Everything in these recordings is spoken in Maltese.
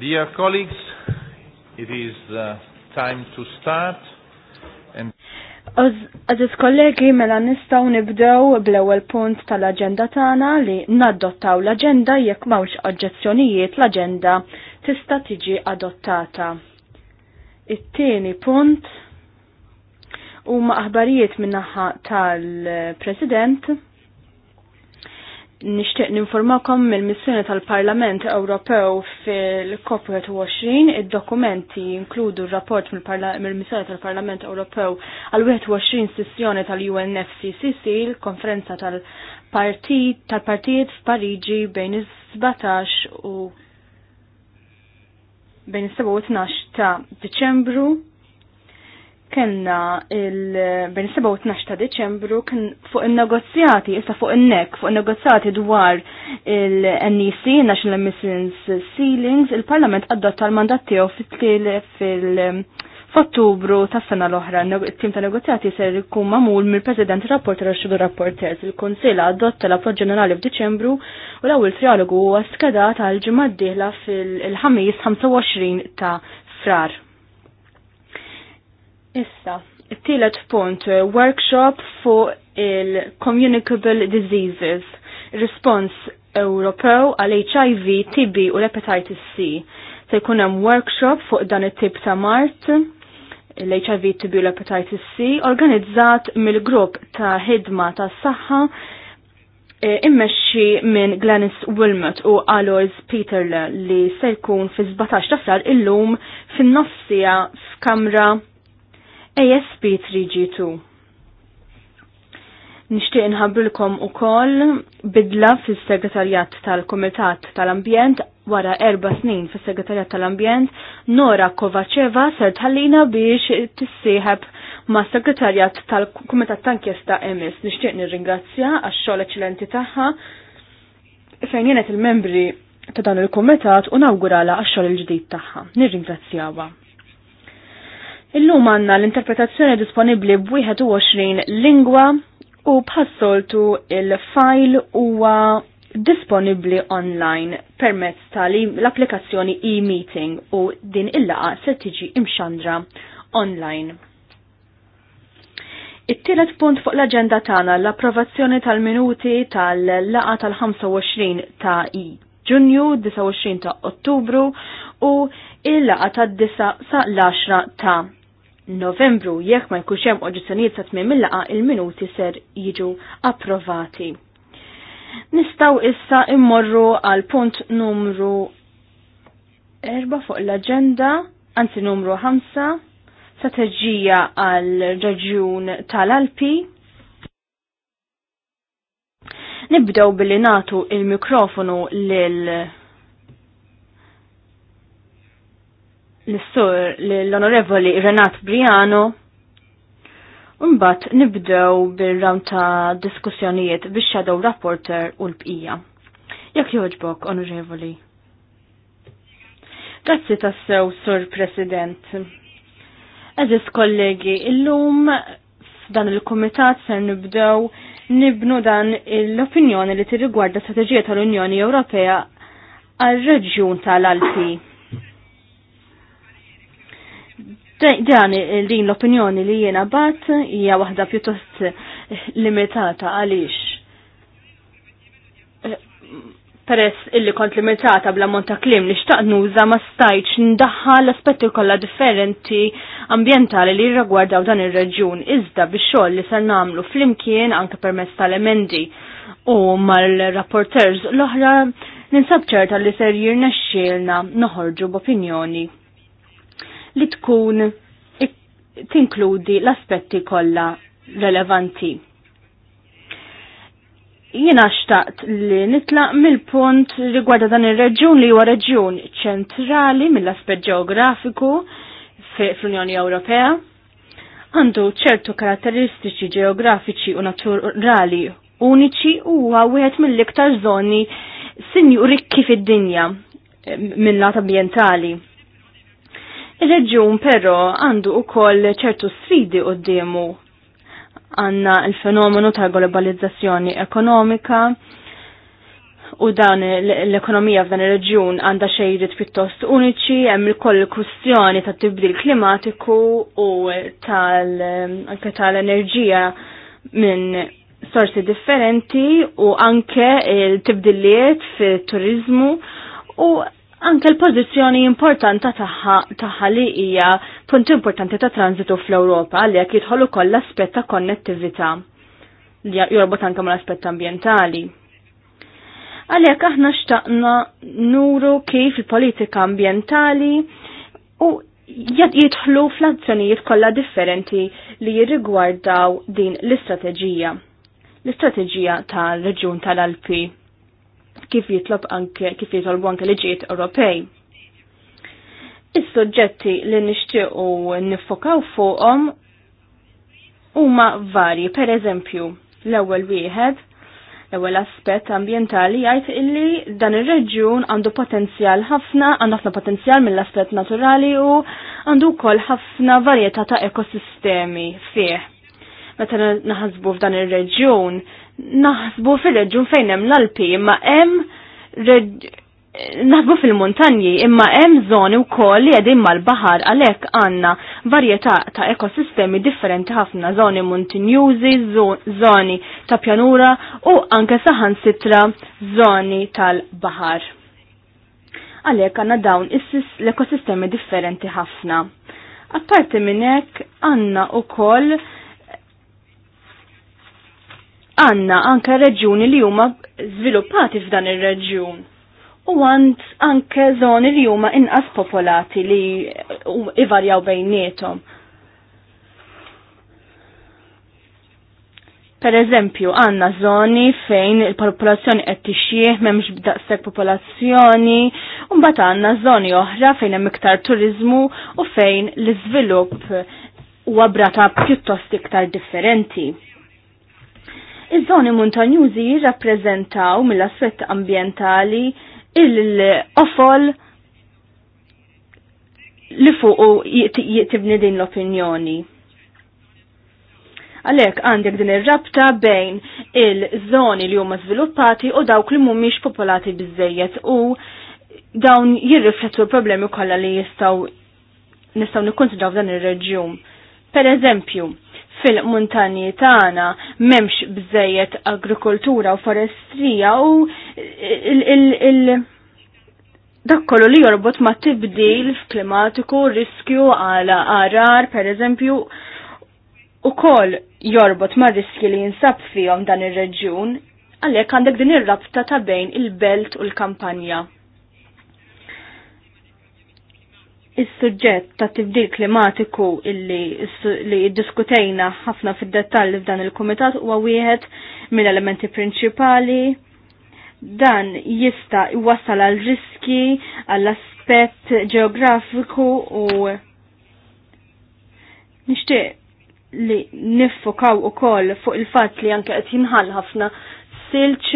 Dear colleagues, it is uh, time to start. And Aziz kollegi, mela nistaw nibdew bl-ewwel punt tal-aġenda tagħna li nadottaw l-aġenda jekk mawx oġġezzjonijiet l-aġenda tista' tiġi adottata. It-tieni punt huma aħbarijiet min-naħa tal-President nixtieq ninformakom mill-missjoni tal-Parlament Ewropew fil-COP21. Id-dokumenti inkludu r-rapport mill-missjoni tal-Parlament Ewropew għal 21 sessjoni tal-UNFCCC, l-konferenza tal-partijiet tal f'Pariġi bejn is-17 u bejn is-7 u 12 ta' Diċembru kena il 27 ta' Deċembru kien fuq il-negozjati, issa fuq il-nek, fuq il-negozjati dwar il-NEC, National Emissions Ceilings, il-Parlament adotta l-mandat tiegħu fil-Ottubru ta' sena l-oħra. Il-tim ta' negozjati ser ikun mamul mill-President Rapporter u Rapporters. Il-Konsil adotta l-approċ ġenerali f'Diċembru u l-ewwel trialogu huwa skedat għal ġimgħa d-dieħla fil-ħamis 25 ta' frar. Issa, it-tielet punt, uh, workshop fuq il-communicable diseases, respons Ewropew għal HIV, TB u l-hepatitis C. Se jkun hemm workshop fuq dan it-tip ta' Mart, l-HIV, TB u l-hepatitis C, organizzat mill-grupp ta' ħidma ta' saħħa e, immexxi minn Glenis Wilmot u Alois Peterle li se jkun fi 17 ta' frar illum fin-nofsija f'kamra ASP 3G2. Nishtiq nħabbilkom u koll bidla fis segretarjat tal-Komitat tal-Ambjent wara erba snin fis segretarjat tal-Ambjent Nora Kovaceva ser tħallina biex tissieħeb ma' segretarjat tal-Komitat tankjesta emis. Nishtiq nirringrazzja għax-xogħol eċċellenti tagħha fejn jenet il-membri ta' dan il-komitat u nawgurala għaxxol il-ġdid tagħha. Nirringrazzjawha. Illum għanna l-interpretazzjoni disponibli b-21 lingwa u bħassoltu il-fajl huwa disponibli online permezz tal-applikazzjoni e-meeting u din il-laqa se tiġi imxandra online. It-tielet punt fuq l-agenda tagħna l-approvazzjoni tal-minuti tal-laqa tal-25 ta' Ġunju, 29 ta' Ottubru u il-laqa tal 9 sa' l-10 ta' Novembru jekk ma jkunx hemm oġġezzjonijiet sa tmiem il-laqa il-minuti ser jiġu approvati. Nistaw issa immorru għal punt numru 4 fuq l-agenda, anzi numru 5, strateġija għal reġjun tal-Alpi. Nibdew billi natu il-mikrofonu lil l-sur l-onorevoli Renat Briano. Umbat nibdew bil-round ta' diskussjonijiet biex shadow rapporter u l-bqija. Jekk joġbok, onorevoli. Grazzi tassew, sur President. Eżis kollegi, illum f'dan il-komitat ser nibdew nibnu dan l-opinjoni li tirrigwarda strategija tal-Unjoni Ewropea għal-reġjun tal-Alpi Dan din l-opinjoni li jiena bat hija waħda pjuttost eh, limitata għaliex eh, peress illi kont limitata bla monta klim li xtaq nuża ma stajċ ndaħħa l-aspetti kollha differenti ambientali li jirragwardaw dan ir-reġjun iżda bix-xogħol li se nagħmlu flimkien anke permezz tal-emendi u mal-rapporters l-oħra ninsab ċerta li ser jirnexxielna noħorġu b'opinjoni li tkun tinkludi l-aspetti kollha relevanti. Jiena xtaqt li nitlaq mill-punt rigwarda dan ir-reġjun li huwa reġjun ċentrali mill-aspett ġeografiku fl-Unjoni Ewropea. Għandu ċertu karatteristiċi ġeografiċi u naturali uniċi huwa wieħed mill-iktar żoni sinju rikki fid-dinja eh, mill-lat ambjentali Il-reġjun però għandu ukoll ċertu sfidi d-demu. Għanna il-fenomenu ta' globalizzazzjoni ekonomika u dan l-ekonomija f'dan ir-reġjun għandha xejrit pjuttost uniċi, hemm il-koll kustjoni ta' tibdil klimatiku u tal-enerġija minn sorsi differenti u anke il tibdiliet fit-turizmu u anke l-pożizzjoni importanta tagħha li hija punt importanti ta' transitu fl-Ewropa li jekk jidħol ukoll l-aspett ta' konnettività li jorbot anke mal-aspett ambjentali. Għalhekk aħna xtaqna nuru kif il-politika ambjentali u jidħlu fl-azzjonijiet kollha differenti li jirrigwardaw din l-istrateġija. L-istrateġija tal-Reġjun tal-Alpi kif jitlob anke kif jitolbu anke liġijiet Ewropej. Is-suġġetti li nixtiequ nifokaw fuqhom huma varji, per eżempju, l-ewwel wieħed l-ewwel aspett ambjentali jgħid illi dan ir-reġjun għandu potenzjal ħafna, għandu ħafna potenzjal mill-aspett naturali u għandu wkoll ħafna varjetà ta' ekosistemi fih. Meta naħasbu f'dan ir-reġjun naħsbu fil-reġun fejn hemm l-Alpi, imma hemm naħsbu fil-muntanji, imma hemm żoni wkoll li qegħdin mal-baħar għalhekk għandna varjetà ta' ekosistemi differenti ħafna, żoni muntinjużi, żoni ta' pjanura u anke saħansitra żoni tal-baħar. Għalhekk għandna dawn l-ekosistemi differenti ħafna. Apparti minn hekk għandna wkoll għanna anka reġjuni li huma żviluppati f'dan ir-reġjun. U għand anke żoni li huma inqas popolati li ivarjaw bejniethom. Per eżempju, għanna zoni fejn il-popolazzjoni qed tixjieħ m'hemmx daqshekk popolazzjoni, u mbagħad għandna zoni oħra fejn hemm iktar turiżmu u fejn l-iżvilupp huwa brata pjuttost iktar differenti. Iż-żoni montanjużi jirrappreżentaw mill-aspett ambjentali il-ofol li fuq jitibni din l-opinjoni. Għalek għandek din ir-rabta bejn il-żoni li huma żviluppati u dawk li mhumiex popolati biżejjed u dawn jirriflettu l-problemi kollha li jistgħu nistgħu nikkonsidraw dan ir-reġjum. Per eżempju, fil-muntanji tagħna m'hemmx bżejjed agrikoltura u forestrija u il- dak li jorbot ma' tibdil f'klimatiku, riskju għala arar, per eżempju, u kol jorbot ma' riskju li jinsab fihom dan ir-reġjun, għalhekk għandek din ir-rabta ta' bejn il-belt u l-kampanja. Is-suġġett ta' tibdil klimatiku illi li diskutejna ħafna fid-dettall f'dan il-kumitat huwa wieħed mill-elementi prinċipali. Dan jista' jwassal għal riski għall aspett ġeografiku u nixtieq li niffokaw ukoll fuq il-fatt li anke qed jinħall ħafna silġ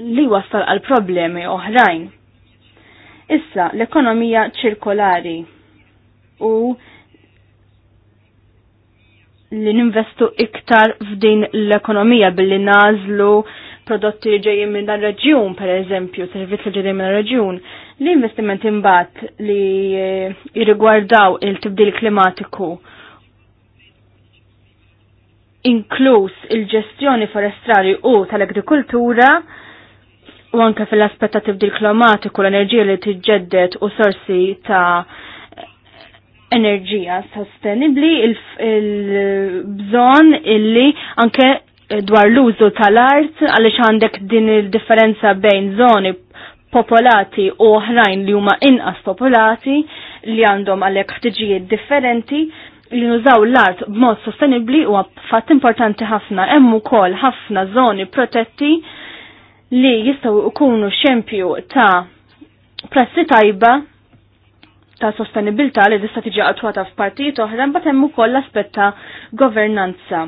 li wassal għal problemi oħrajn Issa l-ekonomija ċirkolari u li ninvestu iktar f'din l-ekonomija billi nażlu prodotti li ġejjin minn dan reġjun, per eżempju, servizz li ġejjin minn reġjun, l investimenti mbagħad li eh, jirrigwardaw il-tibdil klimatiku inkluż il-ġestjoni forestrali u tal-agrikultura u anke fil-aspett ta' l-enerġija li tiġġeddet u sorsi ta' enerġija sostenibli il-bżon illi anke dwar l-użu tal-art għaliex għandek din il-differenza bejn zoni popolati u oħrajn li huma inqas popolati li għandhom għalhekk ħtiġijiet differenti li nużaw l-art b'mod sostenibli u fatt importanti ħafna hemm ukoll ħafna zoni protetti li jistaw ikunu xempju ta' prassi tajba ta' sostenibilta li tista' tiġi għatwata f'partijiet oħra mbagħad hemm ukoll l-aspett ta' governanza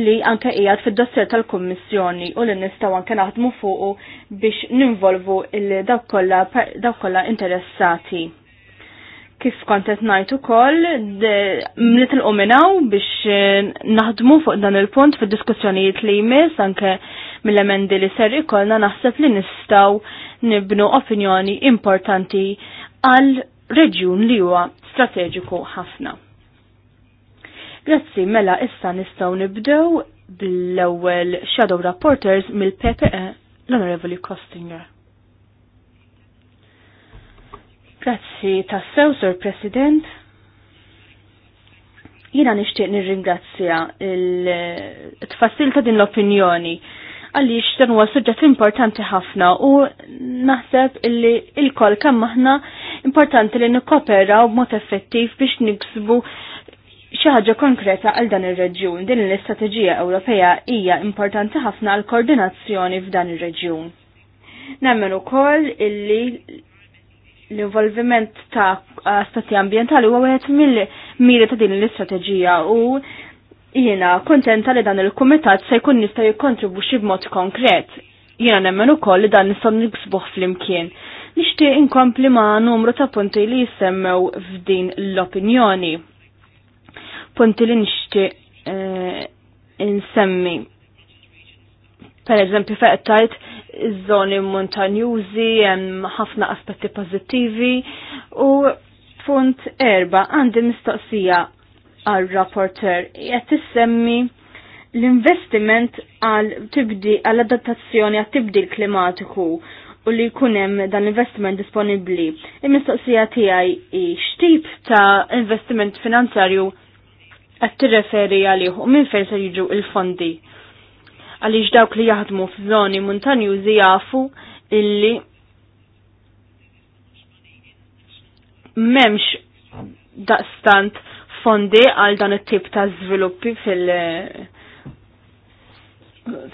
li anke qiegħed fid-dossier tal-Kummissjoni u li nistgħu anke naħdmu fuqu biex ninvolvu dawk kollha interessati. Kif kont qed ngħid ukoll nitilqu minnaw biex naħdmu fuq dan il-punt fid-diskussjonijiet li jmiss anke mill-emendi li ser ikolna naħseb li nistaw nibnu opinjoni importanti għal reġjun li huwa strateġiku ħafna. Grazzi, mela issa nistaw nibdew bil-ewwel Shadow Rapporters mill-PPE l-Onorevoli Kostinger. Grazzi tassew, Sir President. Jina nishtiq nirringrazzja il-tfassil ta' din l-opinjoni għaliex dan huwa suġġett importanti ħafna u naħseb illi il-kol kemm aħna importanti li nikkoperaw b'mod effettiv biex niksbu xi ħaġa konkreta għal dan ir-reġjun. Din l-istrateġija Ewropea hija importanti ħafna għal koordinazzjoni f'dan ir-reġjun. Nemmen ukoll illi l-involviment ta' stati ambientali huwa wieħed mill mira ta' din l-istrateġija u Jiena kontenta li dan il-kumitat se jkun jista' jikkontribwixxi b'mod konkret. Jiena nemmen ukoll li dan nistgħu niksbuh flimkien. Nixtieq inkompli ma' numru ta' punti li jisemmew f'din l-opinjoni. Punti li nixtieq eh, insemmi. Per eżempju fejn tajt iż-żoni montanjużi hemm ħafna aspetti pożittivi u punt erba' għandi mistoqsija għal-rapporter. Jgħat tissemmi l-investiment għal-tibdi, għal-adattazzjoni għal-tibdil klimatiku u li kunem dan investiment disponibli. Il-mistoqsija tijaj xtip ta' investiment finanzarju għat tirreferi għalih u minn fejn se jiġu il-fondi. Għalix dawk li jaħdmu f'żoni montanjużi jafu illi memx daqstant rispondi għal dan it-tip ta' żviluppi fil-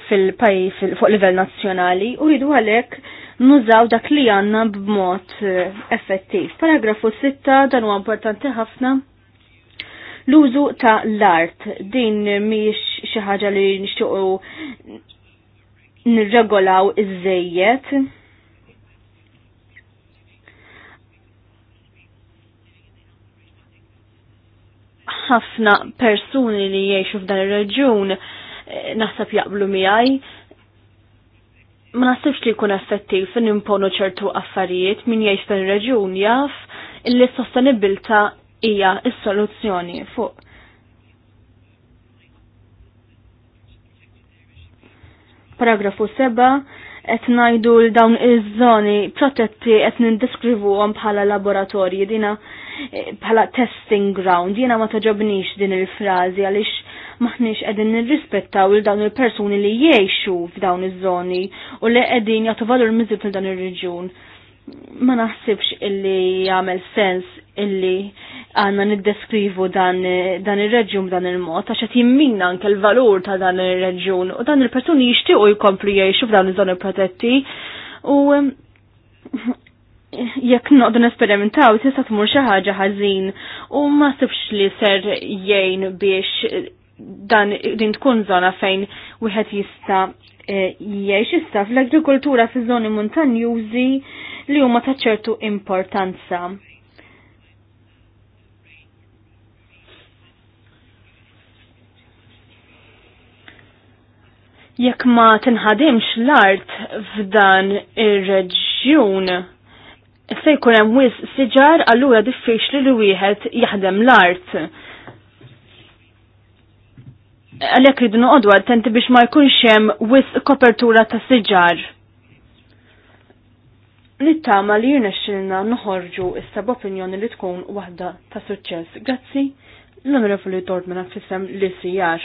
fil-pajis fil fuq livell nazzjonali u ridu għalek nużaw dak li għandna b'mod eh, effettiv. Paragrafu 6 dan huwa importanti ħafna. L-użu ta' l-art din mhix xi ħaġa li nixtiequ nirregolaw iż-żejjed ħafna persuni li jiexu f'dan ir-reġjun eh, naħseb jaqblu miegħi. Ma nasibx li jkun effettiv fin imponu ċertu affarijiet min jgħix fil reġjun jaf illi sostenibilta hija s-soluzzjoni fuq paragrafu 7 qed ngħidu l dawn iż-żoni protetti qed nindiskrivuhom bħala laboratorji dina bħala testing ground. Jiena ma toġobnix din il-frażi għaliex maħniex qegħdin nirrispettaw il dawn il-persuni li jgħixu f'dawn iż-żoni u li qegħdin jagħtu valur f'dawn il reġun ir-reġjun. Ma naħsibx illi jagħmel sens illi għanna niddeskrivu dan, dan il reġun dan il-mod, għax qed jimmina anke l-valur ta' dan il reġun u dan il-persuni jixtiequ jkompli jgħixu f'dawn iż-żoni protetti u jekk noqdu nesperimentaw tista' tmur xi ħaġa ħażin u ma sibx li ser jgħin biex dan din tkun żona fejn wieħed jista' e, jgħix issa fl-agrikoltura fi żoni montanjużi li huma ta' ċertu importanza. Jekk ma tinħadimx l-art f'dan ir-reġjun, se jkun hemm wis siġar allura diffiċli li wieħed jaħdem l-art. Għalhekk ridu noqogħdu attenti biex ma jkunx hemm wis kopertura ta' siġar. Nittama li jirnexxilna noħorġu issa b'opinjoni li tkun waħda ta' suċċess. Grazzi l Tort minn fissem li sijar.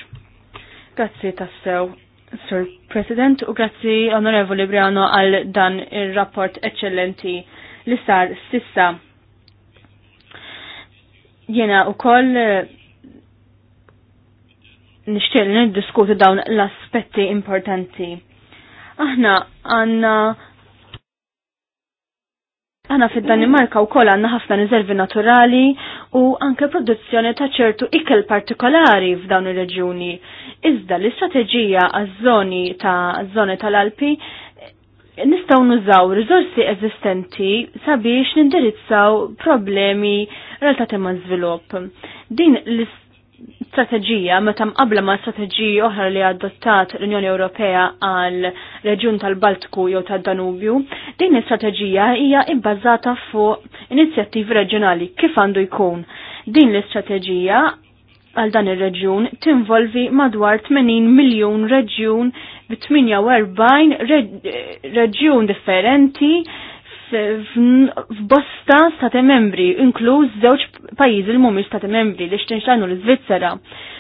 Grazzi tassew. Sir President, u grazzi Onorevoli Briano għal dan ir rapport eccellenti li sar sissa. Jena u koll eh, nishtiel niddiskutu dawn l-aspetti importanti. Aħna għanna Għana fid danimarka u kol għanna ħafna riservi naturali u anke produzzjoni ta' ċertu ikel partikolari f'dawn ir-reġjuni. Iżda l-istrateġija għaż-żoni ta' żoni tal-Alpi nistaw nużaw rizorsi eżistenti sabiex nindirizzaw problemi relta tema zvilup. Din l-istrateġija meta mqabla ma' strateġiji oħra li adottat l-Unjoni Ewropea għal reġjun tal baltiku jew tad-Danubju, din l-istrateġija hija ibbażata fuq inizjattivi reġjonali kif għandu jkun. Din l-istrateġija għal dan ir-reġjun tinvolvi madwar 80 miljun reġjun b'48 48 reġjun differenti f'bosta stati membri, inkluż żewġ pajjiżi l mhumiex stati membri li xtinxanu l-Iżvizzera.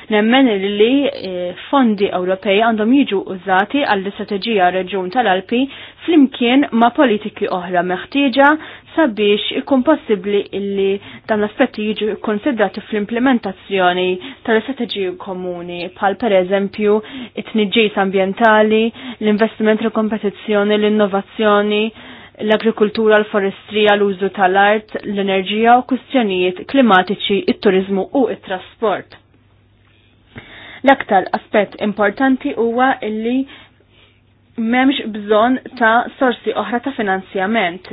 Nemmen li eh, fondi Ewropej għandhom jiġu użati għall-istrateġija reġun tal-Alpi flimkien ma' politiki oħra meħtieġa sabiex ikun possibbli illi dan l-aspetti jiġu konsidrati fl-implementazzjoni tal-istrateġiji komuni, pal per eżempju it-tniġġis ambientali, l-investiment l-kompetizzjoni, l-innovazzjoni, l-agrikultura, l-forestrija, l-użu tal-art, l-enerġija u kustjonijiet klimatiċi, it-turizmu u it-trasport. L-aktar aspett importanti huwa illi memx bżon ta' sorsi oħra ta' finanzjament.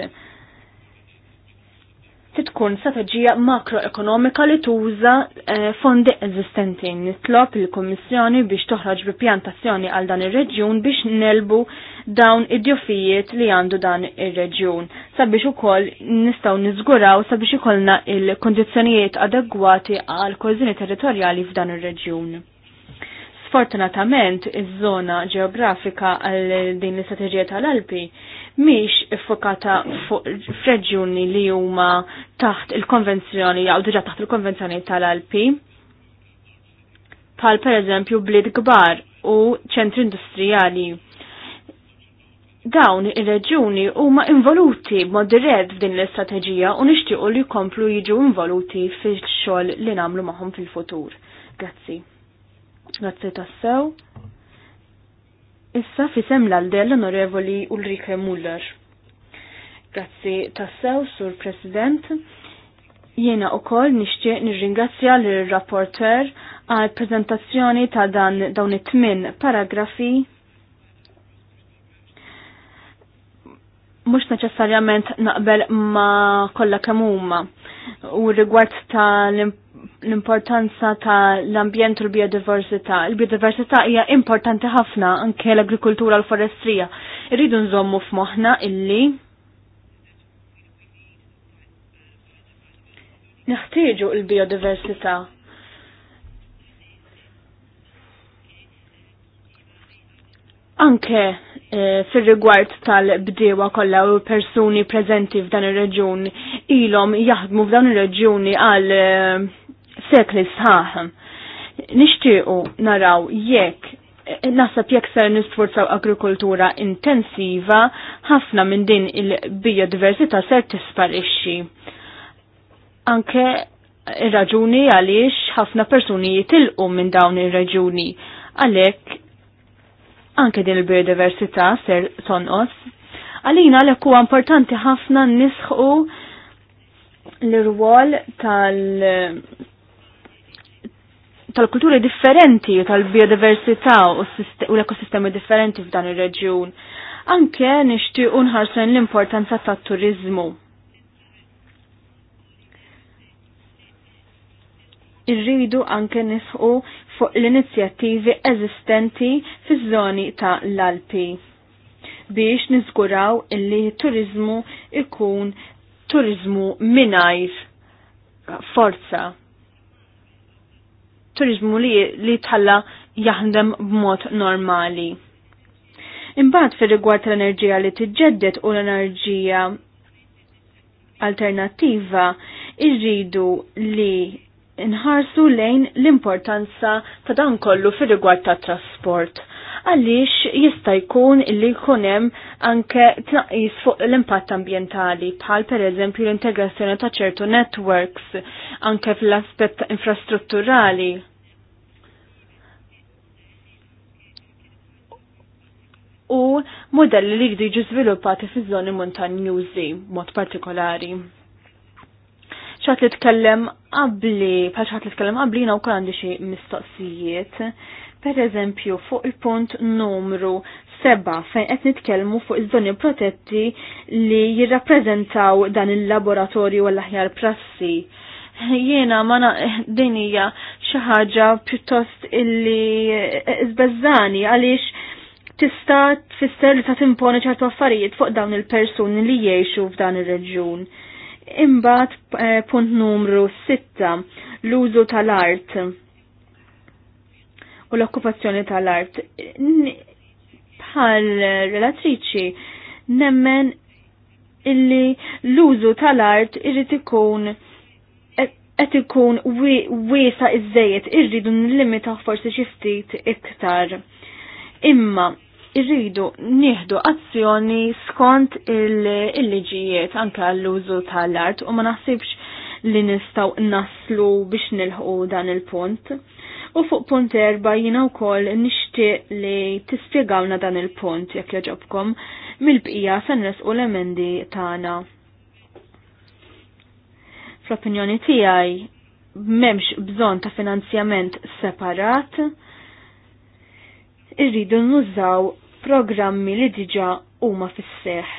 Titkun strategija makroekonomika li tuża eh, fondi eżistenti. Nitlob il-Kommissjoni biex toħroġ bi pjantazzjoni għal dan ir-reġjun biex nelbu dawn id-djofijiet li għandu dan ir-reġjun. Sabiex ukoll nistgħu niżguraw sabiex ikollna il-kondizzjonijiet adegwati għal kożini territorjali f'dan ir-reġjun. Fortunatament iż-żona ġeografika għal din l-istrateġija tal-Alpi miex iffokata f'reġjuni li huma taħt il-konvenzjoni jew diġà taħt il-konvenzjoni tal-Alpi. Pal per eżempju bliet kbar u ċentri industrijali. Dawn ir-reġjuni huma involuti b'mod dirett f'din l-istrateġija u nixtiequ li jkomplu jiġu involuti fix-xogħol li nagħmlu magħhom fil-futur. Grazzi. Grazzi tassew. Issa fisem l-għaldel l-onorevoli Ulrike Muller. Grazzi tassew, sur President. Jena u koll nishtiq nirringrazzja l-rapporter għal prezentazzjoni ta' dan dawn it-tmin paragrafi. Mux neċessarjament naqbel ma kollha kemm huma u rigward ta' l-importanza ta' l-ambjent u l-biodiversità. Il-biodiversità hija importanti ħafna anke l-agrikoltura u l-forestrija. Irridu nżommu f'moħħna illi neħtieġu l-biodiversità. Anke Eh, fil-rigward tal-bdewa kollha u persuni preżenti f'dan ir-reġjun ilhom jaħdmu f'dan ir-reġjuni għal eh, sekli sħaħ. Nixtiequ naraw jekk eh, nasab jekk ser nisforzaw agrikoltura intensiva, ħafna minn din il-biodiversità ser tisparixxi. Anke il raġuni għaliex ħafna persuni jitilqu minn dawn ir-raġuni. Għalhekk anke din il-biodiversità ser tonqos. Għalina l huwa importanti ħafna nisħu l-rwol tal- tal-kulturi differenti, tal-biodiversità u l-ekosistemi differenti f'dan ir-reġjun. Anke nixtieq unħarsen l-importanza tat-turizmu. irridu anke nisħu fuq l-inizjattivi eżistenti fiż-żoni ta' l-Alpi biex niżguraw illi turizmu ikun turizmu minajr forza. Turizmu li, li tħalla jaħdem b'mod normali. Imbagħad fir rigward l-enerġija li tiġġedded u l-enerġija alternattiva irridu li inħarsu lejn l-importanza ta' dan kollu fir rigward ta' trasport. Għaliex jista' jkun li jkun hemm anke tnaqqis fuq l-impatt ambjentali bħal pereżempju l-integrazzjoni ta' ċertu networks anke fl-aspett infrastrutturali. U modelli li jridu jiġu żviluppati fiż-żoni montanjużi mod partikolari ċat li tkellem qabli, bħal ċat li tkellem qabli jina u kol għandi xie mistoqsijiet. Per eżempju, fuq il-punt numru 7 fejn qed nitkellmu fuq iż-żoni protetti li jirrappreżentaw dan il-laboratorju għall aħjar prassi. Jiena ma din hija xi ħaġa pjuttost illi iżbeżżani għaliex tista' tfisser li ta' timponi ċertu affarijiet fuq dawn il-persuni li jgħixu f'dan ir-reġjun. il reġjun Imbat eh, punt numru 6 l-użu tal-art u l-okkupazzjoni tal-art. Bħal relatriċi nemmen illi l-użu tal-art irrid ikun e-, qed ikun wiesa iżejjed irridu nlimitaw forsi xi ftit iktar. Imma irridu nieħdu azzjoni skont il-liġijiet anke għall-użu tal-art u ma naħsibx li nistaw naslu biex nilħu dan il-punt. U fuq punt erba jina u kol nishtiq li tispiegawna dan il-punt jekk joġobkom mill-bqija se nresqu l-emendi tagħna. Fl-opinjoni tiegħi m'hemmx bżonn ta' finanzjament separat irridu nużaw programmi li diġa huma fis-seħ.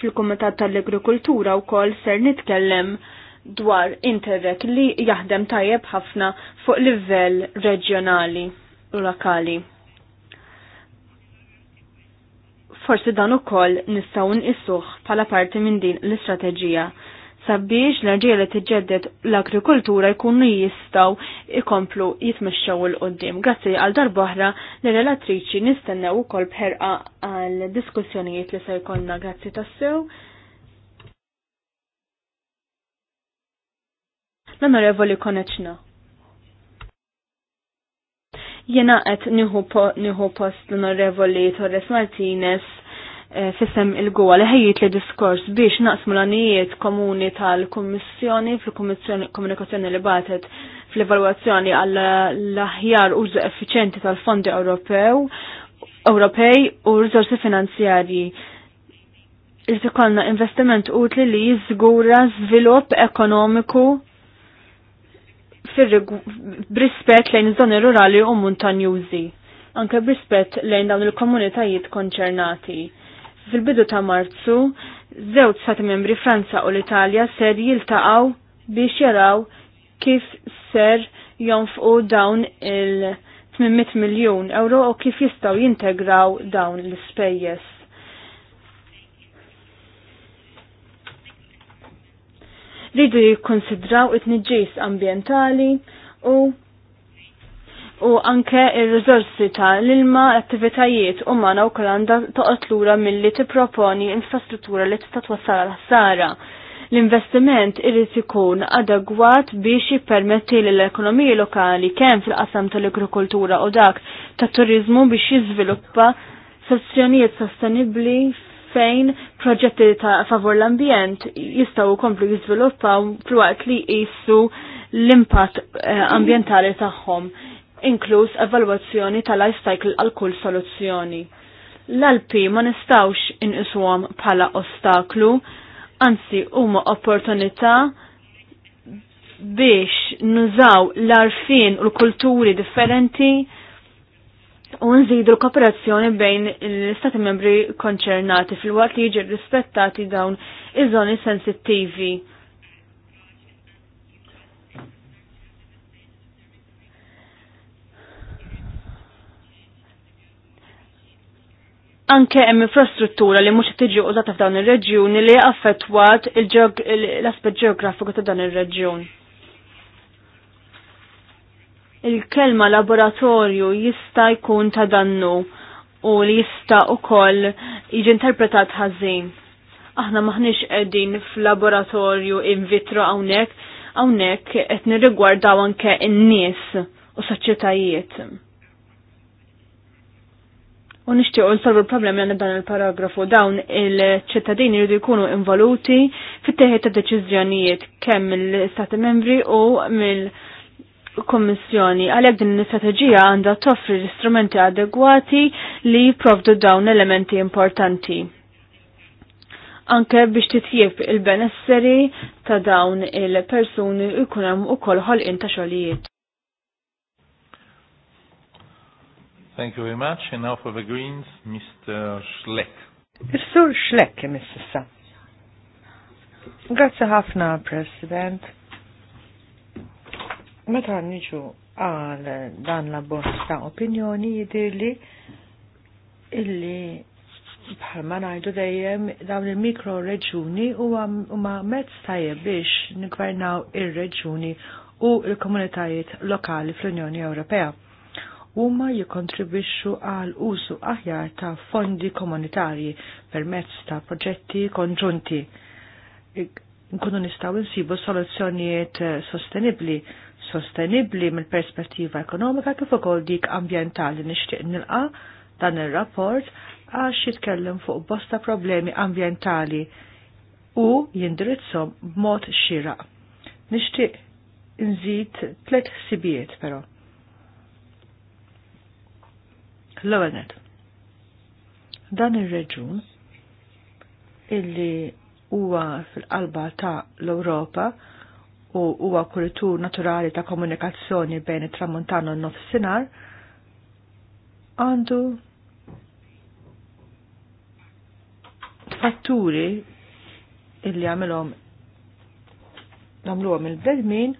Fil-Kumitat tal-Agrikultura wkoll ser nitkellem dwar Interreg li jaħdem tajjeb ħafna fuq livell reġjonali u lokali. Forsi dan ukoll nistgħu nqisuh bħala parti minn din l-istrateġija sabiex l ġielet li tiġġedded l agrikultura jkunu jistaw ikomplu jitmisċaw il qoddim Grazzi għal darbohra li relatriċi nistennew ukoll bħerqa għal diskussjonijiet li se jkollna grazzi tassew. L-Onorevoli Koneċna. Jena għet nieħu post l-Onorevoli Torres Martinez Eh, fissem il-gwa li ħejjit li diskors biex naqsmu l-anijiet komuni tal-Kommissjoni fil-komunikazzjoni li batet fl-evaluazzjoni għall l-aħjar użu effiċenti tal-fondi Ewropew Ewropej u rizorsi finanzjarji. Irrid ikollna investiment utli li jiżgura żvilupp ekonomiku fir-rispett lejn iż-żoni rurali u montanjużi anke brispet lejn dawn il-komunitajiet konċernati. Fil-bidu ta' Marzu, żewġ sati membri Franza u l-Italja ser jiltaqgħu biex jaraw kif ser jonfqu dawn il- 800 miljon euro u kif jistaw jintegraw dawn l-spejjes. Ridu jikkonsidraw it-nġis ambientali u u anke il rizorsi ta' l-ilma attivitajiet umana u kol għandha toqgħod lura milli tipproponi infrastruttura li tista' twassal l ħsara. L-investiment irid ikun adegwat biex jippermetti l ekonomiji lokali kemm fil-qasam tal-agrikoltura u dak tat-turizmu biex jiżviluppa sezzjonijiet sostenibbli fejn proġetti ta' favor l-ambjent jistaw komplu jiżviluppaw fil-waqt li jissu l-impatt eh, ambientali tagħhom inkluż evalwazzjoni tal-life cycle għal kull soluzzjoni. L-alpi ma nistawx inqiswhom bħala ostaklu, anzi huma opportunità biex nużaw l-arfin u l-kulturi differenti u nżidu l-kooperazzjoni bejn l istati membri konċernati fil-waqt li jiġi rispettati dawn iż-żoni sensittivi anke hemm infrastruttura li mhux tiġi użata f'dawn ir-reġjuni li affettwat l-aspett ġeografiku ta' dan ir-reġjun. Il-kelma laboratorju jista' jkun ta' dannu u li jista' ukoll jiġi interpretat ħażin. Aħna maħniex qegħdin f'laboratorju in vitro hawnhekk, hawnhekk qed nirrigwardaw anke in-nies u soċjetajiet U nixtiequ nsolvu l-problemi għandna dan il-paragrafu dawn il-ċittadini jridu jkunu involuti fit-teħet ta' deċiżjonijiet kemm mill-Stati membri u mill-Kommissjoni. Għalhekk din l-istrateġija għandha toffri l-istrumenti adegwati li jipprovdu dawn elementi importanti. Anke biex titjib il-benesseri ta' dawn il-persuni jkun hemm ukoll ħolqien ta' xogħlijiet. Thank you very much. And now for the Greens, Mr. Schleck. Mr Schleck, Schleck, Sa. Grazie ħafna, President. Meta niġu għal dan la bosta opinjoni jidirli illi bħalma najdu dejjem dawn il-mikro reġuni u ma mezz tajjeb biex nigvernaw ir-reġuni u l komunitajiet lokali fl-Unjoni Ewropea huma jikontribwixxu għal użu aħjar ta' fondi komunitarji permezz ta' proġetti konġunti. Nkunu nistgħu insibu soluzzjonijiet eh, sostenibbli, sostenibbli mill-perspettiva ekonomika kif ukoll dik ambjentali nixtieq nilqa' dan ir-rapport għax jitkellem fuq bosta problemi ambjentali u jindirizzhom b'mod xira. Nixtieq nżid tliet ħsibijiet però. L-ewwel dan ir-reġun illi huwa fil-qalba ta' l-Ewropa u huwa kultur naturali ta' komunikazzjoni bejn it-tramuntana u n-nofsinhar għandu fatturi illi għamilhom nagħmluhom il-bledmin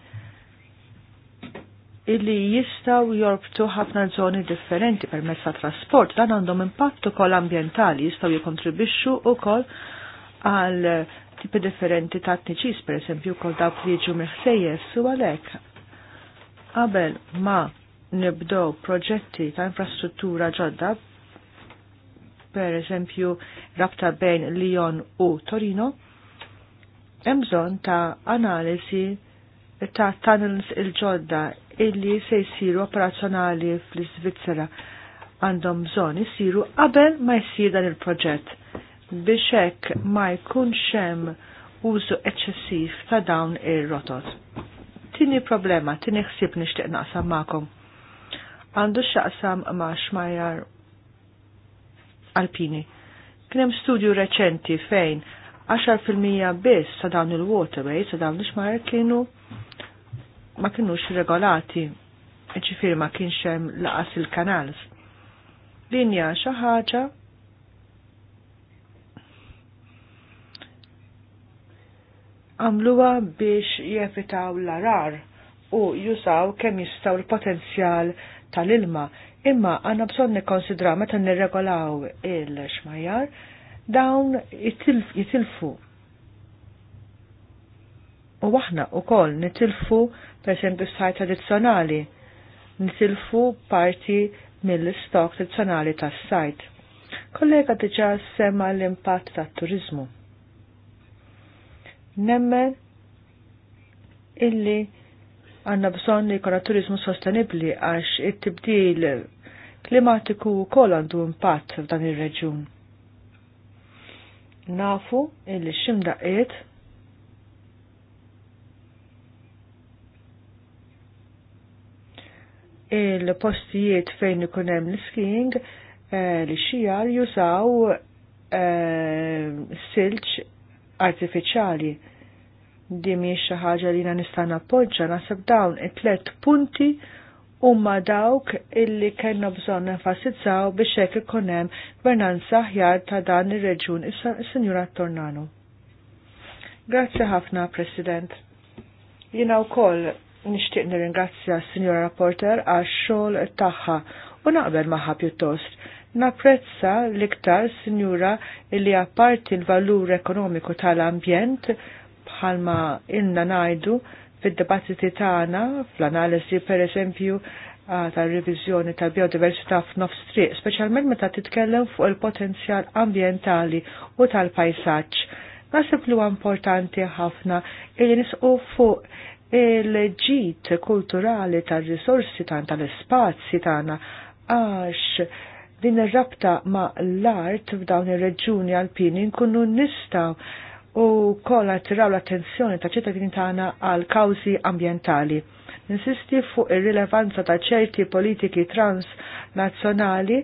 illi jistaw jorbtu ħafna zoni differenti per mezz trasport dan għandhom impatt ukoll ambjentali jistaw jikontribixxu ukoll għal tipi differenti ta' tniċis per esempio kol dawk li jiġu miħsejjes u għalhekk. Qabel ma nibdow proġetti ta' infrastruttura ġodda per esempio, rabta bejn Lyon u Torino, hemm bżonn ta' analisi ta' tunnels il-ġodda illi se jisiru operazzjonali fl-Svizzera għandhom bżonn isiru qabel ma jsir dan il-proġett biex hekk ma jkunx hemm użu eċċessiv ta' dawn ir-rotot. Tini problema, tini ħsieb nixtieq naqsam magħkom. Għandu x'aqsam ma' xmajjar alpini. Kien hemm studju reċenti fejn 10% biss ta' dawn il-waterways ta' dawn ix xmajjar kienu ma kinux regolati, ċifir ma kienx hemm laqas il-kanals. Linja xi ħaġa għamluwa biex jevitaw l-arar u jużaw kemm jistaw l-potenzjal tal-ilma, imma għanna bżon nikkonsidra meta nirregolaw il-xmajjar dawn jitilfu U aħna u kol nitilfu per esempio sajt tradizjonali, nitilfu parti mill-stok tradizjonali tas sajt. Kollega diġa sema l-impatt tat turizmu. Nemmen illi għanna bżon li jkun turizmu sostenibli għax it-tibdil klimatiku wkoll għandu impatt f'dan ir-reġjun. Nafu illi ximdaqiet il-postijiet fejn ikun hemm l-skiing eh, li xijar jużaw eh, silġ artifiċjali. Di mhijiex xi ħaġa li nista' nappoġġa nasab dawn it-tlet punti huma dawk illi kellna bżonn enfasizzaw biex hekk ikun hemm gvernanza aħjar ta' dan ir-reġun is-Sinjura Tornano. Grazzi ħafna, President. Jina wkoll nixtieq nirringrazzja s-Sinjora Rapporter għax xogħol tagħha u naqbel magħha pjuttost. Napprezza l-iktar Sinjura illi apparti l-valur ekonomiku tal-ambjent bħalma inna najdu fid-dibattiti tagħna fl-analisi pereżempju tal-revizjoni tal-biodiversità f'nofs triq, speċjalment meta titkellem fuq il-potenzjal ambjentali u tal-pajsaġġ. Nasib li huwa importanti ħafna li nisqu fuq il-ġit kulturali ta' risorsi ta' tal-spazji tagħna għax din ir-rabta ma' l-art f'dawn ir-reġuni alpini nkunu nistaw u kolla attiraw l-attenzjoni ta' ċittadini tagħna għal kawżi ambjentali. Insisti fuq ir-rilevanza ta' ċerti politiki transnazzjonali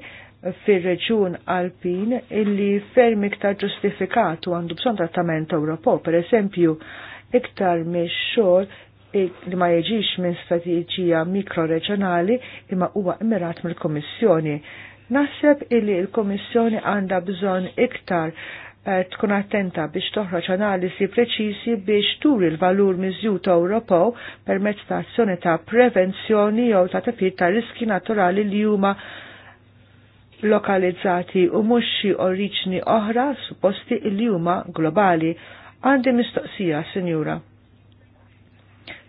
fir-reġjun Alpin illi ferm iktar ġustifikatu għandu bżonn trattament Ewropew, pereżempju iktar mix xogħol li ma jieġiġ minn strategija mikroreġjonali imma huwa immirat mill komissjoni Naħseb illi l komissjoni għandha bżonn iktar eh, tkun attenta biex toħroġ analisi preċisi biex turi l-valur miżjut Ewropew permezz ta' azzjoni ta' prevenzjoni jew ta' tefir ta' riski naturali li huma lokalizzati u mhux xi oriġni oħra supposti li huma globali. Għandi mistoqsija, senjura.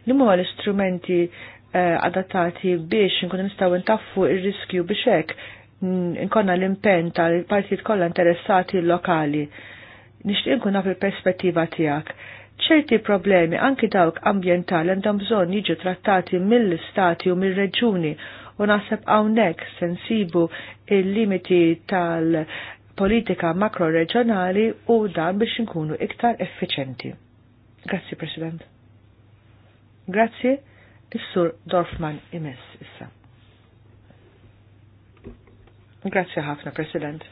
Numu għal l-istrumenti eh, adattati biex nkunu nistgħu ntaffu il riskju biex hekk nkonna l-impenn tal-partijiet kollha interessati lokali. Nixtieq nkun naf il-perspettiva tiegħek. ċerti problemi anki dawk ambjentali għandhom bżonn jiġu trattati mill-istati u mill-reġuni u naħseb hawnhekk sensibu il-limiti tal-politika makroreġjonali u dan biex nkunu iktar effiċenti. Grazzi President. Grazzi, is-sur Dorfman imess issa. Grazzi ħafna, President.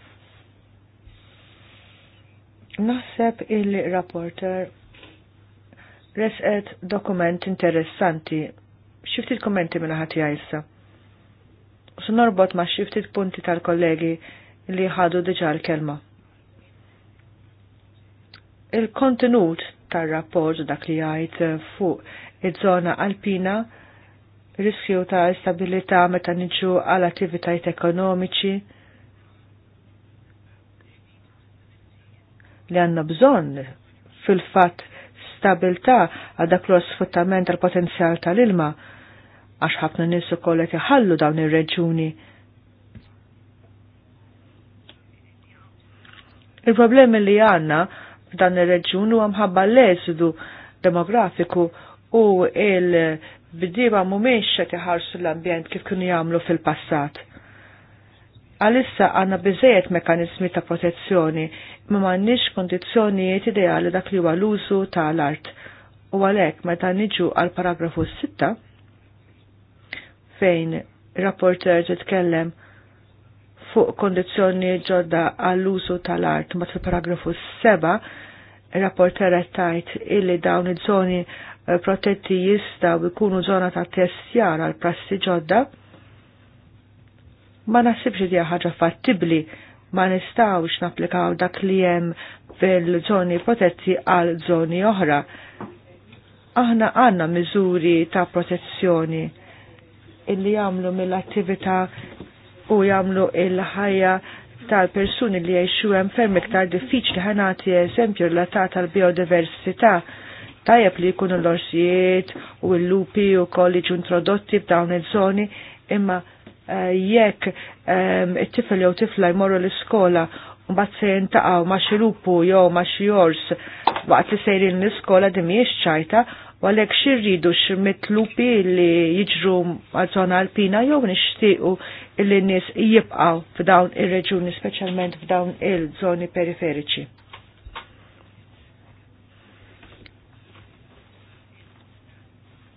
Naħseb il-rapporter resqet dokument interessanti. Xiftit kommenti minna ħati għajsa. Su norbot ma xiftit punti tal-kollegi li ħadu diġa l-kelma. Il-kontenut tal-rapport dak li għajt fuq iż-żona alpina riskju ta' stabilità meta niġu għal attivitajiet ekonomiċi li għanna bżonn fil-fatt stabilità għal dak sfruttament tal potenzjal tal-ilma għax ħafna nisu kollet qed iħallu dawn ir-reġuni. Il-problemi li għanna f'dan ir reġuni huwa mħabba l-eżdu demografiku u il bidiba mumiex qed iħarsu l-ambjent kif kienu jagħmlu fil-passat. Għalissa għanna biżejjed mekanizmi ta' protezzjoni ma m'għandniex kondizjonijiet ideali dak li huwa l-użu tal-art. U għalhekk meta niġu għal paragrafu 6 fejn rapporter titkellem fuq kondizjoni ġodda għall-użu tal-art mat fil-paragrafu 7 rapporter tajt illi dawn il-żoni Eh, protetti jistaw ikunu zona ta' testjar għal prassi ġodda, ma naħsibx li ħaġa fattibli ma nistawx naplikaw dak li hemm fil-żoni protetti għal żoni oħra. Aħna għanna miżuri ta' protezzjoni illi jagħmlu mill-attività u jagħmlu il-ħajja tal-persuni li jgħixu hemm ferm iktar diffiċli ħanati eżempju l relatat tal-biodiversità tajjeb li jkunu l-orsijiet u l-lupi u kolliġ introdotti b'dawn il-żoni imma eh, jekk ehm, it-tifel jew tifla jmorru l-iskola u mbagħad se jintaqgħu ma' xi lupu jew ma' xi ors waqt li sejrin l-iskola din mhijiex ċajta u għalhekk xi rridu x'mit lupi li jiġru għal-żona alpina jew nixtiequ li n-nies jibqgħu f'dawn ir-reġuni speċjalment f'dawn il-żoni periferiċi.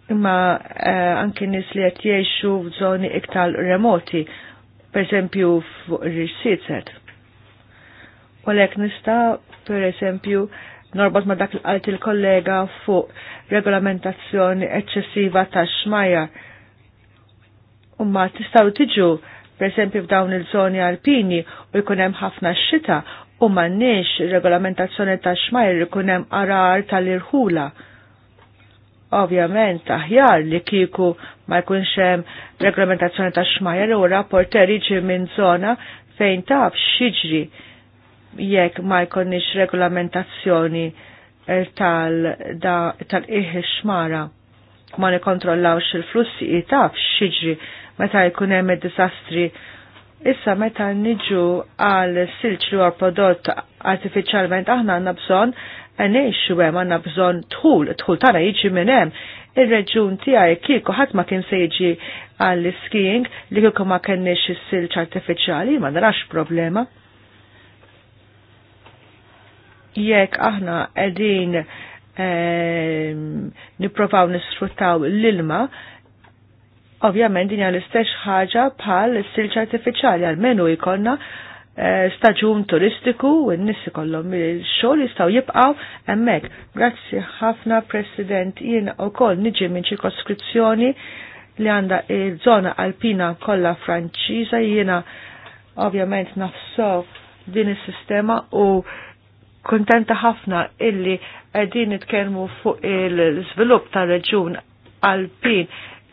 imma uh, eh, anki nis li qed jgħixu f'żoni iktar remoti, pereżempju fuq U sitset Walek nista' pereżempju norbot ma dak l-qalt il-kollega fuq regolamentazzjoni eċċessiva ta' xmaja. Umma tistaw tiġu pereżempju f'dawn il-żoni alpini u jkun hemm ħafna xita u m'għandniex regolamentazzjoni ta' xmajr ikun hemm arar tal-irħula ovvjament aħjar li kieku ma jkunx hemm reglamentazzjoni ta' xmajer u rapporter iġi minn zona fejn taf xiġri jekk ma jkunniex regolamentazzjoni eh, tal-iħi xmara ma nikontrollawx il-flussi taf xiġri meta jkun hemm id-disastri Issa meta niġu għal silċ li għal prodott artificialment aħna għanna bżon u għem għanna bżon tħul, tħul tana jiġi minnem, il-reġun tijaj kiko ħat ma kien sejġi għall-skiing li kieku ma kennex il-silċ artificiali, ma narax problema. Jekk aħna edin ehm, niprofaw nisfruttaw l-ilma, ovvjament din l-istess ħaġa bħal silċ artificiali, għal-menu jikonna Eh, staġun turistiku u n nissi kollom il-xol jistaw jibqaw emmek. Grazzi ħafna President jien u koll niġi minn ċirkoskrizzjoni li għanda il-zona alpina kolla franċiza jiena ovvjament nafsof din is-sistema u kontenta ħafna illi għedin it-kermu fuq il-svilup ta' reġun alpin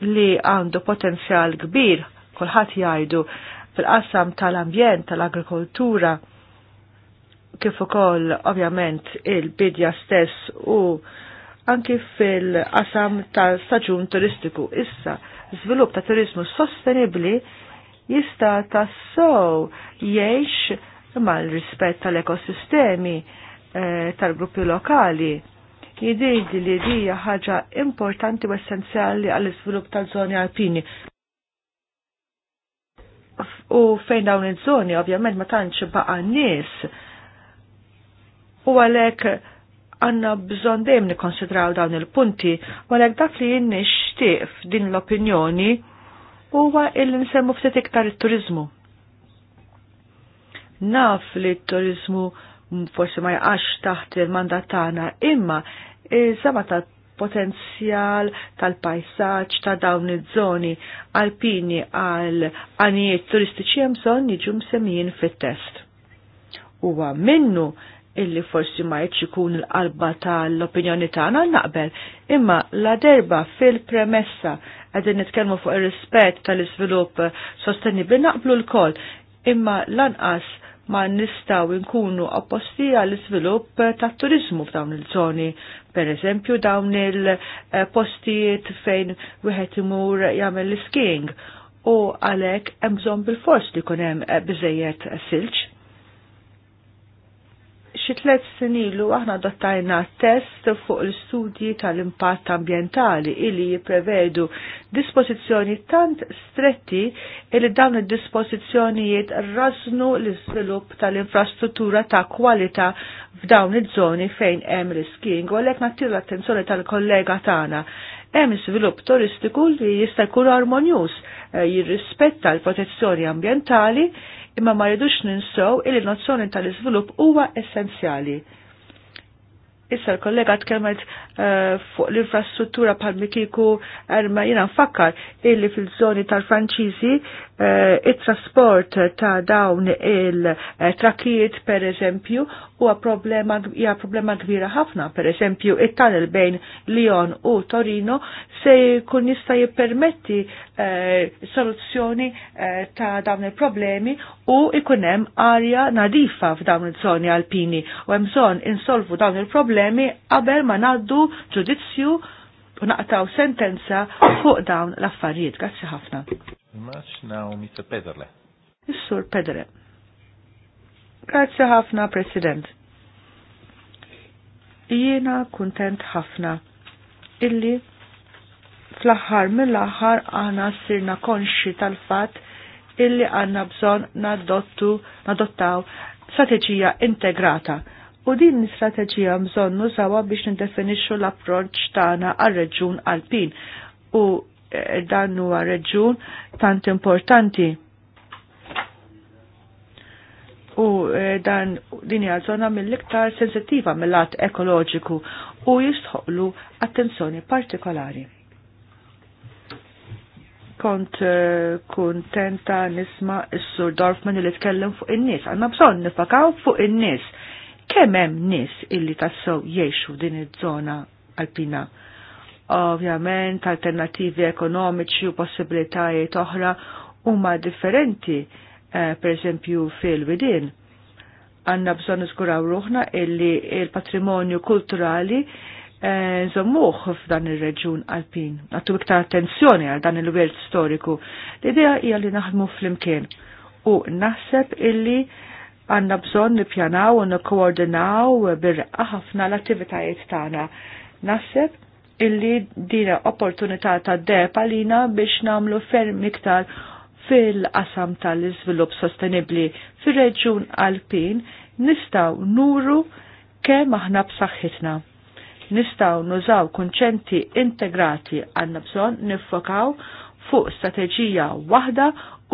li għandu potenzjal kbir, kolħat jgħidu fil-qassam tal-ambjent, tal-agrikoltura, kif ukoll ovvjament il-bidja stess u anki fil-qasam tal-staġun turistiku. Issa, żvilupp ta' turizmu sostenibbli jista' tassow jgħix mal-rispett tal-ekosistemi eh, tal-gruppi lokali Jidid li dija ħaġa importanti u essenzjali għall iżvilupp tal-żoni alpini u fejn dawn iż-żoni ovvjament ma tantx baqa' nies. U għalhekk għandna bżonn dejjem nikkonsidraw dawn il-punti, u għalhekk dak li jien nixtieq din l-opinjoni huwa illi nsemmu ftit iktar it-turizmu. Naf li t-turizmu forsi ma jaqax taħt il-mandat tagħna, imma iż-żama ta' potenzjal tal-pajsaġġ ta' dawn iż-żoni alpini għal anijiet turistiċi hemm bżonn jiġu msemmijin fit-test. Huwa minnu illi forsi ma jitx ikun l-qalba tal-opinjoni tagħna naqbel, imma la derba fil-premessa qegħdin nitkellmu fuq ir-rispett tal-iżvilupp sostenibbli naqblu l imma lanqas ma nistaw inkunu apposti għall iżvilupp ta' turizmu f'dawn il-żoni. Per eżempju dawn il-postijiet fejn wieħed imur jagħmel l isking u għalhekk hemm bżonn bil-fors li jkun hemm biżejjed silġ Xi tliet sin ilu aħna adottajna test fuq l-studji tal-impatt ambjentali illi jipprevedu dispożizzjoni tant stretti illi dawn id-dispożizzjonijiet raznu l-iżvilupp tal-infrastruttura ta' kwalità f'dawn iż-żoni fejn hemm riskin u għalhekk nattiru l-attenzjoni tal-kollega tagħna hemm svilupp turistiku li jista' jkun armonjuż eh, jirrispetta l-protezzjoni ambjentali imma ma rridux ninsew il nozzjoni tal-iżvilupp huwa essenzjali. Issa l-kollega tkemmet eh, fuq l-infrastruttura bħal mikiku erma jina nfakkar illi fil-żoni tal-Franċiżi Eh, it-trasport ta' dawn il-trakijiet per eżempju huwa problema problema kbira ħafna per eżempju it-tunnel bejn Lyon u Torino se jkun jista' jippermetti eh, soluzzjoni eh, ta' dawn il-problemi u jkun hemm arja nadifa f'dawn iż-żoni alpini u hemm bżonn insolvu dawn il-problemi qabel ma ngħaddu ġudizzju u naqtaw sentenza fuq dawn l-affarijiet. Grazzi ħafna much. Now, Mr. Pederle. is Pederle. Grazie ħafna, President. Jiena kuntent ħafna illi fl-aħħar mill-aħħar aħna sirna konxi tal-fatt illi għanna bżon nadottu, nadottaw strateġija integrata. U din l-istrateġija bżon nużawa biex nindefinixxu l-approċ tagħna għal-reġjun Alpin u dan huwa reġun tant importanti. U eh, dan din hija żona mill-iktar sensittiva mill-att ekoloġiku u jistħoqlu attenzjoni partikolari. Kont eh, kuntenta nisma s-sur Dorfman li tkellem fuq in-nies, għandna bżonn nifakaw fuq in-nies. Kemm hemm nies illi tassew jgħixu din iż-żona alpina? ovvjament alternativi ekonomiċi u possibilitajiet oħra huma differenti eh, per eżempju fil-widin. Għanna bżon niżguraw ruħna illi il-patrimonju kulturali żommuh eh, f'dan ir-reġjun alpin. Għattu iktar attenzjoni għal dan il-wirt storiku. L-idea hija li naħdmu fl-imkien u naħseb illi għanna bżon nipjanaw u nikkoordinaw bir ħafna l-attivitajiet tagħna. Naħseb illi dina opportunità ta' dep għalina biex namlu ferm iktar fil-qasam tal izvilup sostenibli fil-reġun alpin nistaw nuru kemm aħna b'saħħitna. Nistaw nużaw kunċenti integrati għanna bżon nifokaw fuq strateġija waħda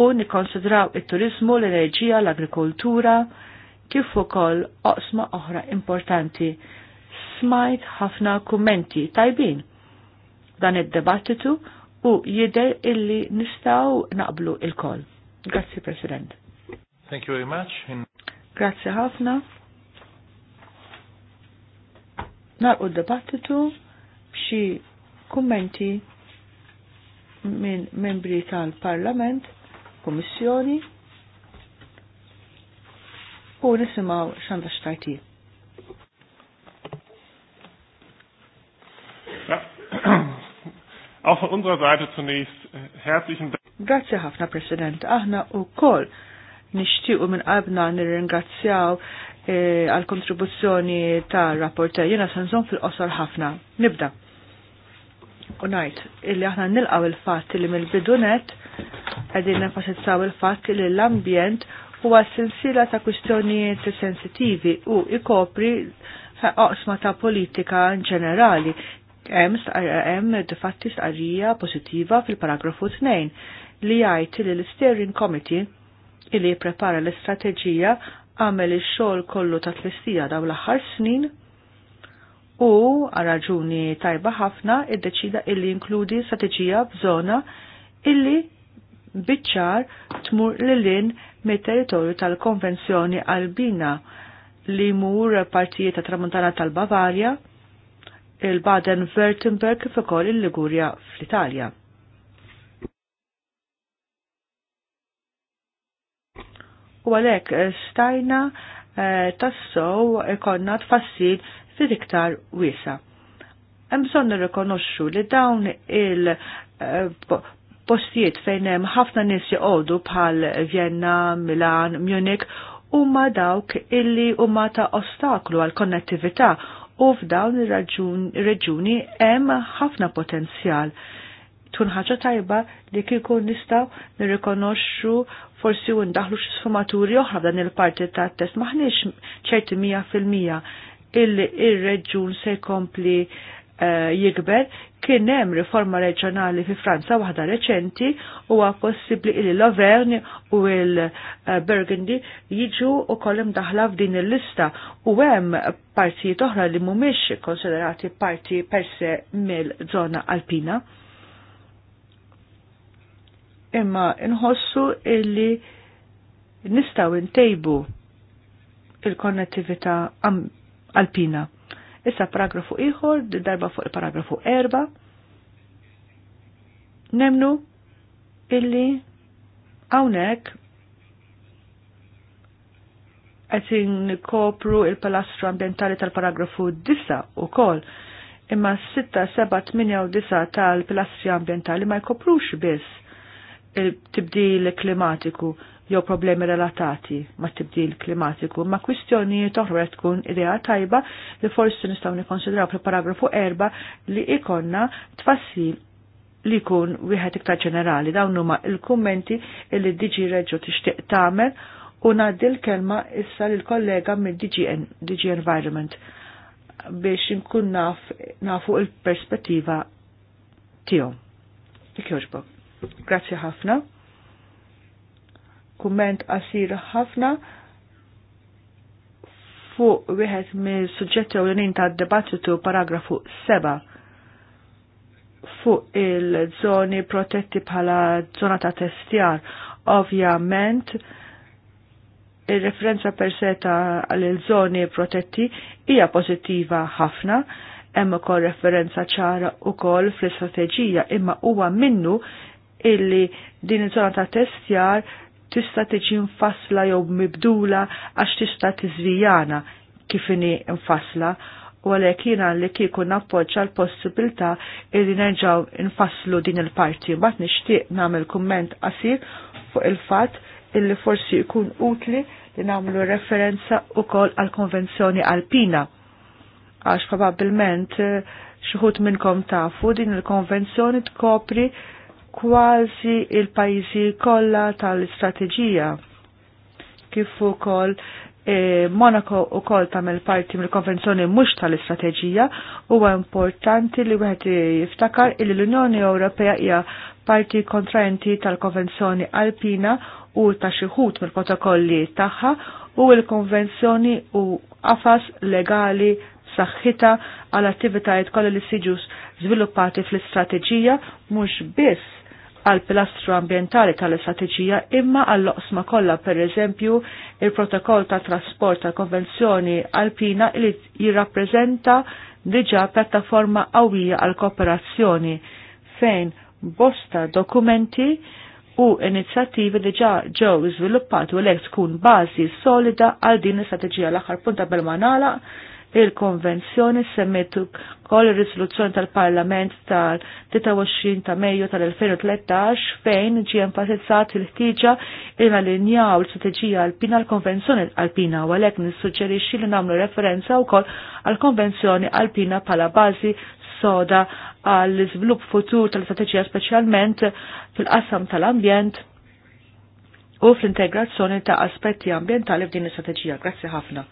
u nikonsidraw it-turizmu, l-enerġija, l-agrikoltura, kif ukoll oqsma oħra importanti smajt ħafna kummenti tajbin dan id-debattitu u jider illi nistaw naqblu il-koll. Grazzi, President. Thank you very much. In... Grazzi ħafna. Narqu d-debattitu b'xi kummenti minn membri tal-Parlament, Kommissjoni u nisimaw xandax xtajti. Auch von unserer Seite zunächst äh, herzlichen Dank. Grazie ħafna President. Aħna u koll nixtiequ minn qabna nirringrazzjaw eh, għal kontribuzzjoni ta' rapporter. Jena sanżon fil-qosor ħafna. Nibda. Unajt, illi aħna nilqaw il-fat li mill-bidunet għedin nefasizzaw il-fat li l-ambjent huwa silsila ta' kwistjonijiet sensitivi u ikopri oqsma ta' politika ġenerali hemm eh, eh, hemm difatti stqarrija pożittiva fil-paragrafu 2 li jgħid li l-Steering Committee li jipprepara l-istrateġija għamel ix-xogħol kollu ta' tlistija daw l-aħħar snin u raġuni tajba ħafna iddeċida illi inkludi strateġija f'żona illi biċċar tmur lilin mit-territorju tal-Konvenzjoni Albina li mur partijiet ta' tramuntana tal-Bavarja il-Baden-Württemberg kif ukoll il-Ligurja fl-Italja. U għalhekk eh, stajna eh, tassow ikonna tfassil fi iktar wiesa. Hemm bżonn nirrikonoxxu li dawn il eh, postijiet fejn hemm ħafna nies joqogħdu bħal Vienna, Milan, Munich huma dawk illi huma ta' ostaklu għal konnettività u f'dawn ir-reġuni hemm ħafna potenzjal. Tkun ħaġa tajba li kieku nistgħu nirrikonoxxu forsi u ndaħlu xi sfumaturi oħra dan il-parti tat-test maħniex ċerti mija fil-mija il-reġun se jkompli Eh, jikber, kien hemm riforma reġjonali fi Franza waħda reċenti huwa possibbli li l-Auvergne u l-Burgundy jiġu wkoll imdaħla f'din il-lista u hemm partijiet oħra li mhumiex konsiderati parti per se mill-żona alpina. Imma inħossu illi nistgħu ntejbu il-konnettività alpina Issa paragrafu iħor, darba fuq il-paragrafu erba. Nemnu illi hawnhekk qed kopru il palastru ambientali tal-paragrafu 9 ukoll imma 6, 7, 8 u 9 tal-pilastri ambientali ma jkoprux biss il-tibdil klimatiku jew problemi relatati ma' tibdil klimatiku, ma' kwistjonijiet oħra tkun idea tajba li forsi nistgħu nikkonsidraw fil-paragrafu erba' li ikonna tfassil li jkun wieħed iktar ġenerali. Dawn huma il-kummenti li DG reġġu tixtieq tagħmel u ngħaddi l-kelma issa lil kollega mid DG Environment biex nkun naf nafu il-perspettiva tiegħu. Grazie Grazzi ħafna kumment qasir ħafna fuq wieħed mis suġġetti ewlenin tad debattitu paragrafu 7 fuq il-żoni protetti bħala żona ta' testjar. Ovvjament, il-referenza per se għal-żoni protetti hija pożittiva ħafna, hemm ukoll referenza ċara ukoll fl-istrateġija imma huwa minnu illi din iż-żona ta' testjar tista' tiġi mfassla jew mibdula għax tista' tiżvijana kif inhi mfassla u għalhekk jiena li kieku nappoġġa l-possibilità li nerġgħu nfasslu din il-parti. Mbagħad nixtieq nagħmel kumment qasir fuq il-fatt illi forsi jkun utli li nagħmlu referenza wkoll għall konvenzjoni Alpina għax probabbilment eh, ħud minnkom tafu din il-konvenzjoni tkopri kważi il-pajjiżi kollha tal-istrateġija kif ukoll e, Monaco ukoll tagħmel parti mill-konvenzjoni mhux tal-istrateġija huwa importanti li wieħed jiftakar li l-Unjoni Ewropea hija parti kontraenti tal-Konvenzjoni Alpina u ta' xi mill-protokolli tagħha u l-konvenzjoni u qafas legali saħħita għal attivitajiet kollha li siġu żviluppati fl-istrateġija mhux biss għal pilastru ambientali tal-istrateġija imma għall loqsma kollha pereżempju il-protokoll ta' trasport tal konvenzjoni alpina li jirrappreżenta diġa' pjattaforma qawwija għal kooperazzjoni fejn bosta dokumenti u inizjattivi diġa' ġew iżviluppati u lek tkun bażi solida għal din l-istrateġija l-aħħar punta bel manala il-konvenzjoni semmetu kol il-risoluzzjoni tal-Parlament tal-23 ta' Mejju tal-2013 fejn ġie enfasizzat il-ħtiġa il-allinjaw l-strateġija alpina l-konvenzjoni alpina u għalhekk nissuġġerixxi li nagħmlu referenza wkoll għal-konvenzjoni alpina bħala bażi soda għall-iżvilupp futur tal-istrateġija speċjalment fil-qasam tal-ambjent u fl-integrazzjoni ta' aspetti ambientali f'din il-strateġija. Grazzi ħafna.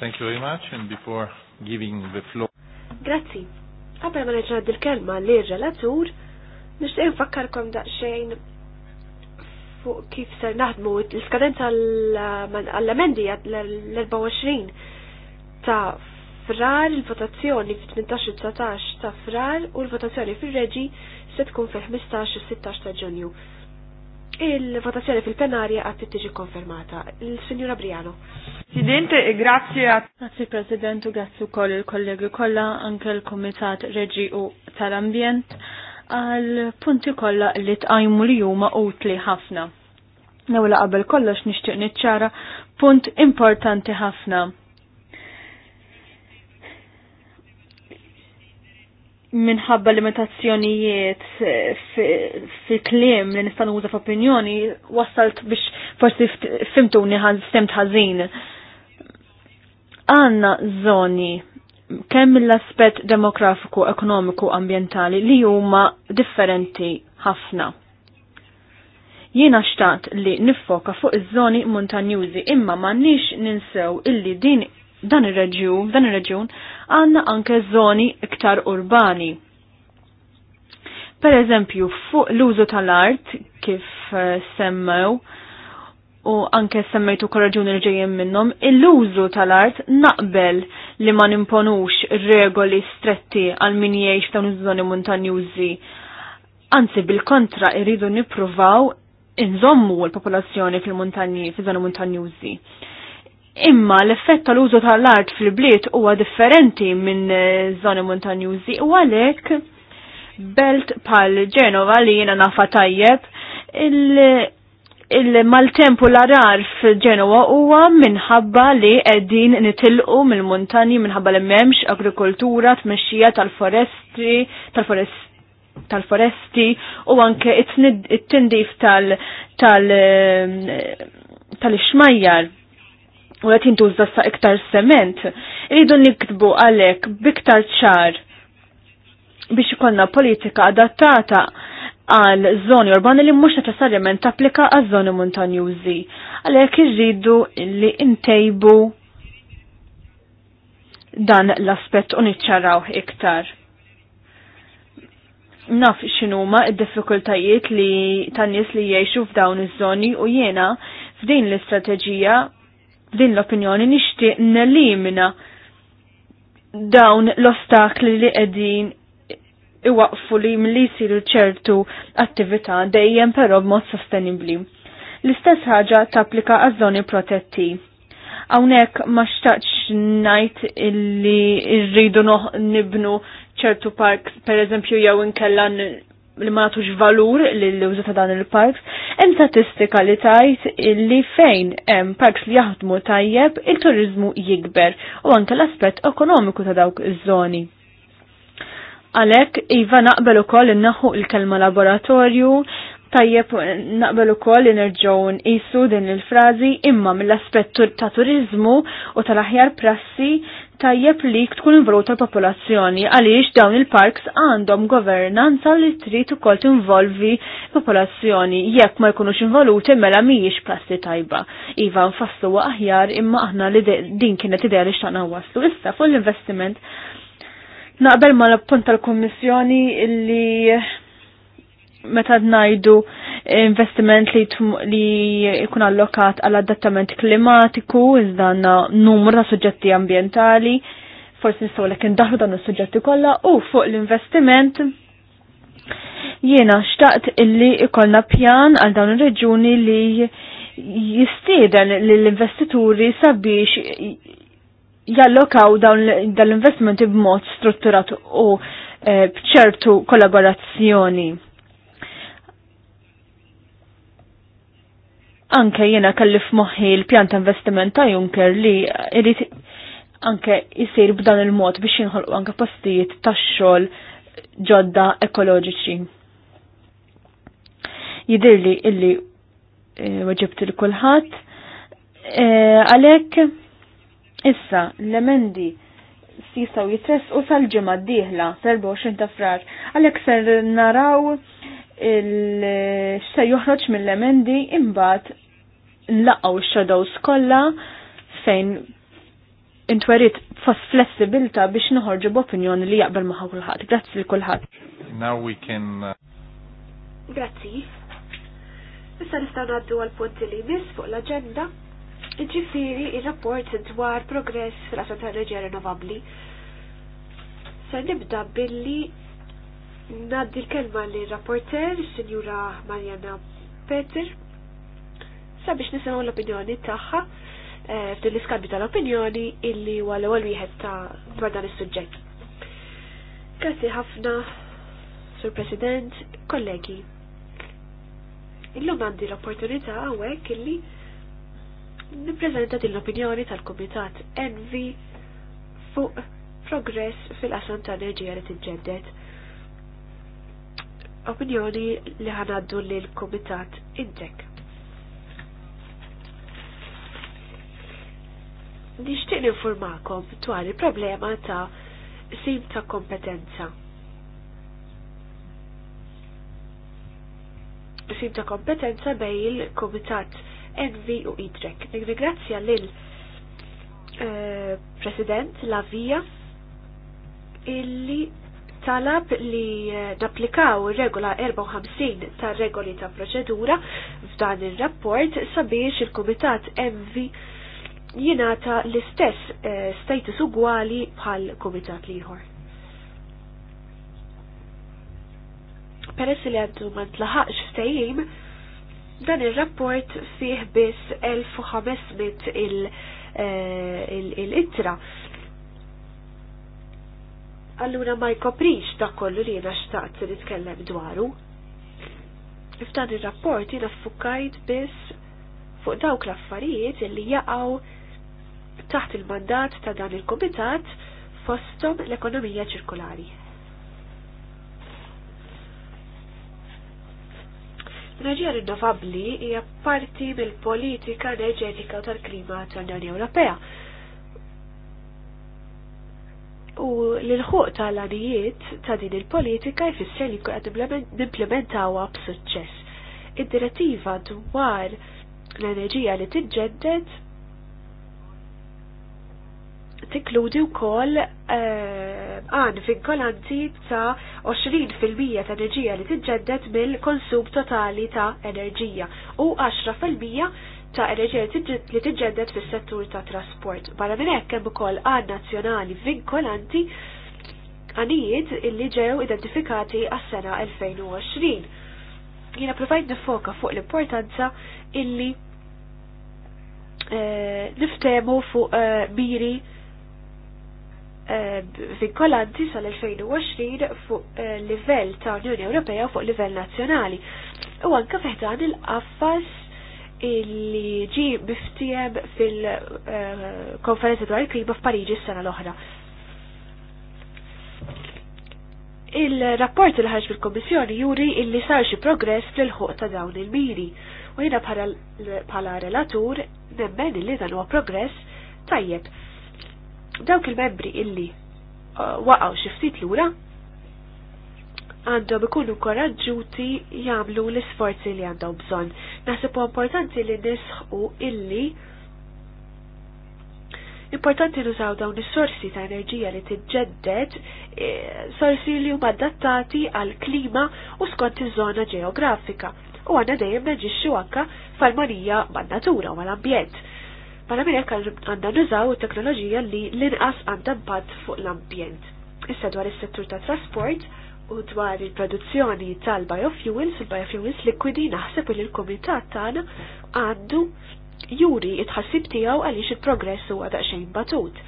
Thank you very much and before giving the floor. Grazzi. Qabel ma neġad il-kelma li relatur, nixtieq nfakkarkom daqsxejn fuq kif ser naħdmu l iskadenza għall-amendi l-24 ta' frar il-votazzjoni f-18 19 ta' frar u l-votazzjoni fil-reġi se tkun fil-15 16 ta' ġunju. Il-votazzjoni fil-plenarja għad tiġi konfermata. Il-Sinjura Briano. Presidente, e grazie a... Grazie President u grazie u koll il-kollegi kolla, anke l-Komitat Reġi u tal ambient għal punti kolla li tqajmu li juma utli ħafna. Nawla qabel kollox nixtieq niċċara punt importanti ħafna minħabba limitazzjonijiet eh, fi kliem li nistan uża f'opinjoni wassalt biex forsi fimtuni stemt ħażin. Għanna zoni kemm l-aspett demografiku, ekonomiku, ambientali li huma differenti ħafna. Jiena xtat li niffoka fuq iż-żoni montanjużi imma m'għandniex ninsew illi din dan ir-reġjun, dan ir-reġjun għandna anke żoni iktar urbani. Per eżempju, fuq l-użu tal-art kif eh, semmew u anke semmejtu korraġuni li ġejjin minnhom, l-użu tal-art naqbel li ma nimponux regoli stretti għal min jgħix dawn iż-żoni montanjużi. Anzi, bil-kontra, irridu nippruvaw inżommu l-popolazzjoni fil-montanji, fil-żoni montanjużi. Fil Imma l-effett tal-użu tal-art fil-bliet huwa differenti minn eh, zoni montanjużi u għalhekk belt pal Ġenova li jiena nafa tajjeb il-maltempu il l-arar f'Genova huwa minħabba li qegħdin nitilqu mill-muntanji minħabba li m'hemmx agrikoltura, tmexxija tal-forestri, tal-forest tal-foresti u anke it-tindif tal-ixmajjar. Tal, tal, tal, eh, tal u għet jintużda sa iktar sement. Rridu niktbu għalek biktar ċar biex ikonna politika adattata għal zoni urbani li mux neċessarjament tapplika għal zoni montanjużi. Għalek irridu li intejbu dan l-aspett u niċċaraw iktar. Naf xinuma id-diffikultajiet li tan-nies li jgħixu f'dawn iż-żoni u jiena f'din l-istrateġija din l-opinjoni nixtieq nelimina dawn l-ostakli li qegħdin iwaqfu li milli jsiru ċertu attività dejjem però b'mod sostenibbli. L-istess ħaġa tapplika għaż-żoni protetti. Hawnhekk ma xtaqx ngħid illi rridu nibnu ċertu park, per eżempju, jew inkella li ma natux valur l-użu ta' dan il-parks, hemm statistika li tajt li fejn hemm parks li jaħdmu tajjeb, il-turizmu jikber u anke l-aspett ekonomiku ta' dawk iż-żoni. Għalek, Iva naqbel ukoll innaħu il-kelma laboratorju, tajjeb naqbel ukoll li nerġgħu nqisu din il-frażi imma mill-aspett ta' turizmu u tal-aħjar prassi tajjeb li tkun involuta l-popolazzjoni għaliex dawn il-parks għandhom governanza li trid ukoll tinvolvi popolazzjoni jekk ma jkunux involuti mela mhijiex prassi tajba. Iva nfassu aħjar imma aħna li din kienet idea li xtaqna waslu. Issa fuq l-investiment naqbel mal-punt tal-Kummissjoni li meta ngħidu investiment li li jkun allokat għal adattament klimatiku, iżda għandna numru ta' suġġetti ambjentali, forsi nistgħu lek indaħlu dan is-suġġetti kollha u fuq l-investiment jiena xtaqt illi ikollna pjan għal dawn ir-reġuni li jistieden l-investituri sabiex jallokaw dawn l-investimenti b'mod strutturat u eh, bċertu kollaborazzjoni. Anke jena kellif f'moħħi l-pjan ta' investiment ta' Juncker li irrit anke jisir b'dan il-mod biex jinħolqu anke postijiet tax-xogħol ġodda ekoloġiċi. Jidirli illi e, weġibt li kulħadd e, għalhekk issa l-emendi jistaw jitress u sal ġemad d sal-24 ta' frar, għalek ser naraw il-se joħroġ mill-emendi imbat nlaqaw shadows kollha fejn intwerit fos flessibilta biex noħorġu b'opinjoni li jaqbel maħa kulħadd. Grazzi li kulħadd. Now we can uh, Grazzi. Issa nistgħu ngħaddu għal punti li nis fuq l agenda Ġifieri il rapport dwar progress fil-qasam tal-enerġija rinnovabbli. Se nibda billi Naddi l-kelma li rapporter, Sinjura Marjana Peter, sabiex nisimaw l-opinjoni tagħha eh, f'din l-iskambju tal-opinjoni illi huwa l-ewwel wieħed ta' dwar dan is-suġġett. Grazzi ħafna, Sur President, kollegi. Illum għandi l-opportunità hawnhekk illi nippreżenta din l-opinjoni tal-Kumitat Envi fuq progress fil-qasam ta' enerġija li tiġġedded opinjoni li ħanaddu li l-komitat indek. Nishtiq informakom dwar il-problema ta' sim ta' kompetenza. Sim ta' kompetenza bej il-komitat Envi u Idrek. Ngrazzja lil eh, President Lavija illi talab li dapplikaw eh, regola 54 ta' regoli ta' proċedura f'dan il-rapport sabiex il-Kumitat MV jinata l-istess eh, status ugwali bħal Kumitat liħor. Peress li għaddu ma tlaħaqx stejjim, dan il-rapport fih biss 1500 eh, il-ittra. Il il allura ma jkoprix dak kollu li jiena xtaqt li nitkellem dwaru. F'dan ir-rapport jiena ffukkajt biss fuq dawk l-affarijiet li jaqgħu taħt il-mandat ta' dan il-Komitat fostom l-ekonomija ċirkolari. Enerġija rinnovabbli hija parti mill-politika enerġetika tal-klima tal-Unjoni Ewropea U l-ħuq tal-għanijiet ta' din il-politika jfisser li qed nimplementawha b'suċċess. Id-direttiva dwar l-enerġija li tiġġedded tikkludi wkoll eh, għan vinkolanti ta' 20% ta' enerġija li tiġġedded mill-konsum totali ta' enerġija u 10% ta' enerġija li tiġġedded fis-settur ta' trasport. Barra minn hekk hemm ukoll għad nazzjonali vinkolanti għanijiet illi ġew identifikati għas-sena 2020. Jiena provajt nifoka fuq l-importanza illi eh, niftemu fuq eh, miri eh, vinkolanti sal-2020 fuq livell ta' Unjoni Ewropea u fuq livell nazzjonali. U anka feħdan il affas illi ġi biftieb fil-konferenza dwar il klima f'Pariġi s-sena l-oħra. Il-rapport li ħarġ bil-Kommissjoni juri illi sar xi progress fil-ħuq ta' dawn il-miri u jiena bħala relatur nemmen illi dan huwa progress tajjeb. Dawk il-membri illi uh, waqgħu xi ftit lura għandhom ikunu koraġġuti jagħmlu l-isforzi li għandhom bżonn. Naħseb importanti li nisħu illi Importanti nużaw dawn is-sorsi ta' enerġija li tiġġedded e, sorsi li huma adattati għal klima u skont iż-żona ġeografika u għandna dejjem naġixxu anke f'armonija man-natura u mal-ambjent. Bħala minn hekk għandna nużaw it-teknoloġija li l-inqas għandha impatt fuq l-ambjent. Issa dwar is-settur ta' trasport, U dwar il-produzzjoni tal-biofuels, il-biofuels liquidi naħseb li l-komitat tagħna għandu juri itħassib tiegħu għaliex il-progress huwa daqsxejn batut.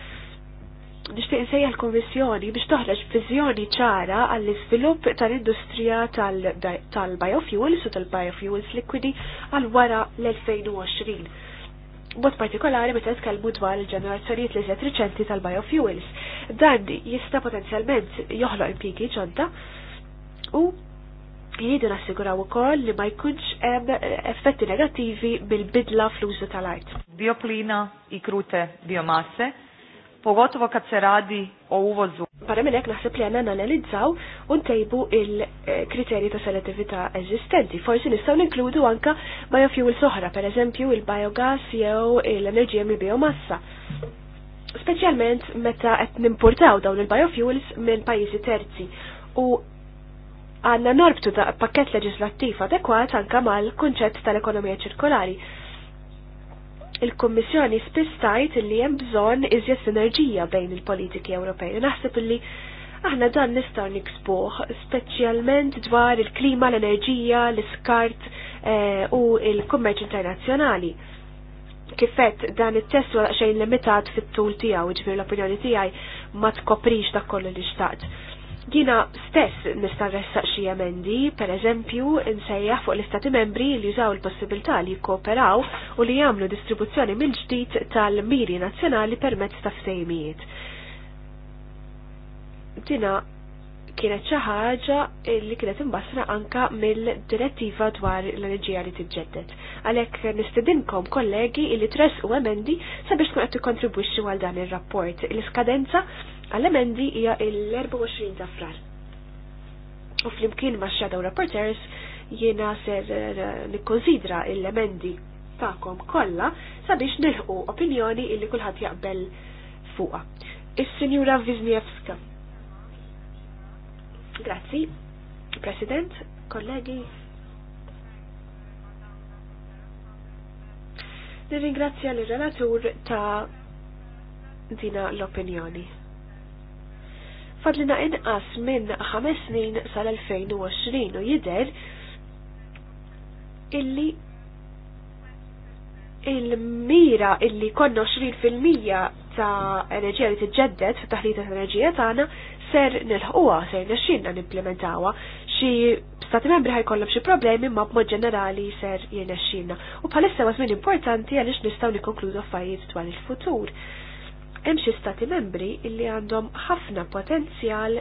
Nixtieq insejjaħ l-Kummissjoni biex toħraġ viżjoni ċara għall-iżvilupp tal-industrija tal-biofuels u tal-biofuels liquidi għal wara l-2020 Bot partikolari meta nitkellmu dwar il-ġenerazzjonijiet li żed riċenti tal-biofuels. Dan jista' potenzjalment joħloq impjiegi ġodda u jridu nassiguraw ukoll li ma jkunx hemm effetti negattivi bil-bidla fl-użu tal-art. Bioplina ikrute biomasse pogotovo kad se radi o uvozu. Para minn hekk naħseb li għandna nanalizzaw u ntejbu il-kriterji ta' selettività eżistenti. Forsi nistgħu ninkludu anka biofuels oħra, pereżempju il-biogas jew l-enerġija mill-biomassa. Speċjalment meta qed nimportaw dawn il-biofuels minn pajjiżi terzi u għandna norbtu ta' pakket leġislattiv adekwat anka mal-kunċett tal-ekonomija ċirkolari il-Kommissjoni spiss tajt li hemm bżonn iżjed sinerġija bejn il-politiki Ewropej. Naħseb li aħna dan nistgħu niksbuh, speċjalment dwar il-klima, l-enerġija, l-iskart eh, u il-kummerċ internazzjonali. Kifet dan it-test wara xejn limitat fit-tul tiegħu, ġifier l-opinjoni tiegħi ma tkoprix dak kollu li xtaqt Jina stess nista' ressaq xi emendi, per eżempju, insejjaħ fuq l-istati membri li jużaw il-possibilità li jikkooperaw u li jagħmlu distribuzzjoni mill-ġdid tal-miri nazzjonali permezz ta' ftejmijiet. Dina kienet xi ħaġa li kienet imbasra anka mill-direttiva dwar l-enerġija li tiġġedded. Għalhekk nistedinkom kollegi li tres u emendi sabiex tkun qed tikkontribwixxu għal dan ir-rapport. Il-iskadenza għall-emendi hija l-24 ta' frar. U flimkien ma' Shadow Reporters jiena ser eh, nikkonsidra l-emendi ta'kom kollha sabiex nilħu opinjoni illi kulħadd jaqbel fuqha. Is-Sinjura Wisniewska. Grazzi, President, kollegi, Nirringrazzja l-relatur ta' dina l-opinjoni fadlina inqas minn 5 snin sal-2020 u jider illi il-mira illi konna 20% ta' enerġija li tiġġedded fit taħlita ta' enerġija tagħna ser nilħquha ser nexxinna nimplementawha xi stati membri ħajkollhom xi problemi ma b'mod ġenerali ser jirnexxinna. U bħalissa waż importanti għaliex nistgħu nikkonkludu affarijiet dwar il-futur. il futur hemm xi stati membri illi għandhom ħafna potenzjal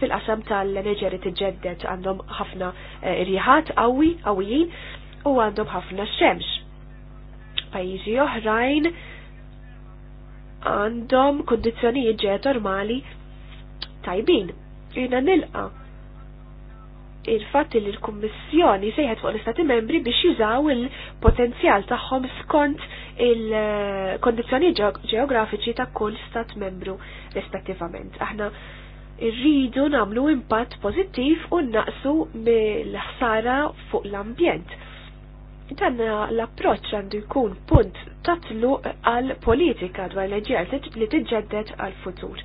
fil-qasam tal-enerġija li tiġġedded għandhom ħafna eh, irjiħat qawwi qawwijin u għandhom ħafna xemx. Pajjiżi oħrajn għandhom kondizzjonijiet normali tajbin. Jina nilqa' il-fatt li l-Kummissjoni sejħet fuq l-Istati membri biex jużaw il-potenzjal tagħhom skont il kondizjoni ġeografiċi ta' kull stat membru rispettivament. Aħna irridu namlu impatt pozittiv u naqsu mill-ħsara fuq l-ambjent. Dan l-approċċ għandu jkun punt tatlu għal politika dwar l-ġer li tiġġedded għal futur.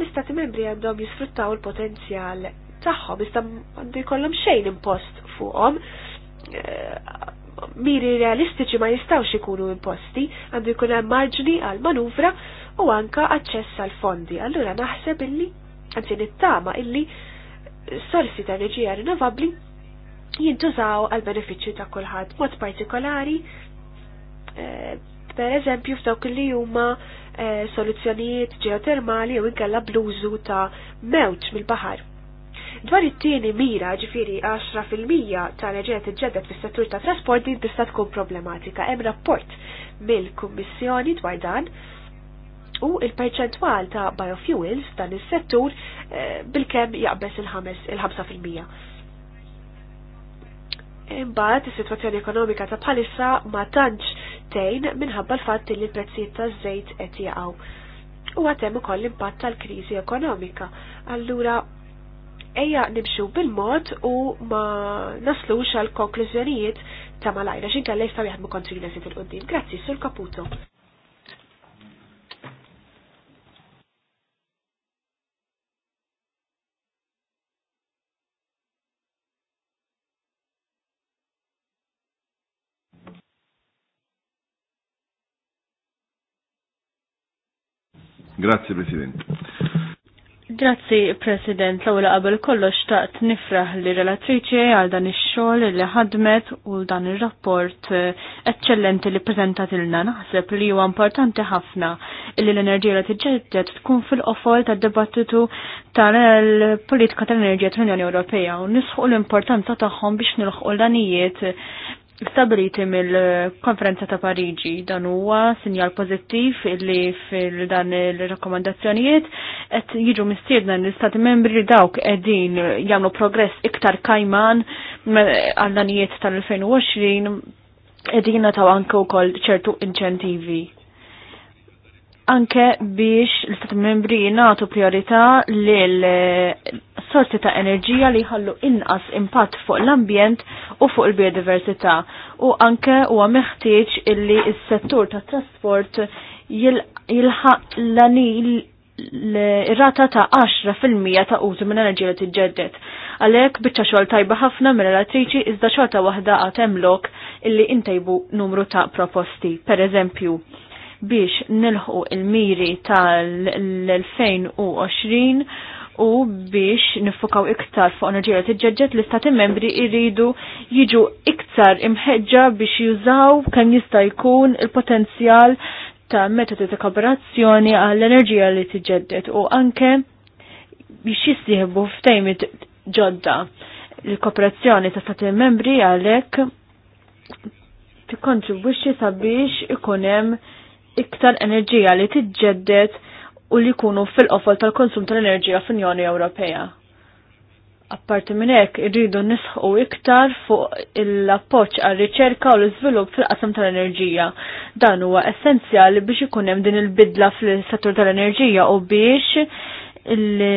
L-istati membri għandhom jisfruttaw il-potenzjal taħħom, iżda għandu jkollhom xejn impost fuqhom. Eh, miri realistiċi ma jistawx ikunu imposti, għandu jkun hemm marġni għal manuvra u anka aċċess għal fondi. Allura naħseb illi, għanzi nittama illi sorsi ta' enerġija rinnovabbli jintużaw għal benefiċċju ta' kulħadd mod partikolari eh, per eżempju f'dawk li huma eh, soluzzjonijiet ġeotermali u inkella bluzu ta' mewġ mill-baħar. Dwar it-tieni mira ġifiri 10% tal-eġenet iġġedet fis-settur ta' trasport din tista' tkun problematika. Hemm rapport mill-Kummissjoni dwar dan u il-perċentwal ta' biofuels dan is-settur eh, bil-kemm jaqbes il-5%. Imbagħad is-sitwazzjoni ekonomika ta' bħalissa ma tantx tgħin minħabba l-fatt li l-prezzijiet taż-żejt qed jaqgħu u għatem ukoll l-impatt tal-kriżi ekonomika. Allura Ejja nimxu bil-mod u ma naslux għal konklużjonijiet ta' malajra xin kalla jistaw jaħdmu kontrina si fil-qoddim. Grazzi, Sur Caputo. Grazie Presidente. Grazzi, President, l qabel kollox taqt nifraħ li relatriċi għal dan ix-xogħol li ħadmet u dan ir-rapport eh, eċċellenti li ilna naħseb li huwa importanti ħafna li l-enerġija li tiġġedded tkun fil-qofol tad-dibattitu tal-politika tal-enerġija tal-Unjoni Ewropea u nisħu l-importanza tagħhom biex nilħqu l-danijiet stabiliti mill-konferenza ta' Pariġi dan huwa sinjal pożittiv illi fil-dan il-rakkomandazzjonijiet qed jiġu mistiedna l-Istati membri li dawk qegħdin jagħmlu progress iktar kajman għal danijiet tal-2020 qegħdin taw anke wkoll ċertu inċentivi anke biex l-Istati membri jingħatu priorità lil sorti ta' enerġija li jħallu inqas impatt fuq l-ambjent u fuq il-biodiversità u anke huwa meħtieġ illi s-settur tat trasport jilħaq l-anil l-rata ta' 10% ta' użu minn enerġija li tiġġedded. Għalhekk biċċa xogħol tajba ħafna minn attriċi iżda xorta waħda għad hemm lok illi intajbu numru ta' proposti. Per eżempju, biex nilħu il-miri tal-2020 u biex nifukaw iktar fuq enerġija tiġġeġġet l-istati membri iridu jiġu iktar imħeġġa biex jużaw kemm jista' jkun il-potenzjal ta' metodi ta' kooperazzjoni għall-enerġija li tiġġeġġet u anke biex jissieħbu f'tejmit ġodda. Il-kooperazzjoni ta' stati membri għalhekk tikkontribwixxi sabiex ikun hemm iktar enerġija li tiġġeddet u li jkunu fil-qofol tal-konsum tal-enerġija fl-Unjoni Ewropea. Apparti minn hekk irridu nisħu iktar fuq l-appoġġ għal riċerka u l-iżvilupp fil-qasam tal-enerġija. Dan huwa essenzjali biex ikun hemm din il-bidla fil-settur tal-enerġija u biex li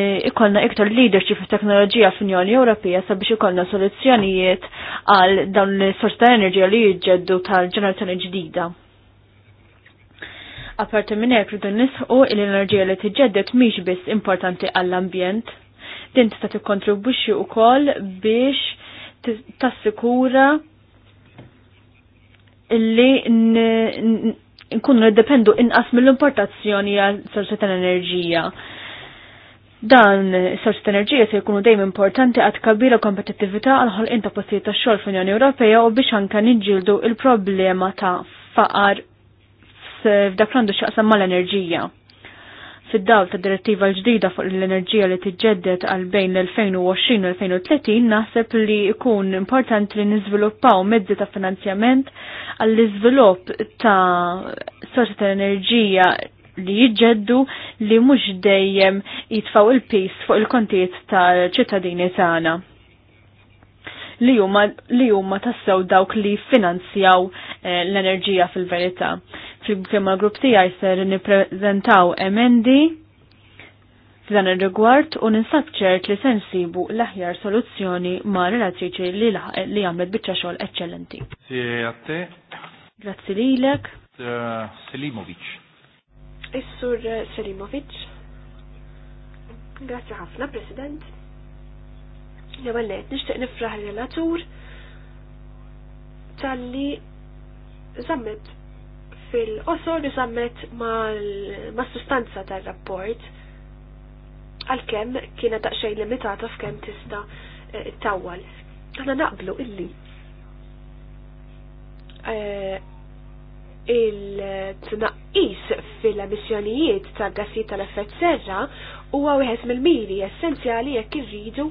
iktar leadership fi teknoloġija fl-Unjoni Ewropea sabiex ikollna soluzzjonijiet għal dawn l-sorsi tal-enerġija li jġeddu tal-ġenerazzjoni ġdida. Apparti minn hekk rridu nisħu l-enerġija li tiġġedded mhix biss importanti għall-ambjent. Din tista' tikkontribwixxi wkoll biex tassikura li nkunu niddependu inqas mill-importazzjoni għal sorsi tal-enerġija. Dan sorsi tal-enerġija se jkunu dejjem importanti għad kabira kompetittività għal ħolqien ta' postijiet tax-xogħol fl-Unjoni Ewropea u biex anke niġġieldu il-problema ta' faqar Eh, f'dak għandu xaqsam mal-enerġija. Fid-dawl ta' direttiva l-ġdida fuq l-enerġija li tiġġedded għal bejn l-2020 u l-2030 naħseb li jkun importanti li niżviluppaw mezzi ta' finanzjament għall-iżvilupp ta' sorti ta' enerġija li jiġġeddu li mhux dejjem jitfaw il-pis fuq il-kontijiet tal-ċittadini tagħna li huma li huma tassew dawk li finanzjaw eh, l-enerġija fil-verità. Fil-kemm grupp tiegħi ser nippreżentaw emendi f'dan ir-rigward u ninsab ċert li se nsibu l-aħjar soluzzjoni ma' relatriċi li li għamlet biċċa xogħol eċċellenti. Grazzi lilek. Eh, Selimovic. Is-sur Selimovic. Grazzi ħafna, President. L-ewwel ngħid nixtieq nifraħ relatur talli zammet fil-qosor li zammet ma' sustanza tar-rapport għal-kem kiena daqxej limitata f'kem tista eh, tawwal. Għana naqblu illi eh, il-tnaqqis fil-emissjonijiet ta' gassi tal-effett serra huwa wieħed mill-miri essenzjali jekk irridu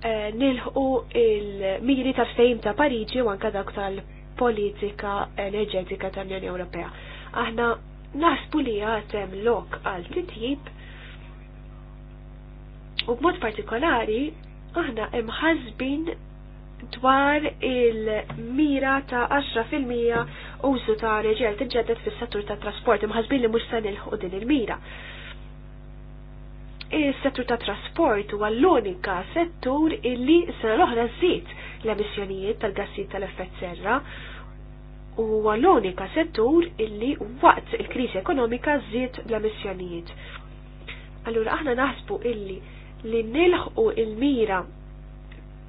Eh, nilħu il-miri ta' ftehim ta' Pariġi u anka dak tal-politika enerġetika tal-Unjoni Ewropea. Aħna naħsbu li għatem lok għal titjib u b'mod partikolari aħna imħazbin dwar il-mira ta' 10% użu ta' reġel tiġġedet fis-settur ta' trasport imħazbin li mhux se nilħu din il-mira. il mira Is-settur ta' trasport huwa l-unika settur illi sena l-oħra l-emissjonijiet tal gassi tal-effett serra u huwa l-unika settur illi waqt il-kriżi ekonomika zid l-emissjonijiet. Allura aħna naħsbu illi li nilħqu il-mira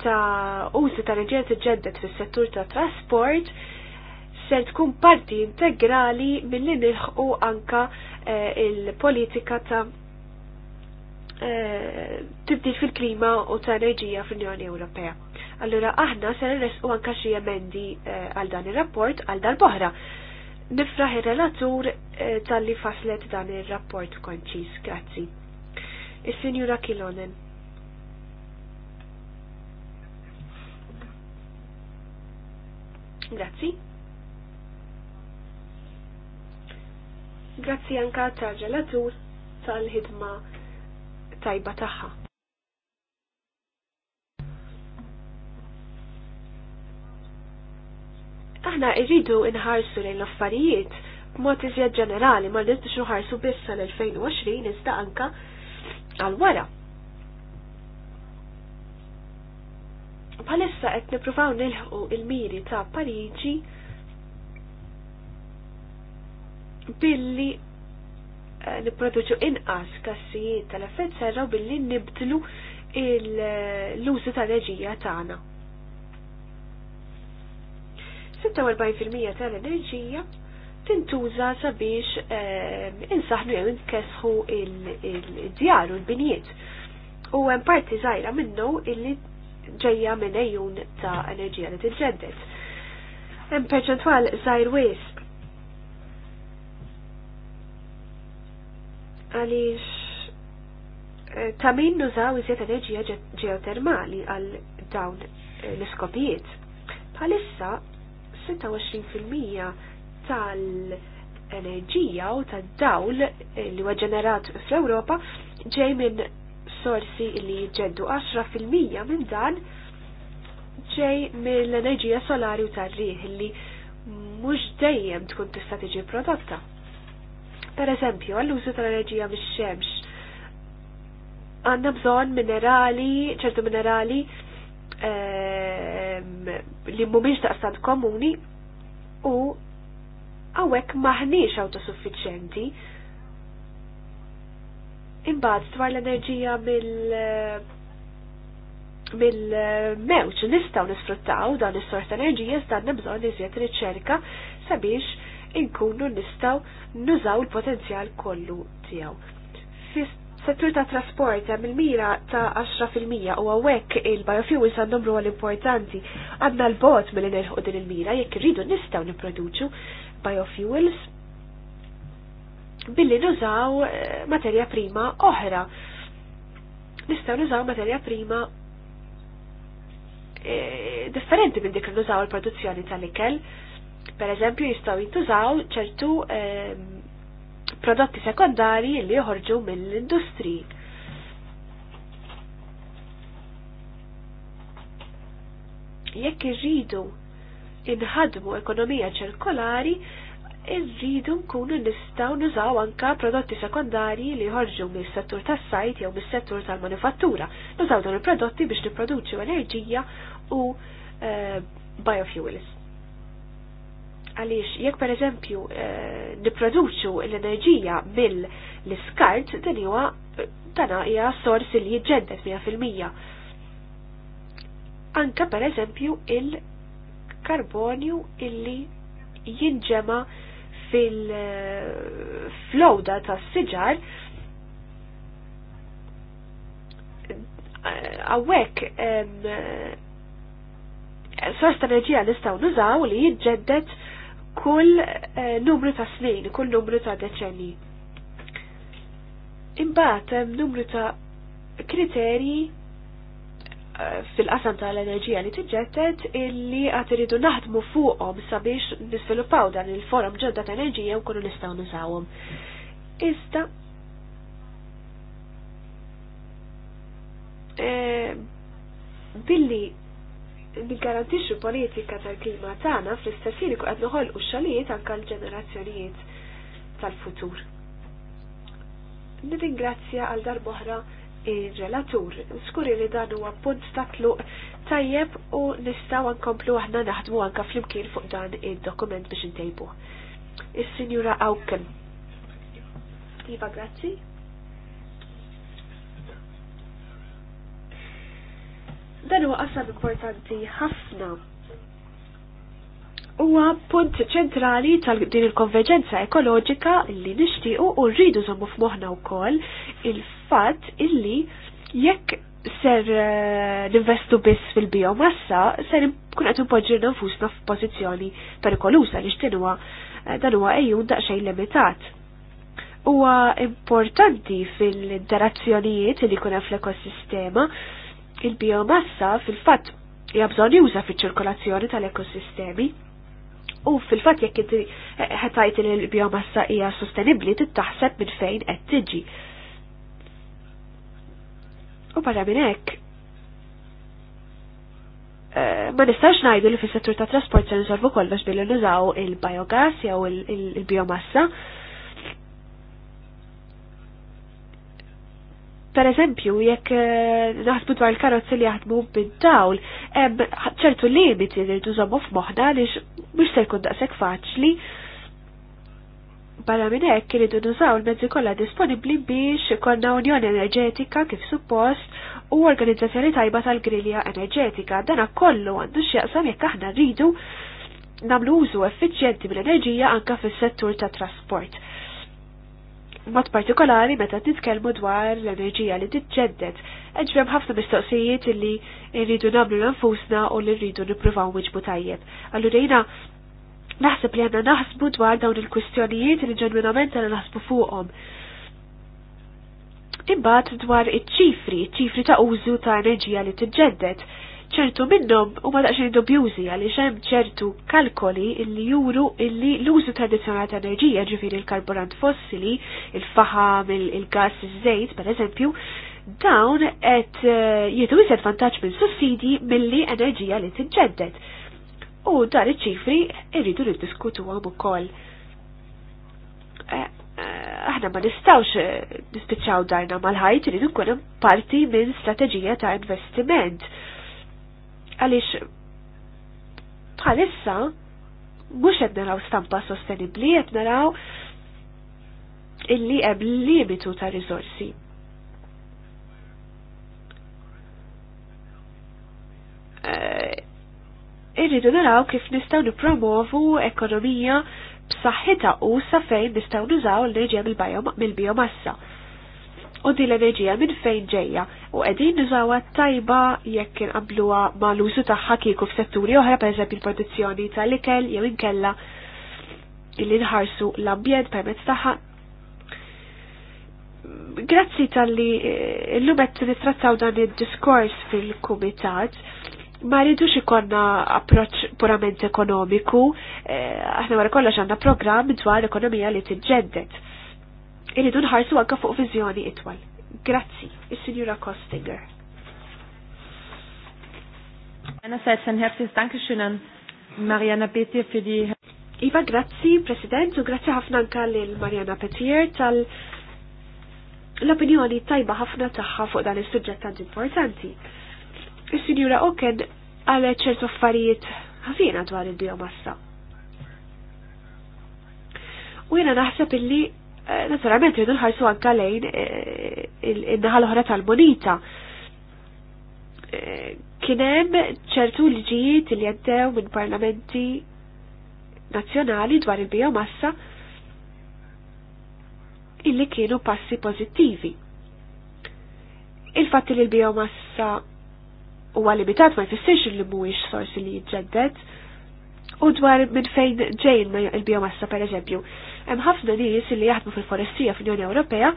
ta' użi tal-enerġija ġeddet fis-settur ta' trasport ser tkun parti integrali mill-li nilħqu anka eh, il-politika ta' Eh, tibdil fil-klima u ta' enerġija fl-Unjoni Ewropea. Allura aħna ser nresqu anka xi emendi eh, għal dan ir-rapport għal dan boħra Nifraħ ir-relatur eh, tal-li faslet dan ir-rapport konċis, grazzi. Is-Sinjura Kilonen. Grazzi. Grazzi anka tal-ġelatur tal-ħidma tajba tagħha. Aħna irridu inħarsu lejn l-affarijiet b'mod iżjed ġenerali ma rridux nħarsu biss sal-2020 iżda anka għal wara. Palissa qed nippruvaw nilħqu il-miri ta' Pariġi billi Eh, niproduċu inqas kassijiet tal-effett serra billi nibdlu l-użu tal-enerġija tagħna. 46% tal-enerġija tintuża sabiex eh, insaħnu jew inkesħu il-djar u l-binijiet. U hemm parti żgħira minnu illi ġejja minn ejjun ta' enerġija li tiġġedded. Hemm perċentwal żgħir wisq għalix eh, ta' min nużaw iżjed enerġija ġeotermali għal dawn eh, l-iskopijiet. Bħalissa 26% tal-enerġija u tad-dawl eh, li huwa ġenerat fl-Ewropa ġej minn sorsi li ġeddu 10% minn dan ġej mill-enerġija solari u tar-riħ li mhux dejjem tkun tista' tiġi prodotta. Per eżempju, għall-użu tal-enerġija mix-xemx. Għandna bżonn minerali, ċertu minerali ehm, li mhumiex daqstant komuni u għawek maħniex autosuffiċenti. Imbagħad dwar l-enerġija mill eh, mill-mewċ eh, nistgħu nisfruttaw dan is sorta enerġija żdanna bżonn iżjed riċerka sabiex inkunu nistaw nużaw il-potenzjal kollu tiegħu. Fis-settur ta' trasport hemm il-mira ta' 10% u hawnhekk il-biofuels għandhom rol importanti għandna l-bot milli nerħu din il-mira jekk irridu nistgħu nipproduċu biofuels billi nużaw eh, materja prima oħra. Nistgħu nużaw materja prima eh, differenti minn dik li nużaw il-produzzjoni tal-ikel per eżempju jistaw jintużaw ċertu ehm, prodotti sekondari li joħorġu mill-industri. Jekk irridu inħadmu ekonomija ċirkolari, irridu nkunu nistaw nużaw anka prodotti sekondari li jħorġu mis-settur tas-sajt jew mis-settur tal-manifattura. Nużaw dawn il-prodotti biex nipproduċu enerġija u eh, biofuels. Għaliex, jekk per eżempju eh, niproduċu l-enerġija mill-iskart, dan huwa tana eh, hija sors li jiġġendet 100%. Anka per eżempju il-karbonju illi jinġema fil-flowda eh, tas siġar għawek sors ta' enerġija nistaw nużaw li jitġeddet kull eh, numru ta' snin, kull numru ta' deċenni. Imbagħad hemm eh, numru ta' kriterji eh, fil-qasam tal-enerġija li tiġġettet illi għad iridu naħdmu fuqhom sabiex nisviluppaw dan il-forum ġodda ta' enerġija u kunu nistgħu nużawhom. Iżda billi nigarantixxu politika tal-klima tagħna fl-istess jien qed noħolqu xogħlijiet anke l-ġenerazzjonijiet tal-futur. Nirringrazzja għal darboħra il-relatur. Skuri li dan huwa punt ta' tluq tajjeb u nistgħu nkomplu aħna naħdmu anke flimkien fuq dan id-dokument biex intejbu. Is-Sinjura Awken. Iva, grazzi. Dan huwa qasam importanti ħafna. Huwa punt ċentrali tal din il-konverġenza ekoloġika li nixtiequ u rridu żommu f'moħħna wkoll il-fatt illi jekk ser eh, ninvestu biss fil-biomassa, ser kun qed impoġġirna nfusna f'pożizzjoni perikolusa li x'tinwa eh, dan huwa ejjun daqsxejn limitat. Huwa importanti fil-interazzjonijiet li jkun hemm fl-ekosistema Il-biomassa fil-fatt hija bżonn juża fiċ-ċirkolazzjoni tal-ekosistemi u fil-fatt jekk inti eh, ħetajt li l-biomassa hija sostenibbli tittaħseb minn fejn qed tiġi. U barra minn hekk eh, ma nistax ngħidu li fis-settur tat trasport se nżolvu kollox billi nużaw il-biogas jew il-biomassa. il biogas jew il biomassa il il Per eżempju, jekk eh, naħsbu dwar il-karozzi li jaħdmu bid-dawl, ċertu limiti li tużomu f'moħħna li mhux se jkun daqshekk faċli. Bala minn hekk iridu nużaw il-mezzi kollha disponibbli biex ikollna unjoni enerġetika kif suppost u organizzazzjoni tajba tal-grilja enerġetika. Dan kollu għandu x'jaqsam jekk aħna rridu nagħmlu użu effiċjenti mill-enerġija anke fis-settur tat trasport mod partikolari meta titkellmu dwar l-enerġija li titġedded. Eġbem ħafna mistoqsijiet li rridu nagħmlu nfusna u li rridu nippruvaw wiġbu tajjeb. Allura jiena naħseb li għandna naħsbu dwar dawn il-kwistjonijiet li ġenwinament għandna naħsbu fuqhom. Imbagħad dwar iċ-ċifri, iċ-ċifri ta' użu ta' enerġija li titġedded ċertu minnhom huma daqsxejn dubjużi għaliex hemm ċertu kalkoli li juru illi l-użu tradizzjonali ta' enerġija ġifiri l-karburant fossili, il-faħam, il-gass, iż-żejt pereżempju, dawn qed jitu eh, jised vantaċ minn sussidi milli enerġija li t-ġeddet. U dar iċifri irridu nid-diskutu għam ukoll eh, eh, aħna ma nistawx nispiċċaw darna mal-ħajt irridu nkun parti minn strateġija ta' investiment għaliex bħalissa mhux qed naraw stampa sostenibbli qed naraw illi hemm limitu ta' rizorsi. Eh, irridu naraw kif nistgħu nippromovu ekonomija b'saħħitha u sa fejn nistgħu nużaw l-enerġija mill-biomassa u din l-enerġija minn fejn ġejja u qegħdin nużawha tajba jekk inqabluha ma' l-użu tagħha kieku f'setturi oħra pereżempju l-produzzjoni tal-ikel jew inkella illi nħarsu l-ambjent permezz tagħha. Grazzi tal-li eh, l lumet nittrattaw dan id-diskors fil-kumitat ma rridux ikonna approċ purament ekonomiku, eh, aħna wara kollox għandna programm dwar ekonomija li tiġġendet. Iridu nħarsu għagga fuq viżjoni itwal. Grazzi, il signora Kostinger. Għana ein herzliches danke xunan Mariana Petir fidi. Iva, grazzi, President, u grazzi ħafna anka l Mariana Petir tal l-opinjoni tajba ħafna tagħha fuq dan is-suġġett tant importanti. Is-Sinjura Oken għale ċertu affarijiet ħafina dwar il-biomassa. U jiena naħseb illi Eh, naturalment jridu nħarsu anka lejn eh, id-naħa l-oħra tal-monita. Eh, Kienem ċertu liġijiet li jentew minn parlamenti nazzjonali dwar il-biomassa illi kienu passi pozittivi. Il-fatt li l-biomassa huwa limitat ma jfissirx li mhuwiex sorsi li jiġġeddet u dwar minn fejn ġejn il-biomassa per eżempju. Hemm ħafna nies li jaħdmu fil-forestija fl-Unjoni Ewropea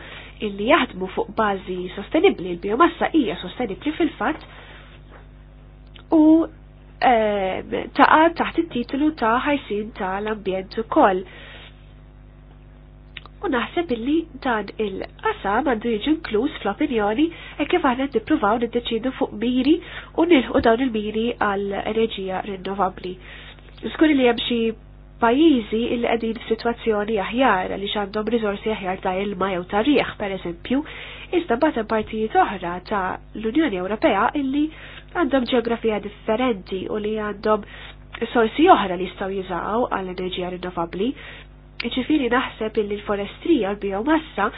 illi jaħdmu fuq bażi sostenibbli, il-biomassa hija sostenibbli fil-fatt u ehm, taqa taħt it-titlu ta' ħajsin tal-ambjent ukoll. U naħseb illi dan il-qasam għandu jiġi inkluż fl-opinjoni e kif aħna nippruvaw niddeċidu fuq miri u nilħu dawn il-miri għall enerġija rinnovabbli. Żgur li hemm xi pajjiżi li qegħdin f'sitwazzjoni aħjar li għandhom riżorsi aħjar ta' ilma jew ta' rieħ pereżempju, iżda bagħad partijiet oħra ta' l-Unjoni Ewropea illi għandhom ġeografija differenti u li għandhom sorsi oħra li jistgħu jużaw għall enerġija rinnovabbli. Iċifiri naħseb illi l-forestrija u l-biomassa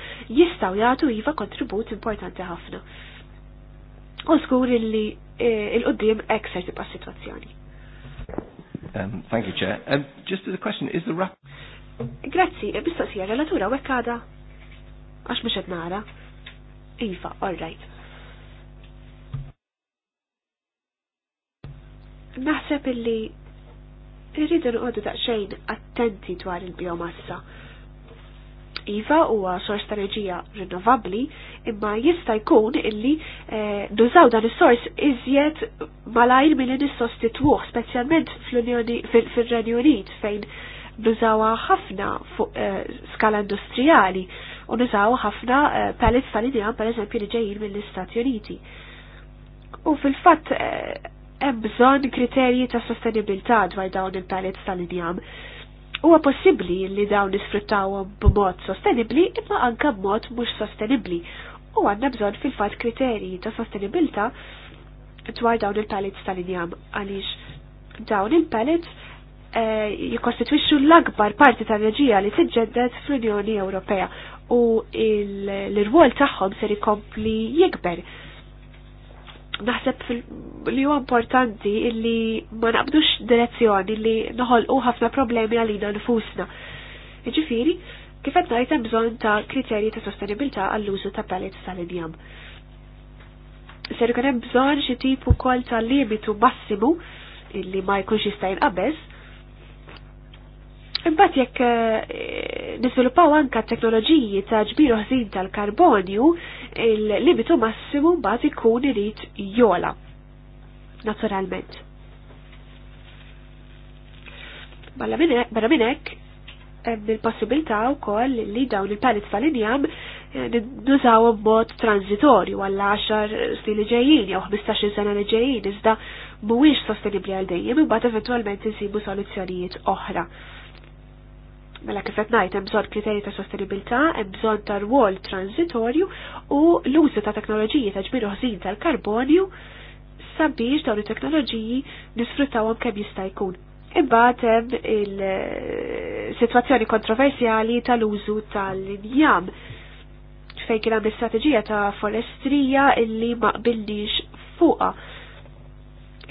jistgħu jagħtu iva kontribut importanti ħafna. U żgur illi eh, il-qoddim ekser tibqa' situazzjoni. Um, thank you, Chair. Um, just as a question, is the rap... Grazzi, bistoqsija, e, relatura, wekkada għada? Għax mux nara. Iva, all right. Naħseb illi irridu nqogħdu daqsxejn attenti dwar il-biomassa iva huwa sors ta' reġija rinnovabbli, imma jista' jkun illi eh, nużaw dan is-sors iżjed malajr milli nissostitwuh, speċjalment fl-Unjoni fir-Renju Unit fejn nużawha ħafna fuq eh, skala industrijali u nużaw ħafna eh, pellets tal-injam pereżempju li ġejjin mill-Istati Uniti. U fil-fatt hemm bżonn kriterji ta' sostenibilità dwar dawn il-pellets tal-injam. tal tal injam huwa possibbli li dawn nisfruttaw b'mod sostenibli imma anka b'mod mhux sostenibli u għandna bżonn fil-fatt kriterji ta' sostenibilta dwar dawn il-pellets tal-injam għaliex dawn il-pellets eh, jikostitwixxu l-akbar parti tal-enerġija li tiġġended fl-Unjoni Ewropea u l-irwol tagħhom ser ikompli jikber naħseb li huwa importanti illi ma naqbdux direzzjoni li noħolqu ħafna problemi għalina nfusna. Ġifiri, kif qed ngħid hemm bżonn ta' kriterji ta' sostenibilità għall-użu ta' pellets tal-injam. Se jkun hemm bżonn xi tip ukoll ta' limitu massimu illi ma jkunx jista' jinqabeż Imbagħad jekk eh, nisviluppaw anka teknoloġiji ta' ġbir ħsin tal-karbonju, il-limitu massimu mbagħad ikun irid jola. Naturalment. Barra minn hekk hemm il-possibilità wkoll li dawn il-pellets tal-injam eh, nużaw b'mod transitorju għall 10 snin li ġejjin jew 15 sena li ġejjin iżda mhuwiex sostenibbli għal dejjem imbagħad eventwalment insibu soluzzjonijiet oħra. Mela kif qed ngħid hemm bżonn kriterji ta' sostenibilità, hemm bżonn ta' rwol transitorju u l-użu ta' teknoloġiji ta' ġbir ħsin tal-karbonju sabiex dawn it-teknoloġiji nisfruttawhom kemm jista' jkun. Imbagħad hemm il-sitwazzjoni kontroversjali tal-użu tal-injam fejn kien hemm l-istrateġija ta' forestrija illi ma qbilniex fuqha.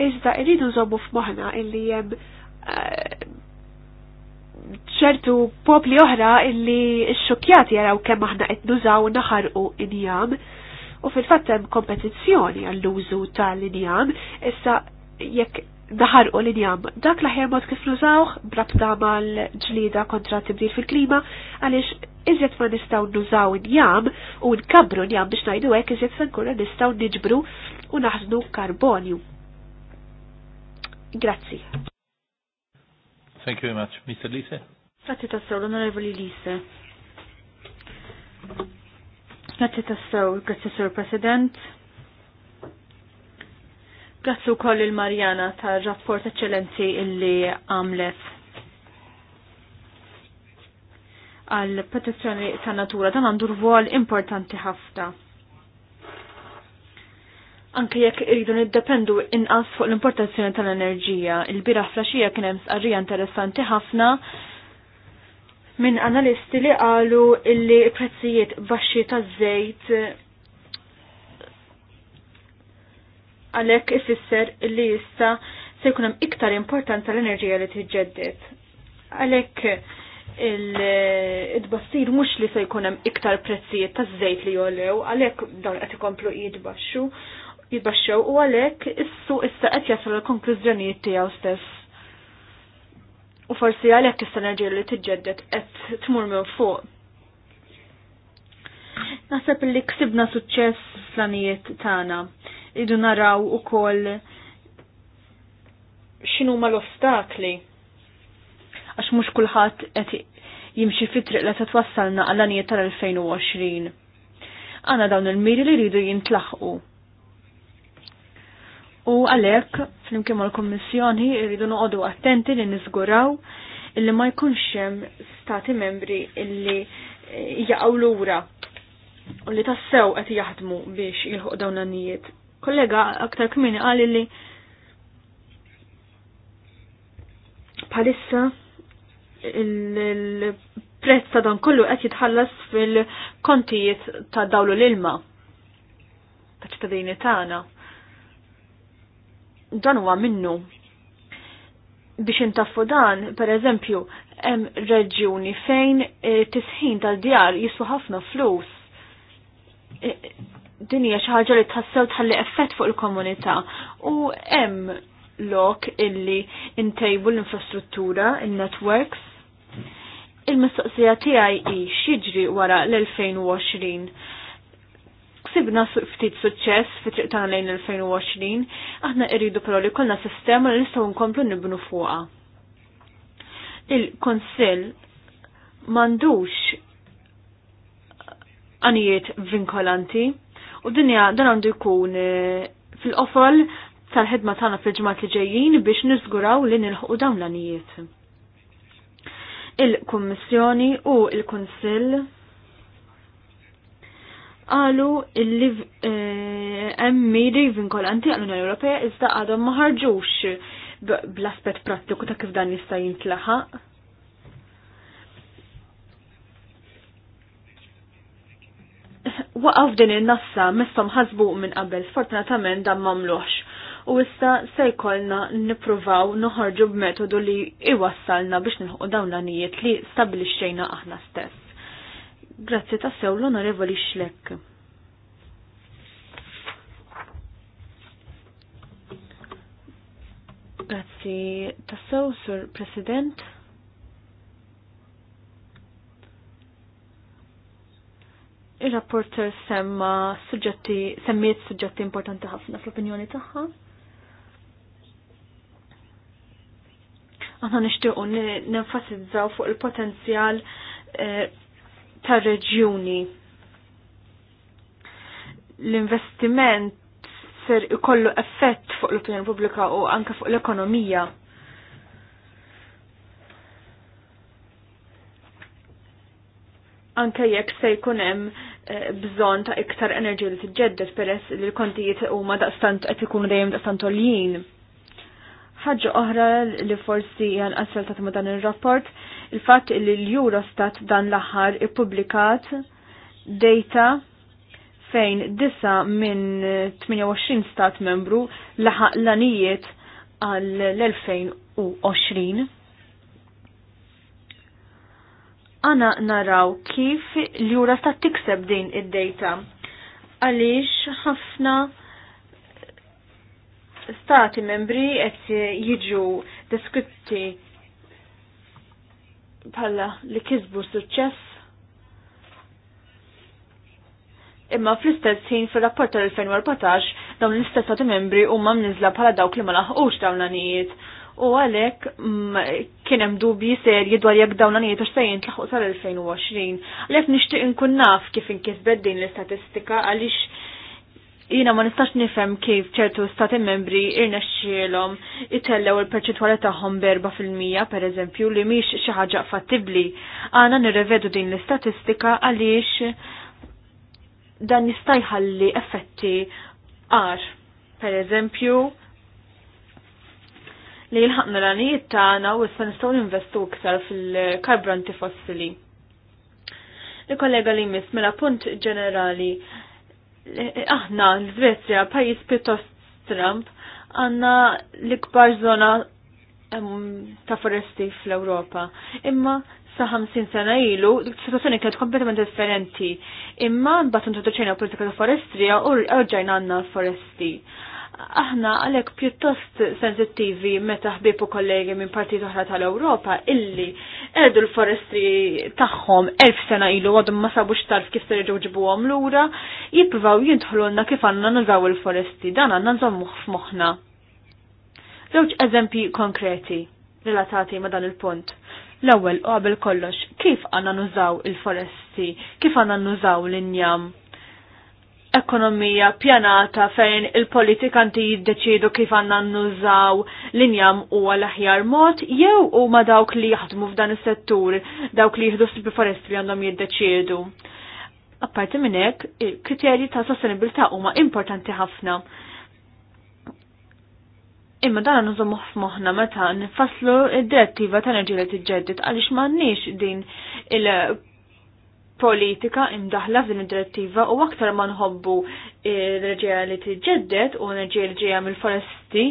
Iżda irridu nżommu f'moħħna illi hemm eh, ċertu popli oħra illi xokjati jaraw kemm aħna qed nużaw naħarqu injam u fil-fatt hemm kompetizzjoni għall-użu tal-injam issa jekk naħarqu l-injam dak l-aħjar mod kif nużawh brabta mal-ġlida kontra tibdil fil-klima għaliex iżjed ma nistgħu nużaw injam u nkabru injam biex ngħidu hekk iżjed se nkunu nistgħu niġbru u naħdnu karbonju. Grazzi. Thank you very much. Mr. Lise? Grazie tassew, l'onorevoli onorevoli Lise. Grazie tassew, grazie sur President. Grazzi u koll il-Marjana ta' rapport eccellenzi illi għamlet għal protezzjoni ta' natura dan għandu rwol importanti ħafna. Anke jekk iridu niddependu inqas fuq l-importazzjoni tal-enerġija, il-biraħ flaxija kien hemm sqarrija interessanti ħafna minn analisti li qalu illi prezzijiet baxxi taż-żejt għalhekk ifisser li issa se jkun hemm iktar importanza l-enerġija li tiġġedded. Għalhekk il-tbassir mhux li se jkun hemm iktar prezzijiet taż-żejt li jolew, għalhekk dawn qed ikomplu jitbaxxu jibaxxew u għalhekk issu issa qed jasal l-konklużjonijiet tiegħu stess. U forsi għalhekk is-sinerġija li tiġġedded qed tmur minn fuq. Naħseb li ksibna suċċess fl-anijiet tagħna. Idu naraw ukoll x'inhu mal l-ostakli. Għax mhux kulħadd qed jimxi fi triq li twassalna għall-anijiet tal-2020. Għana dawn il-miri li jridu jintlaħqu U għalek, flimkien mal-Kommissjoni, rridu noqogħdu attenti li niżguraw illi ma jkunx hemm stati membri illi eh, jaqgħu lura u li tassew qed jaħdmu biex jilħuq dawn għanijiet. Kollega aktar kmini qal li bħalissa il-prezz ta' dan kollu qed jitħallas fil-kontijiet ta' dawlu l-ilma ta' ċittadini tagħna dan huwa minnu. Biex intaffu dan, per eżempju, hemm reġjuni fejn eh, tisħin tal-djar jiswa ħafna flus. Eh, din hija xi ħaġa li tħassew tħalli effett fuq il-komunità u hemm lok illi intejbu l-infrastruttura, il-networks. Il-mistoqsija tiegħi hi x'jiġri wara l-2020 Sibna ftit suċċess fi triq tagħna lejn 2020, aħna rridu però li kollna sistema li nistgħu nkomplu nibnu fuqha. Il-Konsill m'għandux għanijiet vinkolanti u dinja dan għandu jkun e, fil-qofol tal-ħedma tagħna fil-ġimgħat li ġejjin biex niżguraw li nilħu dawn l-għanijiet. Il-Kummissjoni u il-Kunsill għalu eh, li hemm kol għanti għall-Unjoni Ewropea iżda għadhom ma ħarġux bl-aspett prattiku ta' kif dan jista' jintlaħaq. Waqaf din in-nassa mistom ħasbu minn qabel, fortunatament dan mamluħx. U issa se jkollna nippruvaw noħorġu b'metodu li iwassalna biex nħuq dawn l-anijiet li stabilixxejna aħna stess. Grazzi tassew l-onorevoli Xlek. Grazzi tassew, Sur President. Il-rapporter semma suġġetti, semmiet suġġetti importanti ħafna fl-opinjoni tagħha. Aħna nixtiequ nenfasizzaw fuq il-potenzjal eh, tar-reġjuni. L-investiment ser ikollu effett fuq l-opinjoni pubblika u anke fuq l-ekonomija. Anke jekk se jkun hemm eh, bżonn ta' iktar enerġi li tiġġedded peress li l-kontijiet huma daqstant qed ikunu dejjem daqstant oljin. Ħaġa oħra li forsi hija nqassel ta' dan ir-rapport il-fatt li l-Eurostat dan l-aħħar ippubblikat data fejn disa minn 28 stat membru laħaq l-anijiet għal l-2020. Għana naraw kif l-Eurostat tikseb din id-data għaliex ħafna stati membri qed jiġu deskritti bħalla li kisbu suċċess. Imma fl-istess ħin fil-rapport tal-2014 dawn l-istess għati membri u ma mnizla bħala dawk li ma laħqux dawn l-anijiet. U għalek mm, kienem dubji serji dwar jekk dawn l-anijiet u xsejjin tlaħuq sal 2020 Għalek nishtiq nkun naf kif inkisbet din l-istatistika għalix jina ma nistax nifhem kif ċertu stati membri irnexxielhom itellew il perċetwale tagħhom berba fil-mija pereżempju li miex xi ħaġa fattibbli. Għana nirrevedu din l-istatistika għaliex dan jista' effetti għar. Pereżempju li l-ħakna l-għanijiet tagħna u issa nistgħu ninvestu ktar fil karbranti fossili. Il-kollega li jmiss mela punt ġenerali aħna l-Svezja, pajis pittost Trump, għanna l-ikbar zona ta' foresti fl-Europa. Imma sa' 50 sena ilu, l-situazzjoni kienet kompletament differenti. Imma bat introduċejna politika ta' forestrija u rġajna għanna foresti aħna għalek pjuttost sensittivi meta ħbibu kollegi minn partit oħra tal-Ewropa illi erdu l-forestri tagħhom elf sena ilu għadhom ma sabux tarf kif serġgħu ġibuhom lura, jippruvaw jintħolulna kif għandna nużaw il-foresti, dan għandna nżommuh f'moħħna. Żewġ eżempji konkreti relatati ma dan il-punt. L-ewwel qabel kollox, kif għandna nużaw il-foresti, kif għandna nużaw l-injam? ekonomija pjanata fejn il-politikanti jiddeċidu kif għanna nużaw linjam u għal-aħjar mod, jew u ma dawk li jaħdmu f'dan is-settur, dawk li jihdu s forestri għandhom jiddeċidu. Apparti minn hekk, kriterji ta' sostenibilità huma importanti ħafna. Imma dan nżommu f'moħħna meta nfasslu id-direttiva ta' enerġija li tiġġedded għaliex m'għandniex din il- politika imdaħla f'din id-direttiva u aktar ma nħobbu l-enerġija li tiġġedded u enerġija li ġejja mill-foresti,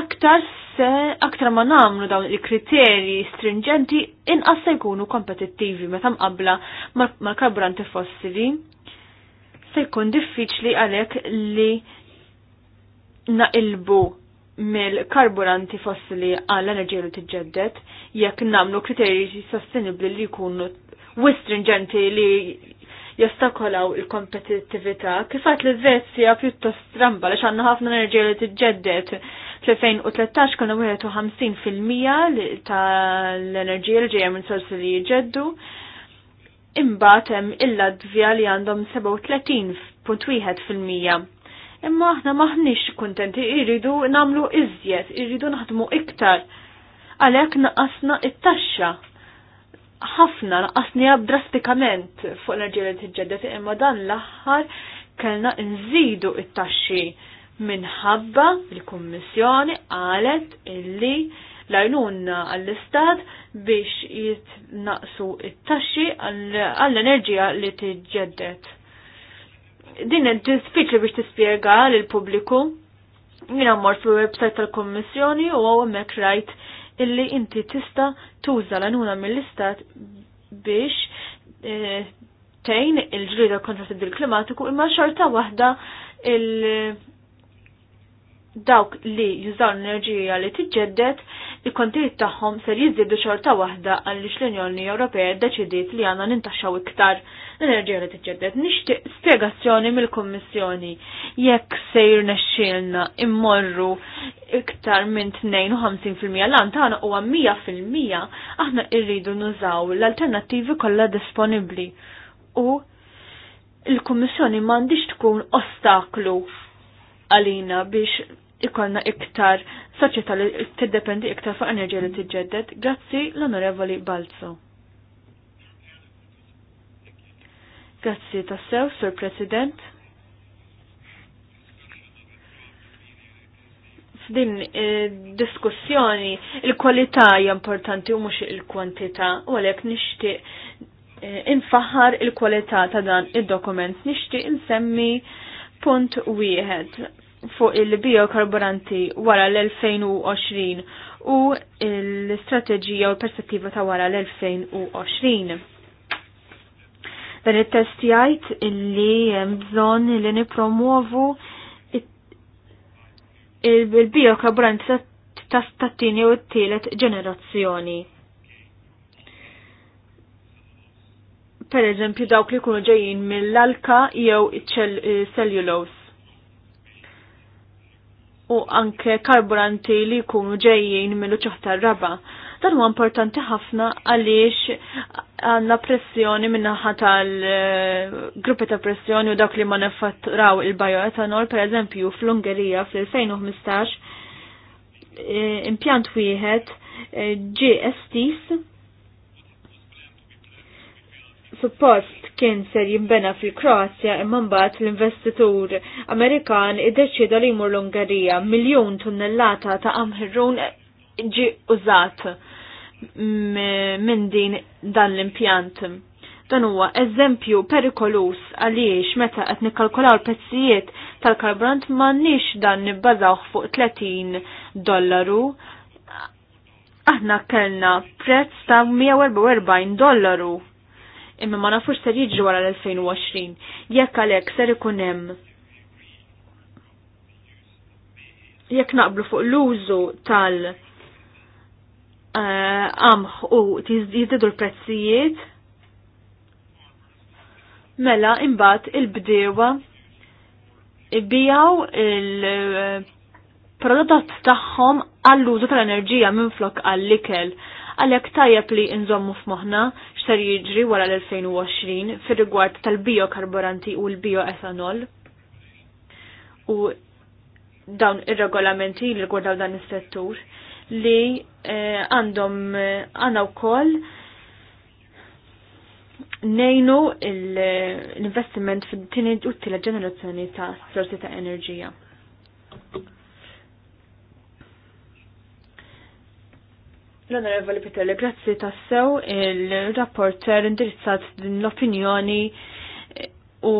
aktar se aktar ma namlu dawn il-kriterji stringenti inqas se jkunu kompetittivi meta mqabbla mal-karburanti fossili. Se jkun diffiċli għalhekk li naqilbu mill-karburanti fossili għall enerġija li tiġġedded jekk namlu kriterji sostenibbli li jkunu wistringenti li jostakolaw il-kompetittività. Kifat li Zvezja pjuttost stramba li xanna ħafna enerġija li tġeddet fl-2013 konna 51% tal-enerġija li ġeja minn sorsi li jġeddu. Imbat hemm illa latvja li għandhom 37.1%. Imma aħna maħniex kuntenti, irridu namlu iżjed, irridu naħdmu iktar. Għalhekk naqasna it-taxxa ħafna naqqasnija drastikament fuq l enerġija li tiġġedet imma dan l-aħħar kellna nżidu it-taxxi minħabba l kummissjoni qalet illi lajnuna għall-istat biex jitnaqsu it-taxxi għall-enerġija li tiġġedet. Din diffiċli biex tispjega lill pubbliku Jina mort fil website tal kummissjoni u hemmhekk mek rajt illi inti tista tuża l anuna mill-istat biex eh, tejn il-ġrida kontra tibdil klimatiku imma xorta waħda il- dawk li jużaw l-enerġija li tiġġeddet il-kontijiet tagħhom ser jiżdiedu xorta waħda għaliex l-Unjoni Ewropea ddeċidiet li għandna nintaxxaw iktar l-enerġija li tiġġedded. Nixtieq spjegazzjoni mill-Kummissjoni jekk sejr nexxielna immorru iktar minn 52% lan tagħna huwa 100% aħna rridu nużaw l-alternattivi kollha disponibbli u l kummissjoni m'għandix tkun ostaklu għalina biex ikolna iktar soċjetà li tiddependi iktar fuq enerġija li tiġġedded. Grazzi l-Onorevoli Balzo. Grazzi tassew, Sur President. F'din eh, diskussjoni il-kwalità hija importanti u mhux il-kwantità u għalhekk nixtieq eh, infaħar il-kwalità ta' dan id-dokument. Nixtieq insemmi punt wieħed fuq il-biokarburanti wara l-2020 u l-istrateġija u l-perspettiva ta' wara l-2020 Dan it-test jgħid illi hemm bżonn li nippromuovu il-biokarburanti ta' stattini u t-tielet ġenerazzjoni. Per eżempju dawk li kunu ġejjin mill-alka jew eh, cellulose. U anke karburanti li kunu ġejjin mill-uċuħ raba Dan huwa importanti ħafna għaliex għandna pressjoni minnaħa tal-gruppi eh, ta' pressjoni u dawk li manifatturaw il-bioetanol, per eżempju fl-Ungerija fl-2015, eh, impjant wieħed eh, GSTs suppost kien ser jimbena fil-Kroazja imma mbagħad l-investitur Amerikan iddeċida li jmur l-Ungerija miljun tunnellata ta' amħirrun ġi użat minn din dan l-impjant. Dan huwa eżempju perikolus għaliex meta qed nikkalkulaw l pezzijiet tal-karburant m'għandniex dan nibbażawh fuq 30 dollaru. Aħna kellna prezz ta' 144 dollaru. Imma ma nafux se jiġri wara l-2020. Jekk għalhekk ser ikun hemm jekk naqblu fuq l-użu tal- għam eh, u jizdidu l-prezzijiet, mela imbagħad il-bdewa ibijaw il-prodott tagħhom għall-użu tal-enerġija minn flok għall-ikel. Għalhekk tajjeb li nżommu f'moħħna x'ser jiġri wara l-2020 fir-rigward tal biokarboranti u l-bioethanol. U dawn ir-regolamenti li rigwardaw dan is-settur li eh, għandhom eh, għana wkoll nejnu eh, l-investiment fil-tini u t-tila ġenerazzjoni ta' sorsi ta' enerġija. L-Onorevoli Petrelli, grazzi tassew il-rapporter indirizzat din l-opinjoni u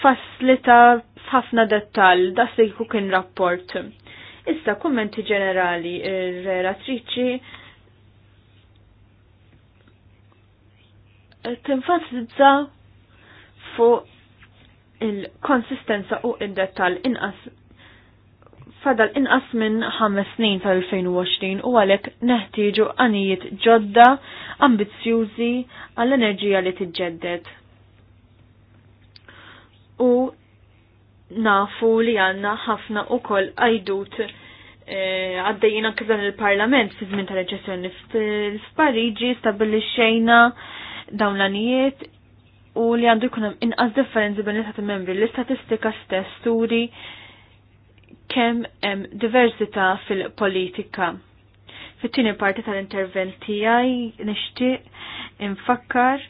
faslita f'ħafna dettal, da' li kien rapport. Issa kummenti ġenerali il-relatriċi tinfasizza fuq il-konsistenza u id-dettal inqas fadal inqas minn ħames snin tal-2020 u għalek neħtieġu għanijiet ġodda ambizzjużi għall-enerġija li tiġġedded. U nafu li għanna ħafna u koll għajdut eh, għaddejjina kizan il-parlament fi żmien tal-reċessjoni f'Pariġi xejna dawn l-anijiet u li għandu jkun hemm inqas differenzi bejn l istat membri. L-istatistika stess turi kemm hemm diversità fil-politika. Fit-tieni parti tal-intervent tiegħi nixtieq infakkar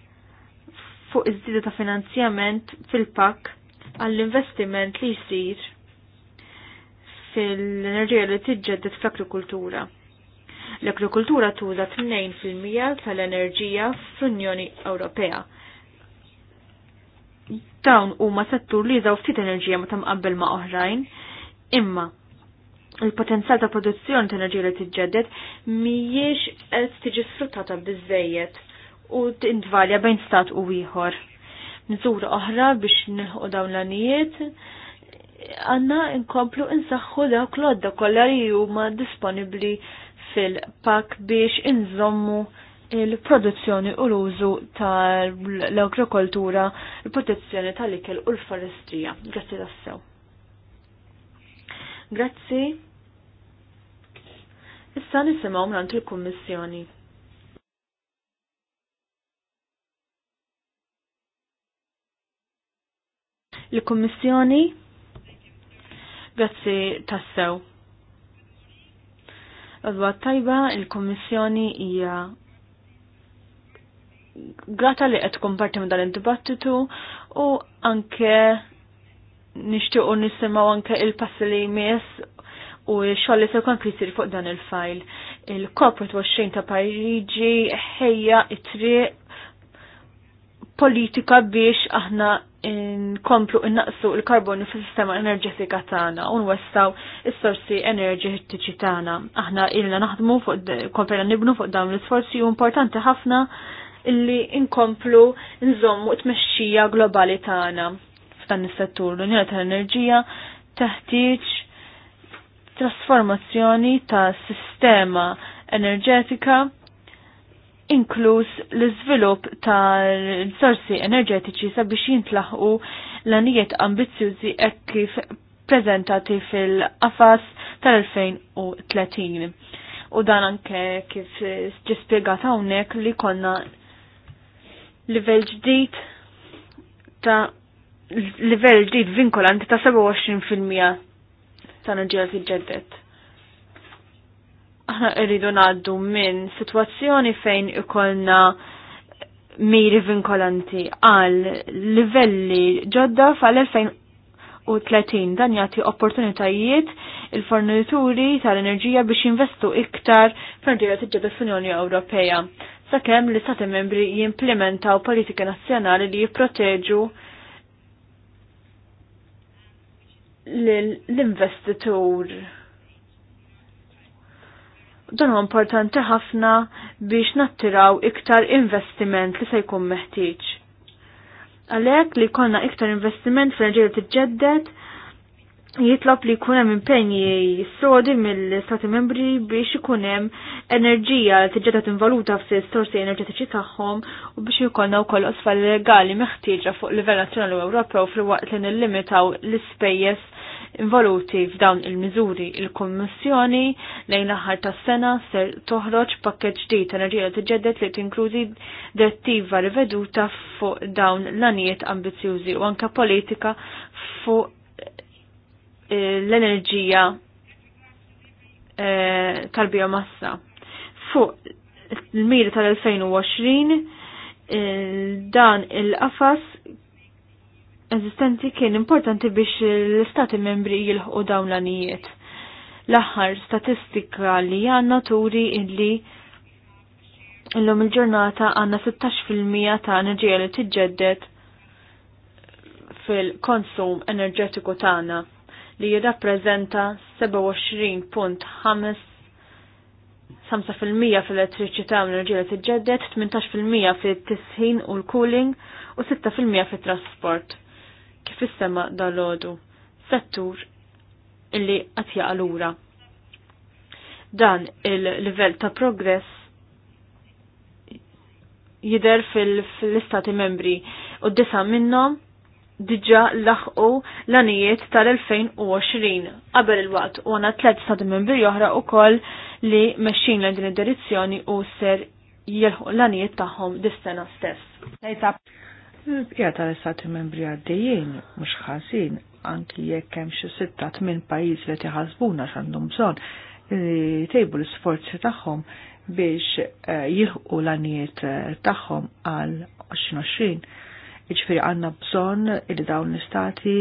fuq iż-żieda ta' finanzjament fil-pakk għall-investiment li jisir fil-enerġija li tiġġedded fl-agrikultura. L-agrikultura tuża 2% tal-enerġija fl-Unjoni Ewropea. Dawn huma settur li jżaw ftit enerġija meta mqabbel ma' oħrajn, imma il-potenzjal ta' produzzjoni ta' enerġija li tiġġedded mhijiex qed tiġi sfruttata biżejjed u tintvalja bejn stat u ieħor nizur oħra biex nilħu dawn l-anijiet, għanna inkomplu nsaxħu dawk l-odda kollha li huma disponibbli fil-pak biex inżommu il-produzzjoni u l-użu tal-agrikoltura, il-protezzjoni tal-ikel u l-forestrija. Grazzi tassew. Grazzi. Issa nisimgħu mrant il-Kummissjoni. l-Kummissjoni. Grazzi tassew. Għadwa tajba il-Kummissjoni hija grata li qed komparti minn dan id-dibattitu u anke nixtiequ nisimgħu anke il-passi li jmiss u xoll li se kon kisir fuq dan il-fajl. Il-Corporate Washington ta' Pariġi ħejja it-triq politika biex aħna nkomplu innaqsu il-karbonju fis-sistema enerġetika tagħna u nwessaw is-sorsi enerġetiċi tagħna. Aħna ilna naħdmu fuq kompera nibnu fuq dawn l-isforzi u importanti ħafna illi nkomplu nżommu t-mexxija globali tagħna f'dan is-settur l-Unjoni tal-Enerġija teħtieġ trasformazzjoni ta' sistema enerġetika inkluż l-iżvilupp tal-sorsi enerġetiċi sabiex jintlaħqu l-anijiet ambizzjużi hekk kif prezentati fil-qafas tal-2030. U dan anke kif ġispiegat hawnhekk li konna livell ġdid ta' livell ġdid vinkolanti ta' 27% ta' nġel ġeddet aħna rridu ngħaddu minn sitwazzjoni fejn ikollna miri vinkolanti għal livelli ġodda fl-2030 dan jagħti opportunitajiet il-fornituri tal-enerġija biex jinvestu iktar fl-enerġija fl-Unjoni Ewropea sakemm li stati membri jimplementaw politika nazzjonali li jipproteġu l-investitur dan huwa importanti ħafna biex nattiraw iktar investiment li se jkun meħtieġ. Għalhekk li jkollna iktar investiment fl-enerġija tiġġedded jitlob li jkun hemm impenji sodi mill-Stati Membri biex ikun hemm enerġija li tiġġedet involuta f'sorsi enerġetiċi tagħhom u biex jkollna wkoll osfal legali meħtieġa fuq livell nazzjonali u Ewropew fil-waqt li nillimitaw l-ispejjeż involuti f'dawn il-miżuri. Il-Kommissjoni lejn l aħħar tas-sena ser toħroġ pakkeġġ ġdid enerġija tiġġedded li tinkludi direttiva riveduta fuq dawn l-anijiet ambizjużi u anke politika fuq eh, l-enerġija eh, tal-biomassa. Fuq il-miri tal-2020 eh, dan il-qafas eżistenti kien importanti biex l-istati membri jilħu dawn l-anijiet. L-aħħar statistika li għanna turi illi l-lum il-ġurnata għanna 16% ta' enerġija li tiġġedded fil-konsum enerġetiku tagħna li jirrappreżenta 27.5 5% fil-elettriċità u l-enerġija li tiġġedded, 18% fit-tisħin u l-cooling u 6% fit-trasport kif sema dal-ħodu, settur illi għatja għalura. Dan il-livell ta' progress jider fil-istati membri u d-disa minnom diġa laħqu l-anijiet tal-2020 qabel il-waqt u għana tlet stati membri oħra u koll li meċin l-din id-direzzjoni u ser jelħu l-anijiet taħħom dis-sena stess. Il-bqija tal-Istati membri għaddejjien mhux ħażin anki jekk hemm xi sitta tmien pajjiż li tiħasbuna x'għandhom bżonn eh, tejbu l-isforzi tagħhom biex eh, jilħqu l-għaniet eh, tagħhom għal 2020. Iġifieri għandna bżonn li dawn l-istati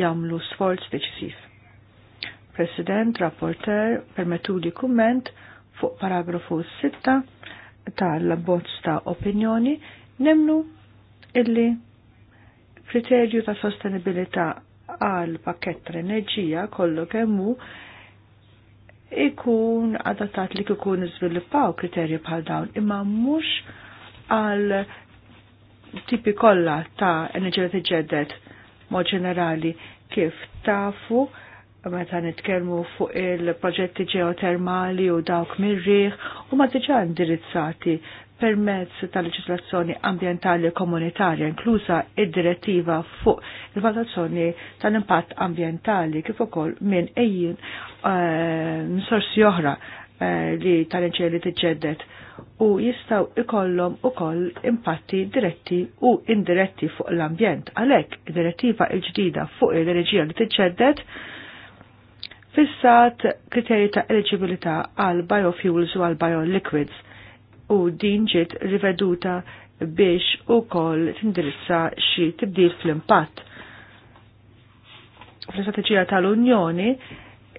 jagħmlu sforz deċisiv. President, rapporter, permetuli kumment fuq paragrafu 6 tal bozz ta' opinjoni nemnu illi kriterju ta' sostenibilità għal pakket tal-enerġija kollu kemmu ikun adattat li kikun izviluppaw kriterji bħal dawn imma mhux għal tipi kollha ta' enerġija tiġġedded mod ġenerali kif tafu meta nitkellmu fuq il-proġetti ġeotermali u dawk mir-riħ huma diġà indirizzati permezz tal-leġislazzjoni ambientali komunitarja, inklusa id-direttiva fuq il-valutazzjoni tal-impatt ambientali, kif ukoll minn ejjin uh, sorsi oħra uh, li tal li tiġġedded u jistaw ikollhom ukoll impatti diretti u indiretti fuq l-ambjent. Għalhekk id-direttiva l-ġdida fuq l-enerġija li tiġġedded fissat kriterji ta' eligibilità għal biofuels u għal bioliquids u din ġiet riveduta biex u koll tindirizza xi tibdil fl-impatt. Fl-istrateġija tal-Unjoni,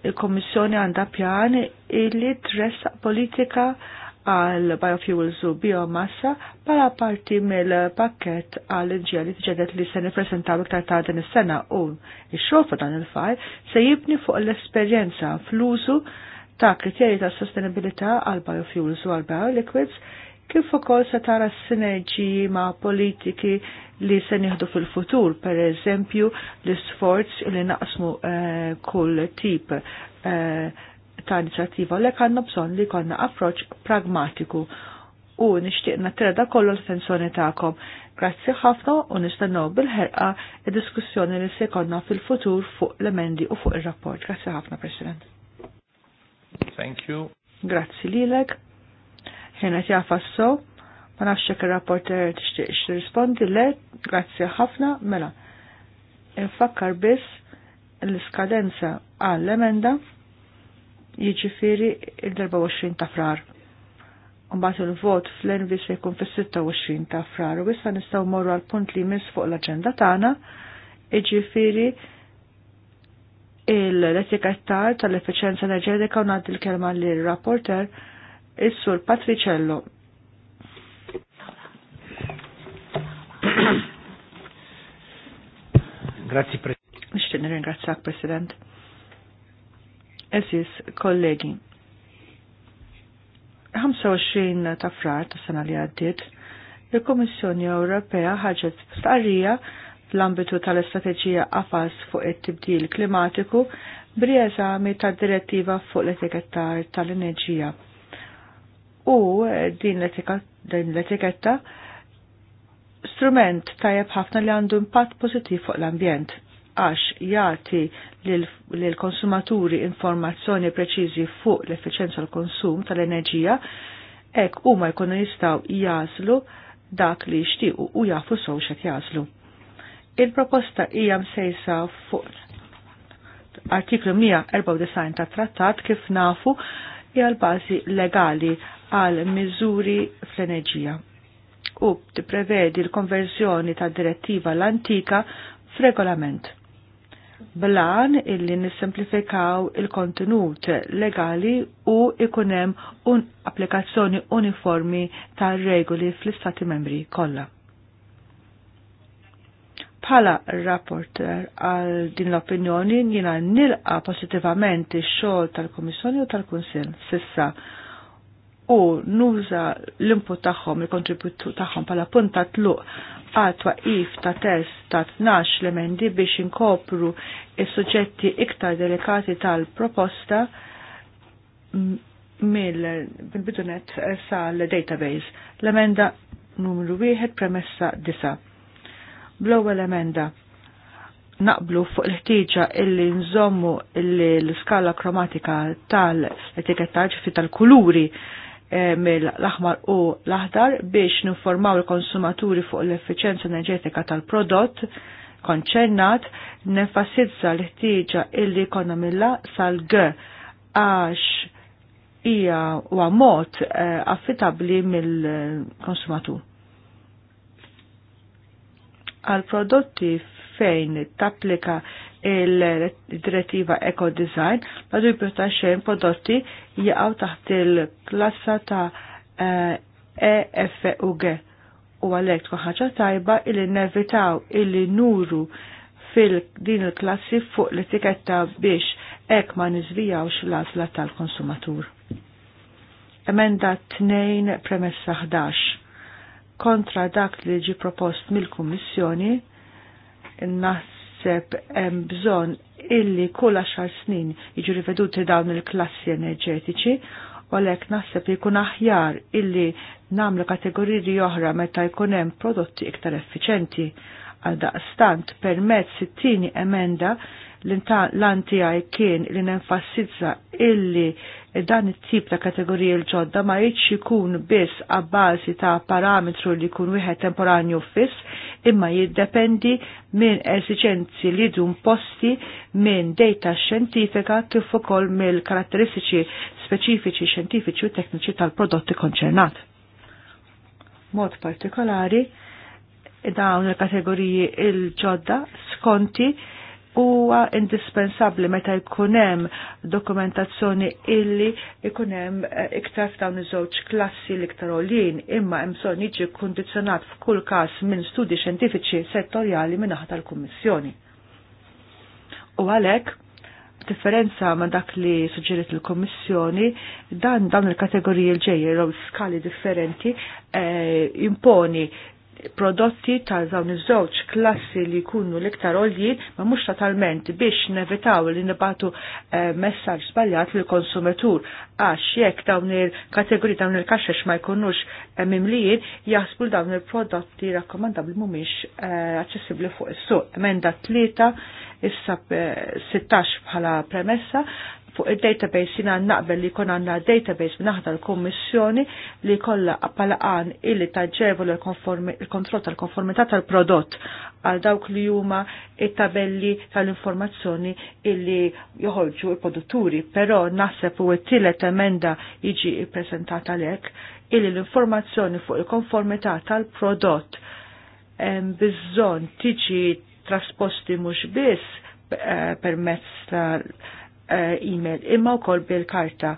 il-Kommissjoni għandha pjan illi tressa politika għal biofuels u biomassa pala parti mill-pakket għal ġija li tġedet li se nipresentaw iktar ta' din is-sena u ix xogħol dan il-fajl se jibni fuq l-esperjenza fl-użu fl użu ta' kriterji ta' sostenibilità għal biofuels u għal bioliquids kif ukoll se tara sinerġiji ma' politiki li se nieħdu fil-futur, per eżempju l-isforz li naqsmu eh, kull tip eh, ta' inizjattiva li għandna bżonn li konna approċ pragmatiku u nixtieqna treda kollu l-attenzjoni tagħkom. Grazzi ħafna u nistennew bil-ħerqa id-diskussjoni li se konna fil-futur fuq l-emendi u fuq ir-rapport. Grazzi ħafna, President. Thank you. Grazzi lilek. Ħena jafasso. Ma nafx jekk ir-rapporter tixtieq rispondi le, grazzi ħafna, mela. Infakkar biss l-iskadenza għall-emenda jiġifieri il-24 ta' frar. Mbagħad il-vot fl-envi se jkun fis-26 ta' frar u issa nistgħu morru għal punt li jmiss fuq l-aġenda tagħna, jiġifieri il-etikettar tal-efficienza enerġetika u nad il-kelma li rapporter il sur Patricello. Grazie Presidente. Nishtiq nirringrazzjak President. Esis, kollegi. 25 ta' frar ta' sena li għaddiet, il-Komissjoni Ewropea ħagġet starrija fl-ambitu tal-istrateġija qafas fuq it-tibdil klimatiku b'rieżami tad-direttiva fuq l-etikettar tal-enerġija. U din l-etiketta strument tajjeb ħafna li għandu impatt pożittiv fuq l-ambjent għax jagħti l konsumaturi informazzjoni preċiżi fuq l efficienza l-konsum tal-enerġija, hekk huma jkunu jistgħu jazlu dak li jishtiqu u jafu sew jazlu. Il-proposta hija msejsa fuq artiklu 194 ta' trattat kif nafu hija l-bażi legali għal miżuri fl-enerġija u tipprevedi l-konverżjoni ta' direttiva l-antika f'regolament. Blan illi nissemplifikaw il-kontenut legali u ikunem un applikazzjoni uniformi ta' regoli fl-Istati membri kollha. Pala rapporter għal din l-opinjoni jina nilqa pozitivament ix-xogħol tal-Komissjoni u tal-Kunsill sissa u nuża l-input tagħhom, il-kontribut tagħhom bħala punta tluq għal twaqif ta' test ta' 12 l-emendi biex inkopru il suġġetti iktar delikati tal-proposta mill-bidunet sal-database. L-emenda numru 1 premessa 9 Bl-ewwel emenda naqblu fuq l-ħtieġa illi nżommu illi l-skala kromatika tal-etikettaġ fi tal-kuluri eh, mill-aħmar u l-aħdar biex ninformaw il-konsumaturi fuq l efficienza enerġetika tal-prodott konċernat nenfasizza l-ħtieġa illi konna milla sal-g għax hija huwa mod e, eh, affitabli mill-konsumatur għal prodotti fejn tapplika il-direttiva Eco Design, għadu jibta xejn prodotti jgħaw taħt il-klassa ta' EFUG. Eh, e U għalek tkun ħaġa tajba li nevitaw illi nuru fil-din il-klassi fuq l-etiketta biex ek ma nizvijawx l-azla tal-konsumatur. Emenda 2 premessa 11 kontra dak li ġi propost mill-Kummissjoni, naħseb hemm bżonn illi kull għaxar snin jiġu riveduti dawn il-klassi enerġetiċi, u għalhekk naħseb li jkun aħjar illi nagħmlu kategoriji oħra meta jkun hemm prodotti iktar effiċenti għal daqstant permezz it-tieni emenda l-antijaj kien li nenfassizza illi dan it-tip ta' kategorija l-ġodda ma jitx ikun biss għabbażi ta' parametru li kun wieħed temporanju fiss imma jiddependi minn esiġenzi li dun posti minn data xjentifika kif ukoll mill-karatteristiċi speċifiċi xjentifiċi u tekniċi tal-prodotti konċernat. Mod partikolari dawn il-kategoriji il-ġodda skonti huwa indispensabbli meta jkun hemm dokumentazzjoni illi jkunem hemm eh, iktar f'dawn iż-żewġ klassi l-iktar olin imma hemm bżonn jiġi kkundizzjonat f'kull każ minn studji xjentifiċi settorjali minn aħta l-Kummissjoni. U għalhekk differenza ma' dak li suġġeriet il-Kommissjoni, dan dawn il-kategoriji l-ġejjer jew skali differenti eh, imponi prodotti ta' dawn iż-żewġ klassi li jkunu l-iktar oljin ma mhux totalment biex nevitaw li nibatu eh, messaġġ żbaljat lill konsumatur għax jekk dawn il-kategoriji dawn il-kaxxex ma jkunux eh, mimlijin jaħsbu dawn il-prodotti rakkomandabbli mhumiex eh, aċċessibbli fuq is-suq. Emenda tlieta issa 16 bħala premessa fuq il-database jina naqbel li kon għanna database minnaħda l-Kommissjoni li kolla appalaqan illi taġġevu l-kontroll tal-konformità tal-prodott għal dawk li huma il tabelli tal-informazzjoni illi joħolġu l-produtturi, però naħseb u t-tielet emenda jiġi ippreżentata lek illi l-informazzjoni fuq il-konformità tal-prodott bizzon tiġi trasposti mhux biss eh, permezz ta' Eh, email imma wkoll bil-karta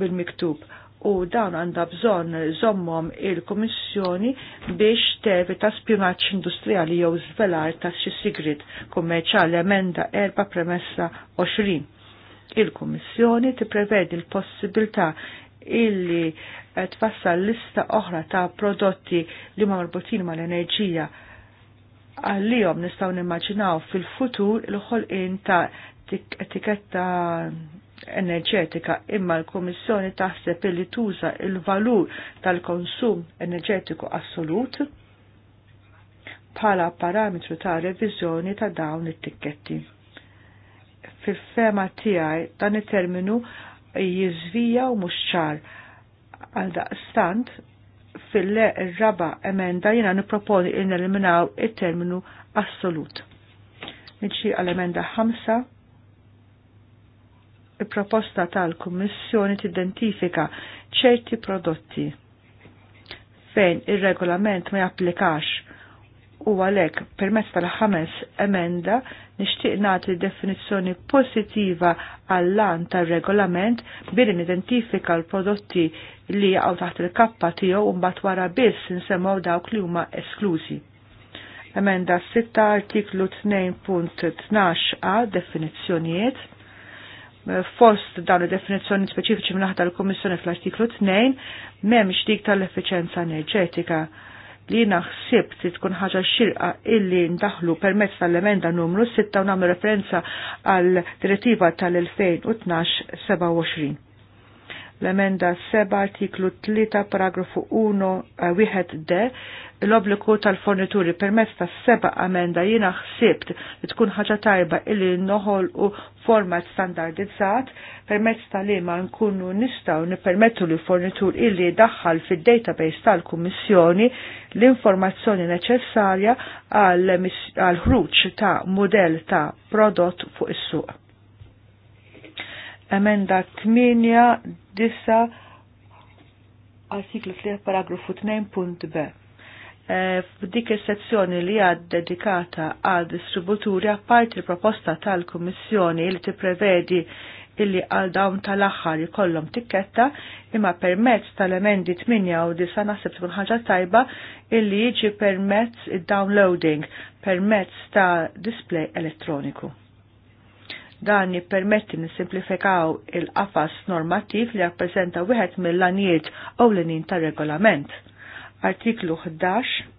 bil-miktub u dan għandha bżonn żommhom il-Kummissjoni biex tevita spjunaġġ industrijali jew żvelar ta' xi sigrid kummerċjali emenda erba' premessa 20. Il-Kummissjoni tipprevedi l-possibilità illi tfassal lista oħra ta' prodotti li ma' marbutin ma' l-enerġija għallijom nistaw nimmaġinaw fil-futur il-ħolqin ta' etiketta enerġetika imma l-Komissjoni taħseb li tuża il-valur tal-konsum enerġetiku assolut bħala parametru ta' reviżjoni ta' dawn it-tikketti. Fil-fema tiegħi dan it-terminu jizvija u mhux ċar għal daqstant fil-le raba emenda jina niproponi in eliminaw il-terminu assolut. Nġi għal-emenda 5 il-proposta tal-Kummissjoni identifika ċerti prodotti fejn ir-regolament ma japplikax u għalek permezz tal-ħames emenda nixtieq nagħti definizzjoni pożittiva għall-lan tar-regolament bilin nidentifika l-prodotti li għaw taħt il-kappa tiegħu u mbagħad wara biss insemmaw dawk li huma esklużi. Emenda 6 artiklu 2.12a definizzjonijiet Eh, fost dawn id-definizzjoni speċifiċi minn aħdar l komissjoni fl-artiklu 2 m'hemmx dik tal efficienza enerġetika li naħsib li tkun ħaġa xirqa illi ndaħlu permezz tal-emenda numru 6 u nagħmlu referenza għal direttiva tal-2012-27 l-emenda 7 artiklu 3 paragrafu 1 eh, wieħed d l-obbligu tal-fornituri permezz ta' seba amenda jiena ħsibt li tkun ħaġa tajba illi noħol u format standardizzat permezz li ma nkunu nistaw nipermettu li fornitur illi daħħal fid-database tal-Kummissjoni l-informazzjoni neċessarja għal ħruġ ta' model ta' prodott fuq is-suq. Emenda 8 disa artiklu fl paragrafu 2.b. E, f'dik is-sezzjoni li għad dedikata għal distributuri apparti l-proposta tal-Kummissjoni li tipprevedi illi għal dawn tal-axħar jkollhom tikketta imma permezz tal-emendi 8 u 9 naħseb tkun ħaġa tajba illi jiġi permezz id-downloading permezz ta' display elettroniku. Dan jippermetti nisimplifikaw il-qafas normattiv li jappreżenta wieħed mill-lanijiet ewlenin tar-regolament. Artiklu 11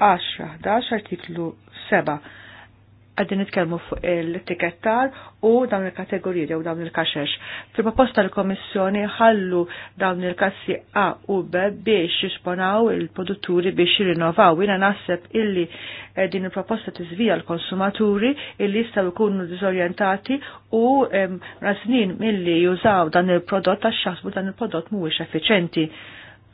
10-11 artiklu 7 għaddin nitkellmu fuq il-tikettar u dawn il-kategoriji u dawn il-kaxex. Fil-proposta l-Komissjoni ħallu dawn il-kassi A u B biex jisponaw il-produtturi biex jirinnovaw. Jina naħseb illi eh, din il-proposta tiżvija l-konsumaturi illi jistaw ikunu dizorientati u raznin milli jużaw dan il-prodott għax xaħsbu dan il-prodott mhuwiex effiċenti.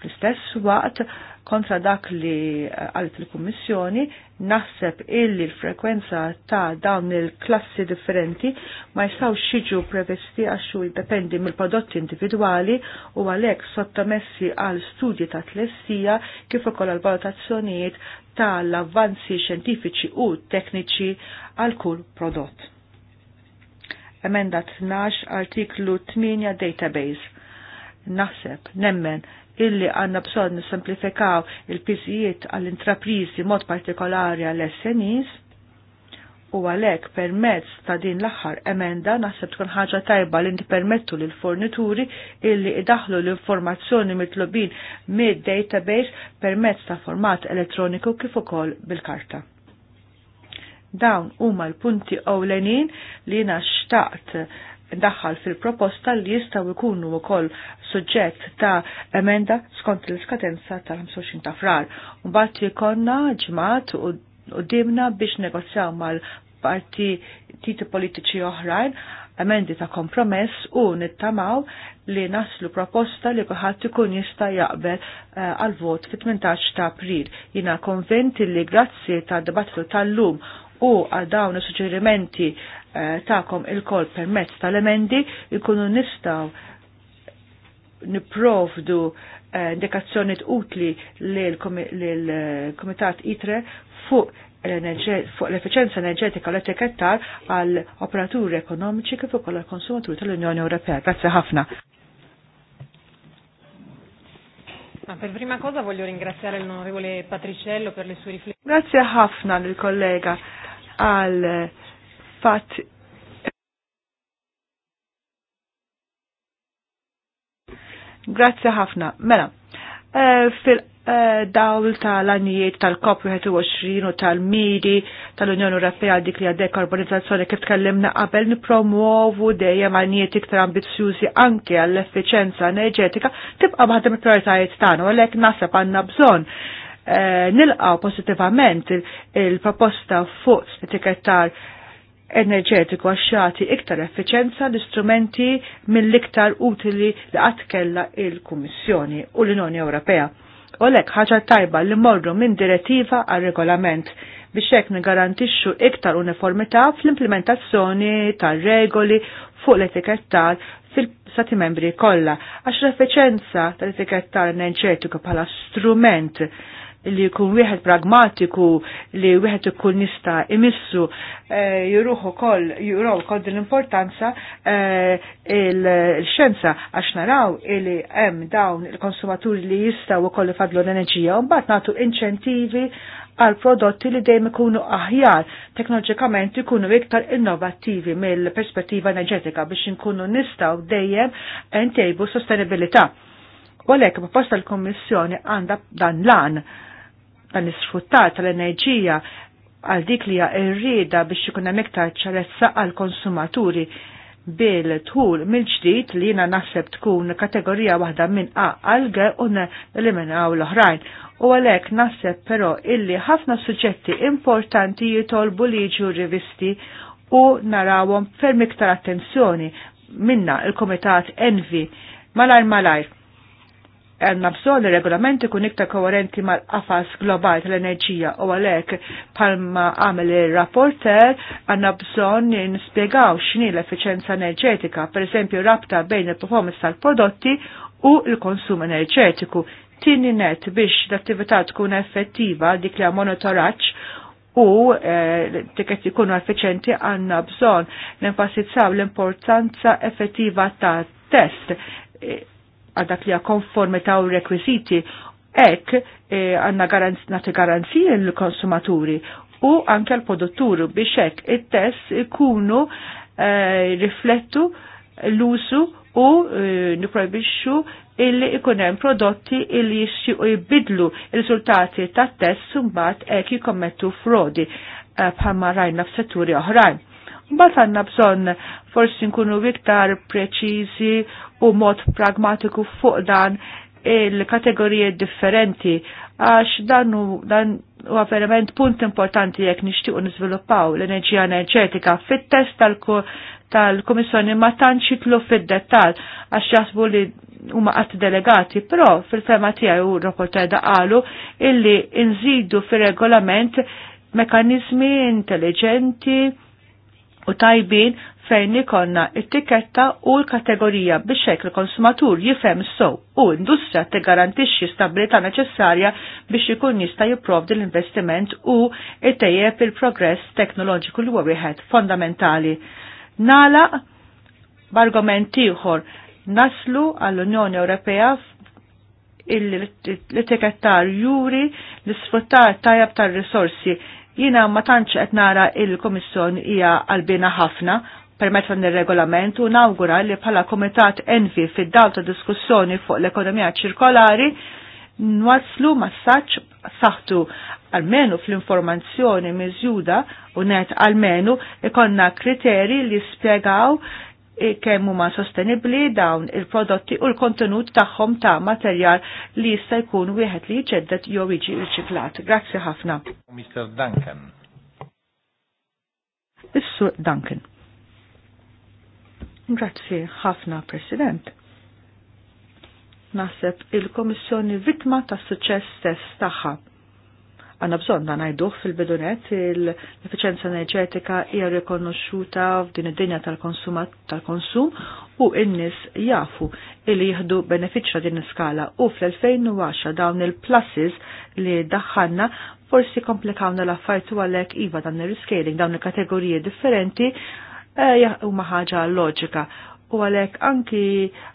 Fl-istess waqt kontra dak li eh, għalit il-Kummissjoni, naħseb illi l-frekwenza ta' dawn il-klassi differenti ma jistaw xieġu prevesti għaxu jiddependi mill-prodotti individuali u għalek sottomessi għal studji ta' tlessija kif ukoll għal valutazzjonijiet tal-avvanzi xjentifiċi u tekniċi għal kull prodott. Emenda 12 artiklu 8 database naħseb, nemmen illi għanna bżon nisimplifikaw il-piżijiet għall-intraprizi mod partikolari għall-SMEs u għalek permezz ta' din l-axħar emenda naħseb tkun ħaġa tajba li permettu lil fornituri illi idaħlu l-informazzjoni mitlubin mid-database permezz ta' format elettroniku kif ukoll bil-karta. Dawn huma l-punti ewlenin li naxtaqt xtaqt ndaħħal fil-proposta li jistaw ikunu wkoll suġġett ta' emenda skont l-iskadenza tal-25 ta' frar. Mbagħad li konna ġmat u dimna biex negozjaw mal-parti titi politiċi oħrajn emendi ta' kompromess u nittamaw li naslu proposta li kuħat ikun jista' jaqbel eh, għal-vot fit-18 ta' april. Jina konventi li grazzi ta' dibattitu tal-lum u għal dawn is-suġġerimenti eh, ta'kom il-kol permezz tal-emendi jkunu nistaw niprovdu eh, indikazzjoni utli l-Komitat eh, ITRE fuq fuq l-efficienza enerġetika l etikettar għal operaturi ekonomiċi kif ukoll għall konsumaturi tal-Unjoni Ewropea. Grazie ħafna. Ma per prima cosa voglio ringraziare l'onorevole Patriciello per le sue riflessioni. Grazie ħafna lill kollega għal fat Grazzi ħafna. Mela, uh, fil-dawl uh, tal-anijiet tal-COP21 u tal-midi tal-Unjoni Ewropea dik li dekarbonizzazzjoni kif tkellimna qabel nipromuovu dejjem għanijiet iktar ambizjużi anke għall effiċjenza enerġetika tibqa' waħda mill-prioritajiet tagħna u għalhekk naħseb għandna bżonn Eh, nilqa pozittivament il-proposta fuq etikettar enerġetiku għaxħati iktar effiċenza l-istrumenti mill-iktar utili li għatkella il-Kummissjoni u l-Unjoni Ewropea. Olek ħaġa tajba li morru minn direttiva għal regolament biex hekk nigarantixxu iktar uniformità fl-implementazzjoni tar-regoli fuq l-etikettar fil-stati membri kollha għax l-effiċenza tal-etikettar enerġetiku bħala strument li jkun wieħed pragmatiku li wieħed ikun nista imissu e, ukoll, kol juruħu din l importanza eh, il-xenza għax naraw li hemm dawn il-konsumaturi li jistaw u koll fadlu l-enerġija u mbagħad nagħtu inċentivi għal prodotti li dejjem ikunu aħjar teknoloġikament ikunu iktar innovattivi mill-perspettiva enerġetika biex inkunu nistaw dejjem ntejbu sostenibilità. Walek, posta l-Kommissjoni għanda dan lan Ta nisfruttar tal-enerġija għal dik li hija rrieda biex ikun hemm iktar ċarezza għall konsumaturi bil-tħul mill-ġdid li jiena naħseb tkun kategorija waħda minn A għal u eliminaw l-oħrajn. U għalhekk naħseb però illi ħafna suġġetti importanti jitolbu liġu rivisti u narawhom ferm iktar attenzjoni minna il-Komitat Envi malajr malajr għanna bżon il-regolament ikun iktar koherenti mal-qafas globali tal-enerġija u għalek palma għamil il-rapporter għanna bżon nispiegaw xini l-efficienza enerġetika, per esempio rabta bejn il-performance tal-prodotti u il-konsum enerġetiku. Tini net biex l-attività tkun effettiva dik li monitoraċ u tiket eh, ikunu effiċenti għanna bżon l-enfasizzaw l-importanza effettiva ta' test għadak dak li konformi u rekwiziti ek għanna e, nati garanzija l-konsumaturi u anke l-produtturi biex hekk it-test ikunu e, riflettu l-usu u e, niprojbixxu illi ikun hemm prodotti illi jixxiequ jbidlu r-riżultati tat-test mbagħad hekk jikkommettu frodi e, bħalma rajna f'setturi oħrajn Mbagħad għandna bżonn forsi nkunu iktar preċiżi u mod pragmatiku fuq dan il-kategorije differenti għax dan huwa verament punt importanti jekk nixtiequ niżviluppaw l-enerġija enerġetika fit-test tal-Kummissjoni ma tantx jitlu fid-dettall għax jaħsbu li huma qatt delegati, però fil-fema tiegħi u rapporter qalu illi nżidu fir-regolament mekanizmi intelligenti u tajbin fejn ikonna it-tiketta u l-kategorija biex hekk il-konsumatur jifhem sew u industrija tiggarantixxi stabilità neċessarja biex ikun jista' jipprovdi l-investiment u itejjeb il-progress teknoloġiku li huwa wieħed fondamentali. Nala b'argument ieħor naslu għall-Unjoni Ewropea l-etikettar juri l-sfruttar tajab tar-risorsi Jina ma tantx qed nara il-Komissjoni hija qalbina ħafna permezz dan ir-regolament u nawgura li bħala Komitat Envi fid-dawl ta' diskussjoni fuq l-ekonomija ċirkolari nwaslu massaġġ saħtu almenu fl-informazzjoni miżjuda u net almenu ikonna kriteri li spiegaw E, kemm huma sostenibbli dawn il-prodotti u l-kontenut tagħhom ta' materjal li jista' jkun wieħed li jġeddet jew jiġi riċiklat. Grazzi ħafna. Mr. Duncan. Issu Duncan. Grazzi ħafna, President. Naħseb il-Komissjoni vitma ta' suċċess stess tagħha Għanna bżon dan għajduħ fil-bidunet l-efficienza enerġetika hija rikonoxxuta f'din id-dinja tal-konsum u n-nis jafu illi jihdu beneficja din iskala u fl-2010 dawn il plusses li daħħanna forsi komplikawna l-affarijiet għalhekk iva dan ir-rescaling dawn il-kategoriji differenti eh, huma ħaġa loġika u għalek anki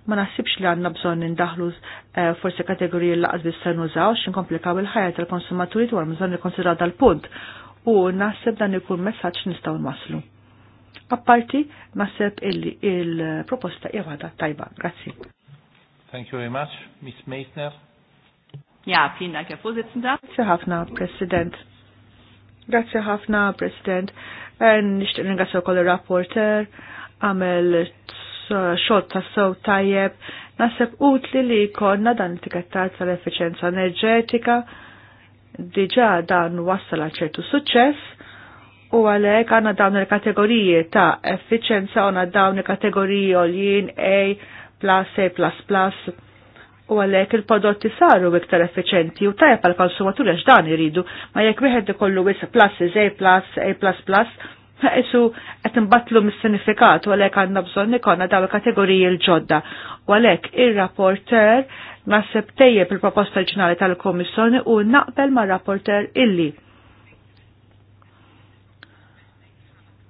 ma nasibx li għanna bżon nindahlu eh, forse kategoriji l laqas biss nużaw xin komplikaw il-ħajja tal-konsumaturi dwar mżon nikonsidra dal-punt u nasib dan ikun messaġġ nistgħu nmaslu. Apparti nasib illi il-proposta jgħada tajba. Grazzi. Thank you very much, Miss Meisner. Ja, fina Dank, Herr Grazie ħafna, President. Grazie ħafna, President. Eh, Nishtiq ringrazzjaw wkoll rapporter għamel xogħol ta' sew tajjeb, naħseb utli li jkollna dan it-tikettat tal-effiċenza enerġetika, diġà dan wassal għal ċertu suċċess u għalhekk għandna dawn il-kategoriji ta' effiċenza għanna dawn il-kategoriji għoljien A, plus A++, plus plus u għalek il-prodotti saru iktar effiċenti u tajab għal konsumaturi għax dan iridu, ma jekk wieħed ikollu wis plus, A plus, A plus plus, isu qed nbattlu mis-sinifikat u għalhekk għandna bżonn ikollna dawn il-kategoriji l-ġodda. U għalhekk ir-rapporter naħseb tejjeb il-proposta oriġinali tal-Komissjoni u naqbel mar-rapporter illi.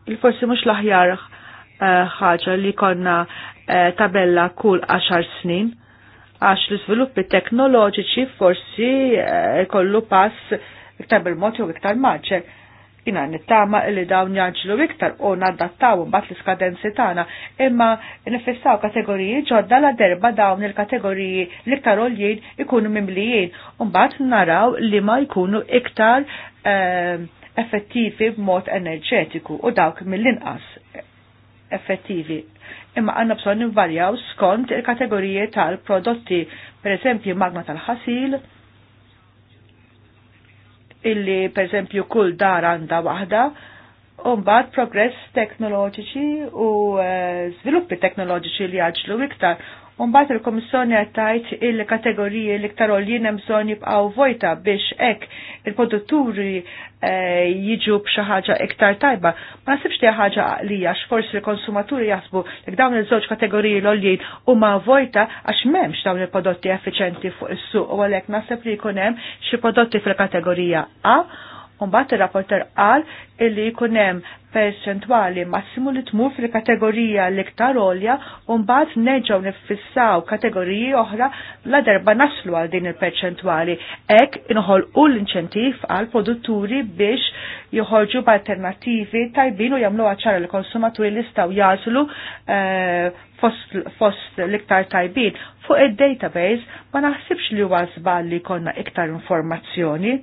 Il-forsi mhux l-aħjar eh, ħaġa li konna eh, tabella kull 10 snin għax l-iżviluppi teknoloġiċi forsi eh, kollu pass iktar bil-mod iktar maġġel jina nittama li dawn jaġlu iktar u nadattaw mbagħad l-iskadenzi tagħna, imma nifissaw kategoriji ġodda la derba dawn il-kategoriji l-iktar ikunu mimlijin u mbagħad naraw li ma jkunu iktar ehm, effettivi b'mod enerġetiku u dawk mill-inqas effettivi. Imma għanna bżonn nivarjaw skont il-kategoriji tal-prodotti, per eżempju magna tal-ħasil, illi per esempio kull dar għandha waħda, Umbat progress teknoloġiċi u eh, sviluppi teknoloġiċi li għadġlu iktar Umbat il-Komissjoni għattajt il-kategoriji l-iktar olin bżon jibqaw vojta biex ek il-produtturi eh, jiġu bxaħġa iktar tajba. Ma nasibx li ħaġa li għax forsi l-konsumaturi jasbu li dawn il-żoġ kategoriji l-olin u ma vojta għax memx dawn il-prodotti effiċenti fuq is-suq u għalek nasib li kunem xi prodotti fil-kategorija A Umbat il-rapporter qal illi jkunem perċentwali massimu li tmur fil-kategorija l-iktar olja mbagħad neġaw nifissaw kategoriji oħra la darba naslu għal din il-perċentwali. Ek inħol u l-inċentif għal produtturi biex joħorġu b'alternattivi tajbin u jamlu għacċara l-konsumaturi li staw jaslu eh, fost, fost l-iktar tajbin. Fuq id database ma naħsibx li huwa żball li konna iktar informazzjoni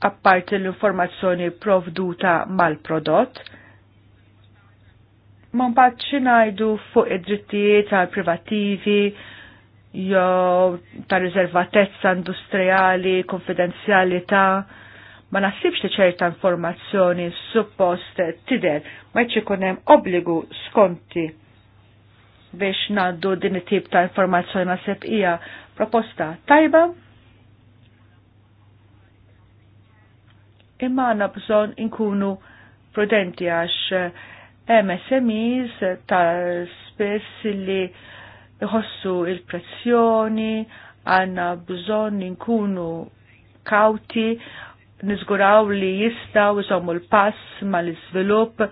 apparti l-informazzjoni provduta mal-prodott. Mon bat xinajdu fuq id-drittijiet tal-privativi, jew ta' riservatezza industrijali, konfidenzjalità, ma nasibx li ċerta informazzjoni suppost tider, ma ikun hemm obbligu skonti biex naddu din it-tip ta' informazzjoni nasib hija proposta tajba imma għanna bżon inkunu prudenti għax eh, MSMEs ta' spess li jħossu il-prezzjoni, għanna bżon inkunu kauti, nizguraw li jistaw jżommu l-pass ma l-izvilup,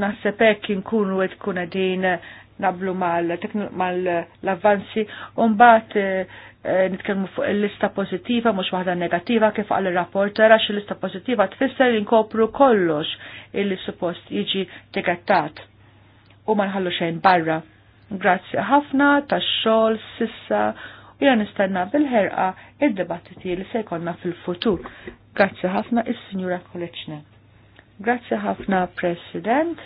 nasepek inkunu għed kuna din nablu mal-avvanzi mal avvanzi un bat eh, eh, nitkellmu fuq il-lista pozittiva mhux waħda negativa kif għal il rapporter għax il-lista pozittiva tfisser li nkopru kollox illi suppost jiġi tegattat u ma nħallu xejn barra. Grazzi ħafna tax-xogħol sissa u jien nistenna bil-ħerqa id debattiti li se jkollna fil-futur. Grazzi ħafna is-Sinjura Koleċne. Grazzi ħafna President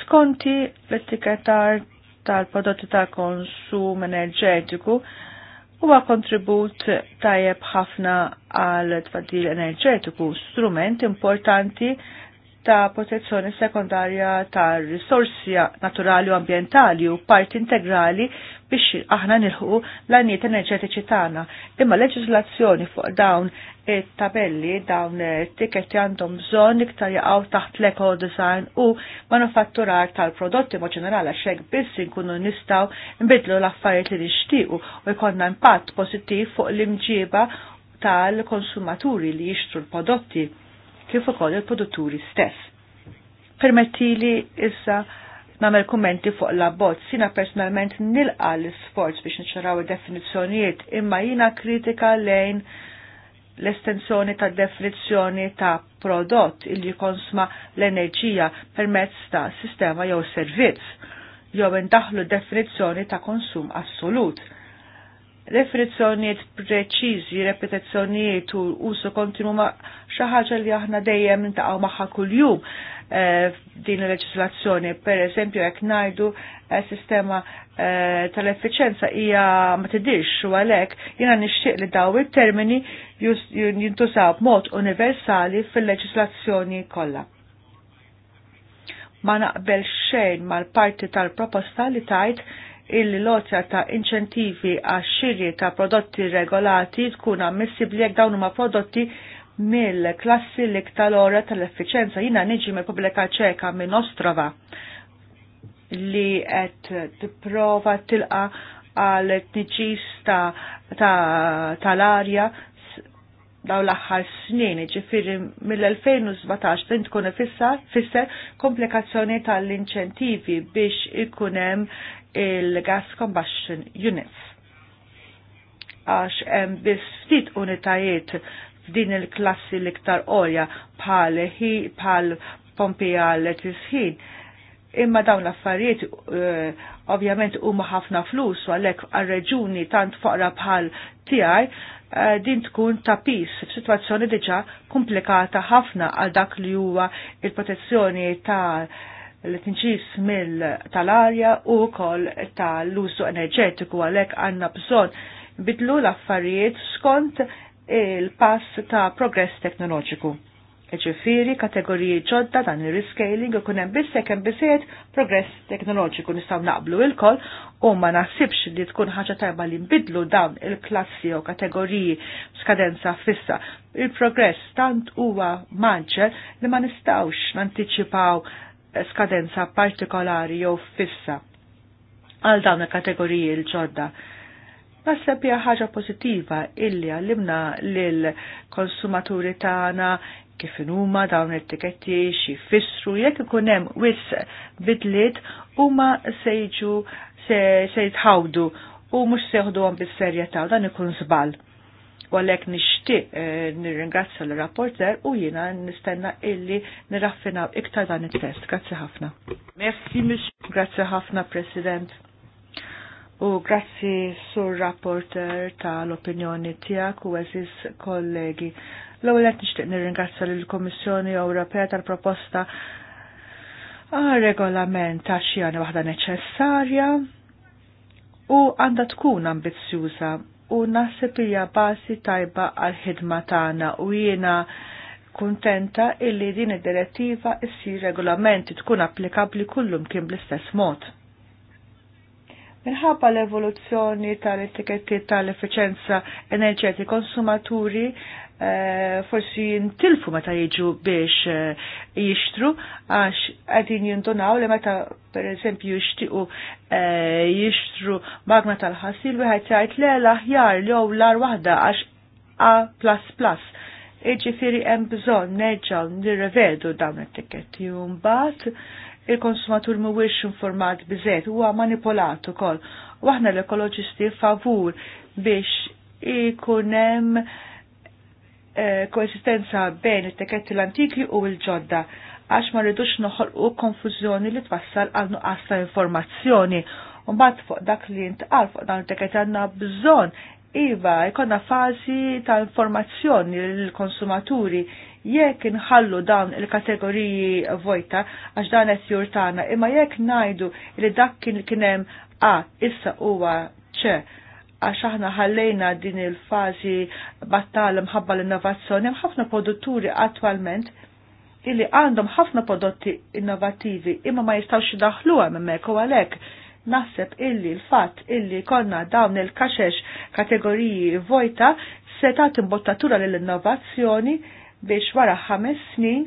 skonti l-etiketar tal-prodotti tal-konsum enerġetiku huwa kontribut tajjeb ħafna għal tfaddil enerġetiku, strument importanti ta' protezzjoni sekundarja ta' risorsi naturali u ambientali u parti integrali biex aħna nilħu l-għaniet enerġetiċi tagħna. Imma leġislazzjoni fuq dawn it-tabelli, dawn it-tiketti għandhom bżonn iktar jaqgħu taħt l-eco design u manufatturar tal-prodotti mod ġenerali għax hekk biss inkunu nistgħu nbidlu l-affarijiet li nixtiequ u jkollna impatt pożittiv fuq l-imġiba tal-konsumaturi li jixtru l-prodotti kif ukoll il-produtturi stess. Permetti li issa namel kummenti fuq l-abbozz, jina personalment nilqa l-sforz biex nċaraw il-definizjonijiet, imma jina kritika lejn l-estensjoni ta' definizzjoni ta' prodott illi konsma l-enerġija permezz ta' sistema jew servizz, jew indaħlu definizzjoni ta' konsum assolut Referizzjoniet preċiżi, repetizzjonijiet u usu kontinu ma xaħġa li aħna dejjem ntaqgħu magħha kuljum jum eh, din il-leġislazzjoni. Per eżempju, jekk ngħidu eh, sistema eh, tal-effiċenza hija ma t-dix u għalhekk jiena nixtieq li daw it-termini jintużaw b'mod universali fil-leġislazzjoni kollha. Ma naqbel xejn mal-parti tal-proposta li tajt il-loċa ta' inċentivi għax xirri ta' prodotti regolati tkun ammissibli jekk dawn huma prodotti mill-klassi l-iktalora tal-effiċenza. Jina niġi mill pubblika ċeka minn Ostrova li qed tipprova tilqa għal tniġis tal-arja daw l-axħar snin, ġifiri mill-2017 din tkun fisser komplikazzjoni tal-inċentivi biex ikunem il-Gas Combustion Units. Għax hemm biss ftit unitajiet f'din il-klassi l-iktar olja bħal pal pompija l-tisħin. Imma dawn l-affarijiet eh, ovvjament huma ħafna flus għalhekk għar-reġuni tant foqra bħal tiegħi eh, din tkun ta' pis f'sitwazzjoni diġà komplikata ħafna għal dak li huwa il-protezzjoni ta' l-tinċis mill tal-arja u kol tal-użu enerġetiku għalek għanna bżon bidlu l-affarijiet skont il-pass ta' progress teknoloġiku. Ġifiri, kategoriji ġodda dan il-rescaling u kunem bissek hemm bisiet progress teknoloġiku nistaw naqblu il-kol u ma naħsibx li tkun ħaġa tajba li nbidlu dawn il-klassi u kategoriji skadenza fissa. Il-progress tant huwa maġġer li ma nistawx nanticipaw skadenza partikolari jew fissa għal dawn il-kategoriji l-ġodda. Naħseb hija ħaġa pożittiva illi għallimna lil konsumaturi tagħna kif huma dawn it-tiketti xi fissru jekk ikun hemm wis bidliet huma se jiġu se jitħawdu u mhux seħduhom bis-serjetà dan ikun żball U għalek nishtiq eh, nirringrazzja l-rapporter u jina nistenna illi niraffina iktar dan il-test. Grazzi ħafna. Merci, mish. Grazzi ħafna, President. U grazzi sur rapporter tal-opinjoni tijak u eżis kollegi. L-għu nishtiq nirringrazzja l-Komissjoni Ewropea tal-proposta regolament ta' xijani waħda neċessarja u għanda tkun ambizzjuża u naħseb hija bażi tajba għal ħidma tagħna u jiena kuntenta illi din id-direttiva issi regolamenti tkun applikabli kullum kien bl-istess mod. Minħabba l-evoluzzjoni tal-etiketti tal-efficienza enerġeti konsumaturi Eh, forsi jintilfu meta jiġu biex eh, jixtru għax għadin jindunaw li meta per eżempju jishtiqu eh, jishtru magna tal-ħasil wieħed jgħid le l-aħjar li l-ar waħda għax A++. Iġifiri hemm bżonn neġġaw nirrevedu dawn it-tiketti u mbagħad il-konsumatur mhuwiex informat biżejt huwa manipolat ukoll. Waħna l-ekoloġisti favur biex ikun hemm Eh, koesistenza bejn it-teketti l-antiki u l-ġodda għax ma rridux noħolqu konfużjoni li twassal għal nuqqas ta' informazzjoni. Mbagħad fuq dak li intqal fuq dan it-teketti għandna bżonn iva jkollna fażi ta' informazzjoni lill-konsumaturi jekk inħallu dan il-kategoriji vojta għax dan qed jurtana, imma jekk ngħidu li dak kien kien hemm A ah, issa huwa ċe għax aħna ħallejna din il-fazi battal mħabba l-innovazzjoni, ħafna produtturi attualment illi għandhom ħafna prodotti innovativi imma ma jistawx daħlu għemmek u għalek naħseb illi l-fat illi konna dawn il-kaxex kategoriji vojta setat imbottatura l-innovazzjoni biex wara ħames snin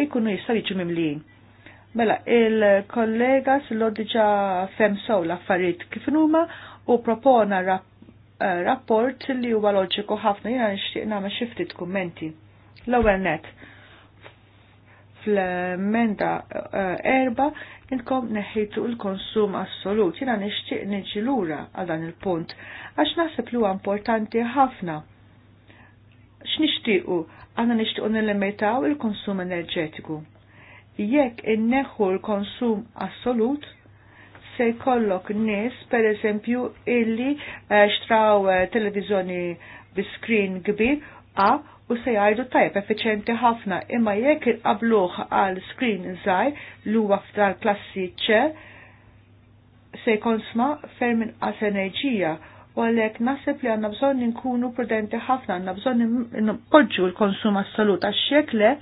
ikunu jistaw jiġu mimlijin. Mela, il-kollega s-lodiġa fem sow l-affarijiet kif numa u propona rap eh, rapport li huwa loġiku ħafna jiena nixtieq nagħmel xi ftit kummenti. L-ewwel net fl-emenda eh, erba inkom neħħitu l-konsum assolut. Jiena nixtieq niġi lura għal dan il-punt għax naħseb li huwa importanti ħafna. X'nixtiequ għandna nixtiequ nilimitaw il-konsum enerġetiku. Jekk inneħħu l-konsum assolut, se jkollok nis, per eżempju, illi eh, xtraw eh, televizjoni bi screen kbir, a u se jgħidu tajb effiċenti ħafna, imma jekk qabluħ għal screen żgħar l huwa f'dar klassi ċe, se jkun sma ferm inqas enerġija u għalek nasib li għanna bżon ninkunu prudenti ħafna, għanna bżon npoġġu l-konsum assolut, għax le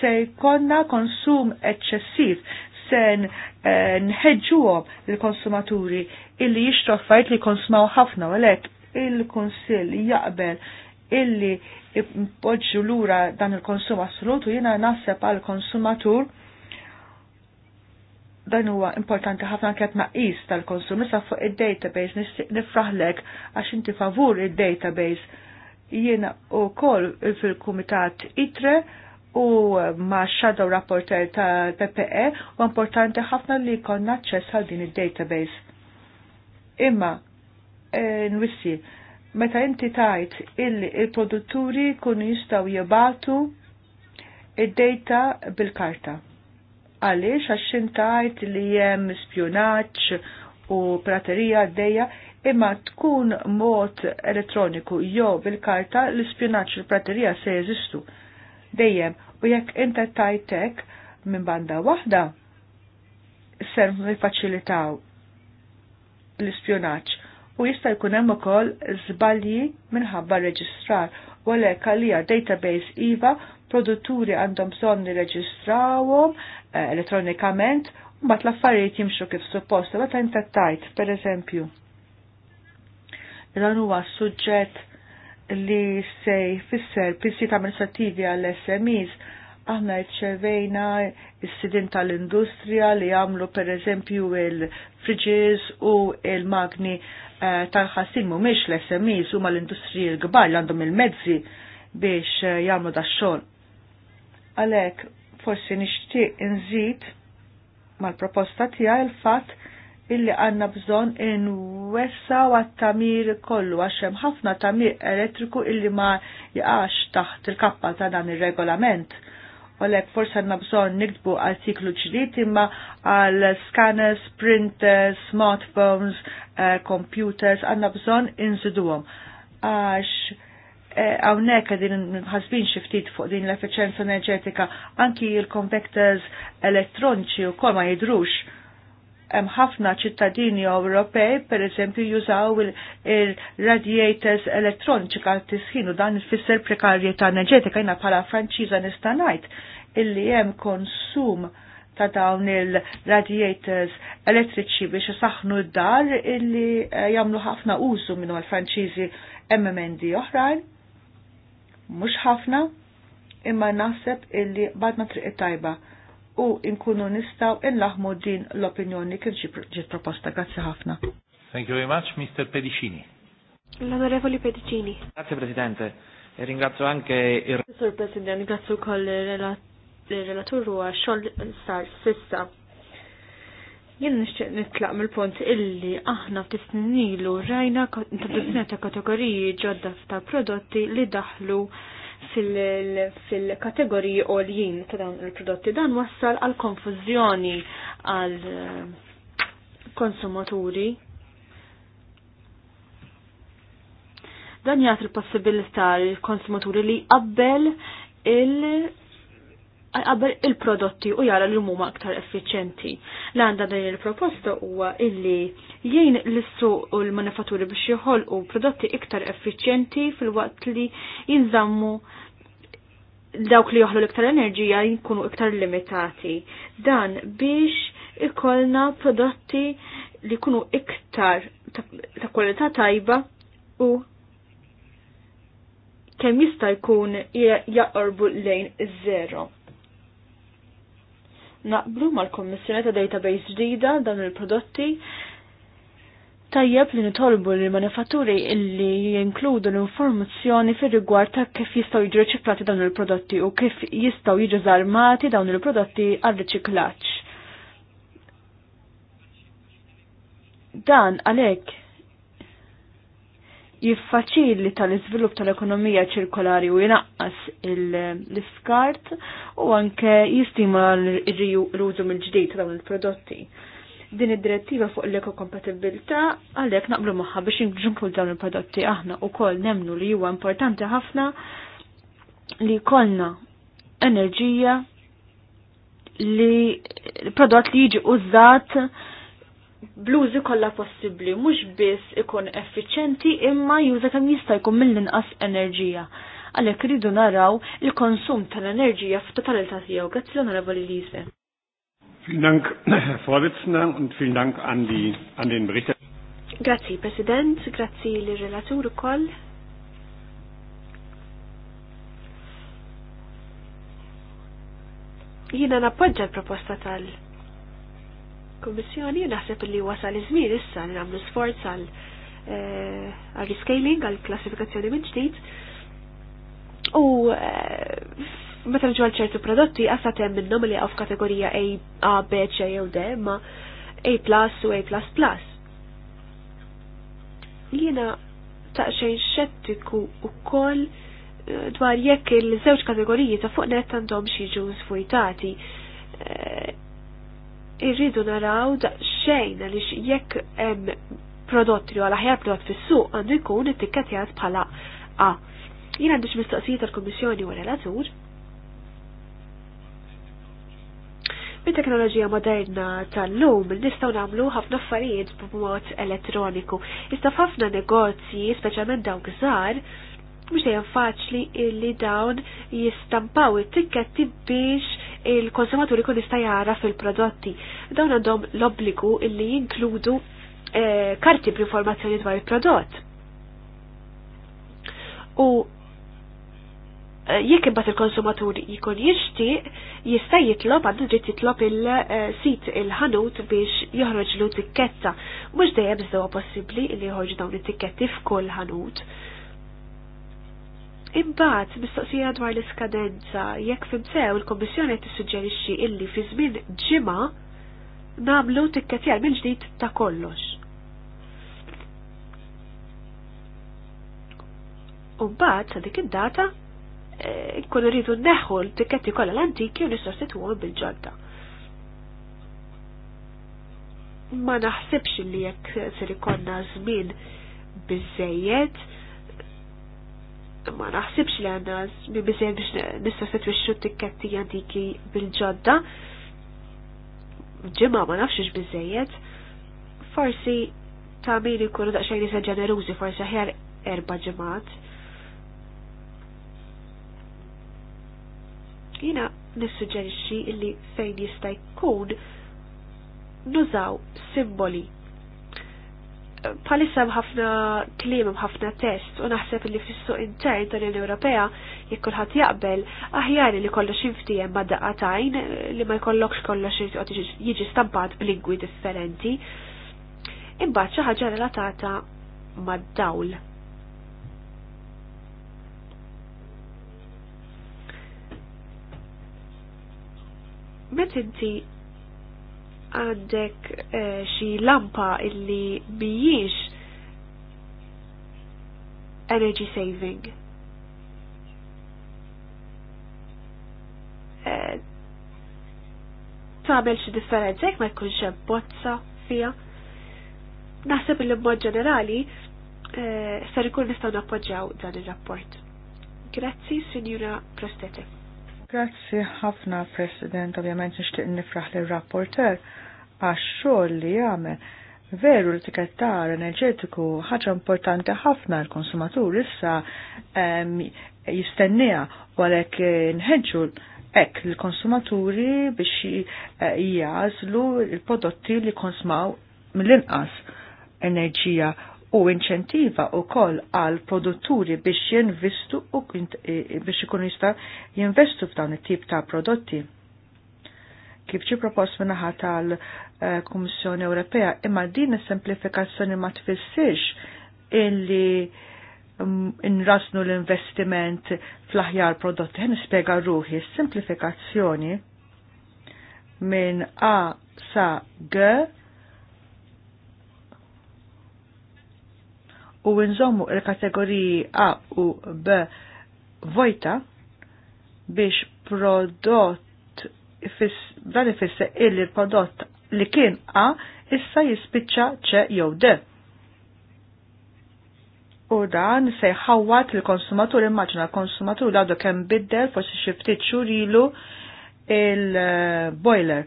se jkonna konsum eċċessiv sen eh, nħedġuhom il-konsumaturi illi jixtru li konsumaw ħafna u għalhekk il konsil jaqbel illi poġġu lura dan il-konsum assolut u jiena naħseb għal konsumatur dan huwa importanti ħafna kiet naqis tal-konsum issa fuq id-database nixtieq nifraħlek għax inti favur id-database jiena u koll fil-kumitat ITRE u ma shadow rapporter tal-PPE u importanti ħafna li konna ċess għal din il-database. Imma, e, nwissi, meta inti tajt illi il-produtturi kunu jistaw jibatu id-data bil-karta. Għalix, għax tajt li jem spionaċ u praterija d-deja, imma tkun mod elettroniku jew bil-karta l-spionaċ u praterija se jeżistu dejjem u jekk inta tajtek minn banda waħda ser nifaċilitaw l ispjonaċ u jista' jkun hemm ukoll żbalji minħabba reġistrar u għalhekk għalija database iva produtturi għandhom bżonn nirreġistrawhom eh, elettronikament u mbagħad l-affarijiet jimxu kif suppost. Meta inta tajt, pereżempju, dan huwa suġġett li se jfisser ta' amministrativi għall-SMEs aħna ċervejna s-sidin tal-industrija li għamlu per eżempju il-fridges u il-magni eh, tal-ħassin mu miex l-SMEs u ma l-industrija l-gbar li għandhom il-mezzi biex eh, jagħmlu da xogħol. Għalhekk forsi nixtieq nżid mal-proposta tija il-fatt illi għanna bżon in wessa u tamir kollu għaxem ħafna tamir elettriku illi ma jgħax taħt il-kappa ta' dan il-regolament. U lek forse għanna bżon nikdbu artiklu ġdid imma għal scanners, printers, smartphones, uh, computers għanna bżon inżiduhom. Għax għawnek eh, għadin nħasbin xiftit fuq din l-efficienza enerġetika, anki il-convectors elettroniċi u kol ma jidrux hemm ħafna ċittadini Ewropej pereżempju jużaw il-radiators elettroniċi għal tisħin u dan ifisser prekarjetà enerġetika jiena bħala Franċiża nista' ngħid illi hemm konsum ta' dawn il-radiators elettriċi biex saħnu d-dar illi eh, jamlu ħafna użu minnu għal-Franċiżi MMND oħrajn. Mux ħafna, imma naħseb illi badna triq tajba u nkunu nistaw inlaħmu din l-opinjoni kif ġiet proposta. Grazzi ħafna. Thank you very much, Mr. Pedicini. L-Onorevoli Pedicini. Grazie, Presidente. E ringrazio anche il... Sur Presidente, grazie ukoll il-relatur u għaxol sar sissa. Jien nixtieq nitlaq mill-punt illi aħna ftit snin rajna introduzzjoni ta' kategoriji ġodda ta' prodotti li daħlu fil-kategoriji oljin ta' dawn il-prodotti dan wassal għal konfużjoni għal eh, konsumaturi. Dan jagħti il possibilità l-konsumaturi li qabbel il- qabel il-prodotti u jara li huma aktar effiċenti. L-għanda din il-proposta huwa illi jgħin l-issu u l-manifatturi biex joħolqu prodotti iktar effiċenti fil-waqt li jinżammu dawk li joħlu l-iktar enerġija jkunu iktar limitati. Dan biex ikollna prodotti li jkunu iktar ta' kwalità tajba u kemm jista' jkun jaqorbu lejn iż-żero naqblu mal-Kommissjoni ta' database ġdida dan il-prodotti tajjeb li nitolbu li manifatturi illi jinkludu l-informazzjoni fir rigward ta' kif jistgħu jiġu riċiklati dawn il-prodotti u kif jistgħu jiġu żarmati dawn il-prodotti għal riċiklaġġ. Dan għalhekk jiffaċili tal-iżvilupp tal-ekonomija ċirkolari u jinaqqas l-iskart u anke jistima l-użu mill-ġdid dawn il-prodotti. Din id-direttiva fuq l-ekokompatibilità għalhekk naqblu magħha biex jinġunku dawn il-prodotti aħna wkoll nemnu li huwa importanti ħafna li kollna enerġija li prodott li jiġi użat blużi kollha possibbli mhux biss ikun effiċjenti imma juża kemm jista' jkun mill-inqas enerġija. Għalhekk iridu naraw il-konsum tal-enerġija f'totalità tiegħu. Grazzi l-Onorevoli Lise. Vielen Dank, Vorsitzender, und vielen Dank an, die, an den Berichter. Grazzi, President, grazzi l-relatur Koll. Jiena nappoġġa l-proposta tal- kummissjoni naħseb li wasal iż-żmien issa li nagħmlu sforz għal eh, għal rescaling għal klassifikazzjoni minn ġdid. U eh, meta nġu għal ċertu prodotti għasat hemm minnhom li għaw f'kategorija A, A, B, C jew D, ma A plus u A plus plus. Jiena taqxejn xettiku koll eh, dwar jekk il-żewġ kategoriji ta' fuq net għandhom xi ġuż fujtati irridu naraw xejn għaliex jekk hemm prodotti li għal prodott fis-suq għandu jkun it-tikketjat bħala A. Jien għandix mistoqsijiet tal-Kummissjoni u relatur. Bit-teknoloġija moderna tal-lum nistgħu nagħmlu ħafna affarijiet b'mod elettroniku. Iżda f'ħafna negozji, speċjalment dawk żgħar, mhux dejjem faċli li dawn jistampaw it-tikketti biex il-konsumatur ikun jista' jara fil-prodotti. Dawn għandhom l-obbligu illi jinkludu eh, karti b'informazzjoni dwar il-prodott. U eh, jekk imbagħad il-konsumatur jkun jixtieq, jista' jitlob għandu ġiet jitlob il-sit eh, il-ħanut biex joħroġlu tikketta. Mhux dejjem żewwa possibbli li joħorġu dawn it-tikketti f'kull ħanut. Imbagħad mistoqsija dwar l-iskadenza jekk fimsew il-Kommissjoni qed tissuġġerixxi illi fi żmien ġimgħa nagħmlu tikketjar minn ġdid ta' kollox. U mbagħad sa dik id-data eh, nkunu rridu nneħħu l-tikketti kollha l-antiki u nistostituhom bil-ġodda. Ma naħsibx li jekk ser ikonna żmien biżejjed ma naħsibx li għanna mi bizzejn biex setwixxu t-tikketti antiki bil-ġodda. Ġimma ma nafxiex bizzejiet. Forsi ta' min ikunu daqsxejn isa ġenerużi, forsi ħjar erba ġimgħat. Jina nissuġġerixxi illi fejn jista' jkun nużaw simboli palissa bħafna klim bħafna test u naħseb li fissu intern tal-Unjoni Ewropea jekk kulħadd jaqbel aħjar li kollox jinftiem ma' daqatajn li ma jkollokx kollox jiġi stampat b'lingwi differenti. Imbagħad xi ħaġa relatata mad-dawl. Met inti għandek eh, xi lampa illi bijiex energy saving. Eh, Tabel xi differenza jekk ma jkunx hemm bozza fija. Naħseb li mod ġenerali eh, ser ikun nistgħu nappoġġjaw dan ir-rapport. Grazzi, Sinjura Prostetek. Grazzi ħafna, President, ovvjament nixtieq nifraħ lir rapporter għax xogħol li jagħmel. Veru l-tikettar enerġetiku ħaġa importanti ħafna l-konsumatur issa jistennija u għalhekk nħeġġu hekk l-konsumaturi biex eh, jażlu l-prodotti li konsmaw mill-inqas enerġija u inċentiva u koll għal produtturi biex jinvestu u e, e, biex ikun jista jinvestu f'dawn it-tip ta' prodotti. Kif ġi propost minnaħa tal-Kummissjoni Ewropea, imma din is-semplifikazzjoni ma tfissirx illi mm, nrasnu l-investiment fl-aħjar prodotti. Ħen spiega ruħi, simplifikazzjoni minn A sa G u nżommu il-kategoriji A u B vojta biex prodott dan ifisse illi l-prodott li kien A issa jispiċċa C jew D. U dan se jħawat il konsumatur immaġna l-konsumatur għadu kemm biddel, forsi xi ftit xurilu il-boiler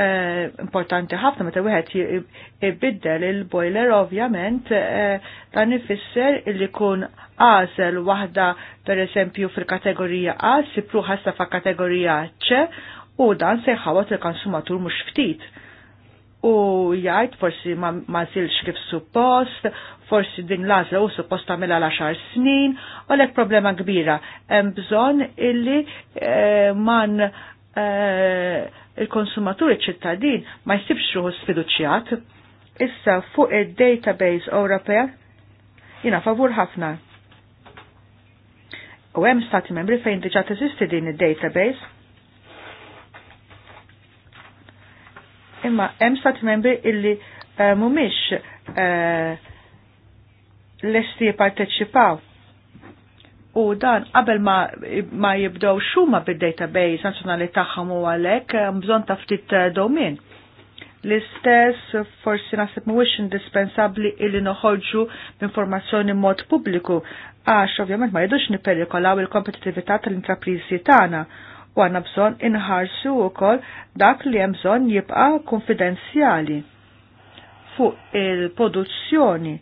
Eh, importanti ħafna meta wieħed ibiddel il-boiler ovvjament eh, dan ifisser li kun għażel waħda pereżempju fil-kategorija A sipru ħassa fa' kategorija C u dan se jħawat il-konsumatur mhux ftit. U jgħid forsi ma żilx kif suppost, forsi din l-għażla u suppost tagħmilha l xar snin, u hekk problema kbira. Hemm bżonn illi eh, man Eh, il-konsumatur iċ-ċittadin ma jsibx ruħu sfiduċjat. Issa fuq id-database Ewropea jina favur ħafna. U hemm stati membri fejn diġà teżisti din id-database. Imma hemm stati membri illi eh, mhumiex uh, lesti jipparteċipaw u dan qabel ma, ma jibdow xuma bid-database nazjonali tagħhom u għalhekk bżonn ta' ftit eh, domin. L-istess forsi naħseb mhuwiex indispensabbli illi noħorġu b'informazzjoni mod pubbliku għax ovvjament ma jridux nipperikolaw il-kompetitività tal-intrapriżi tagħna u għanna bżonn inħarsu wkoll dak li hemm bżonn jibqa' konfidenzjali fuq il-produzzjoni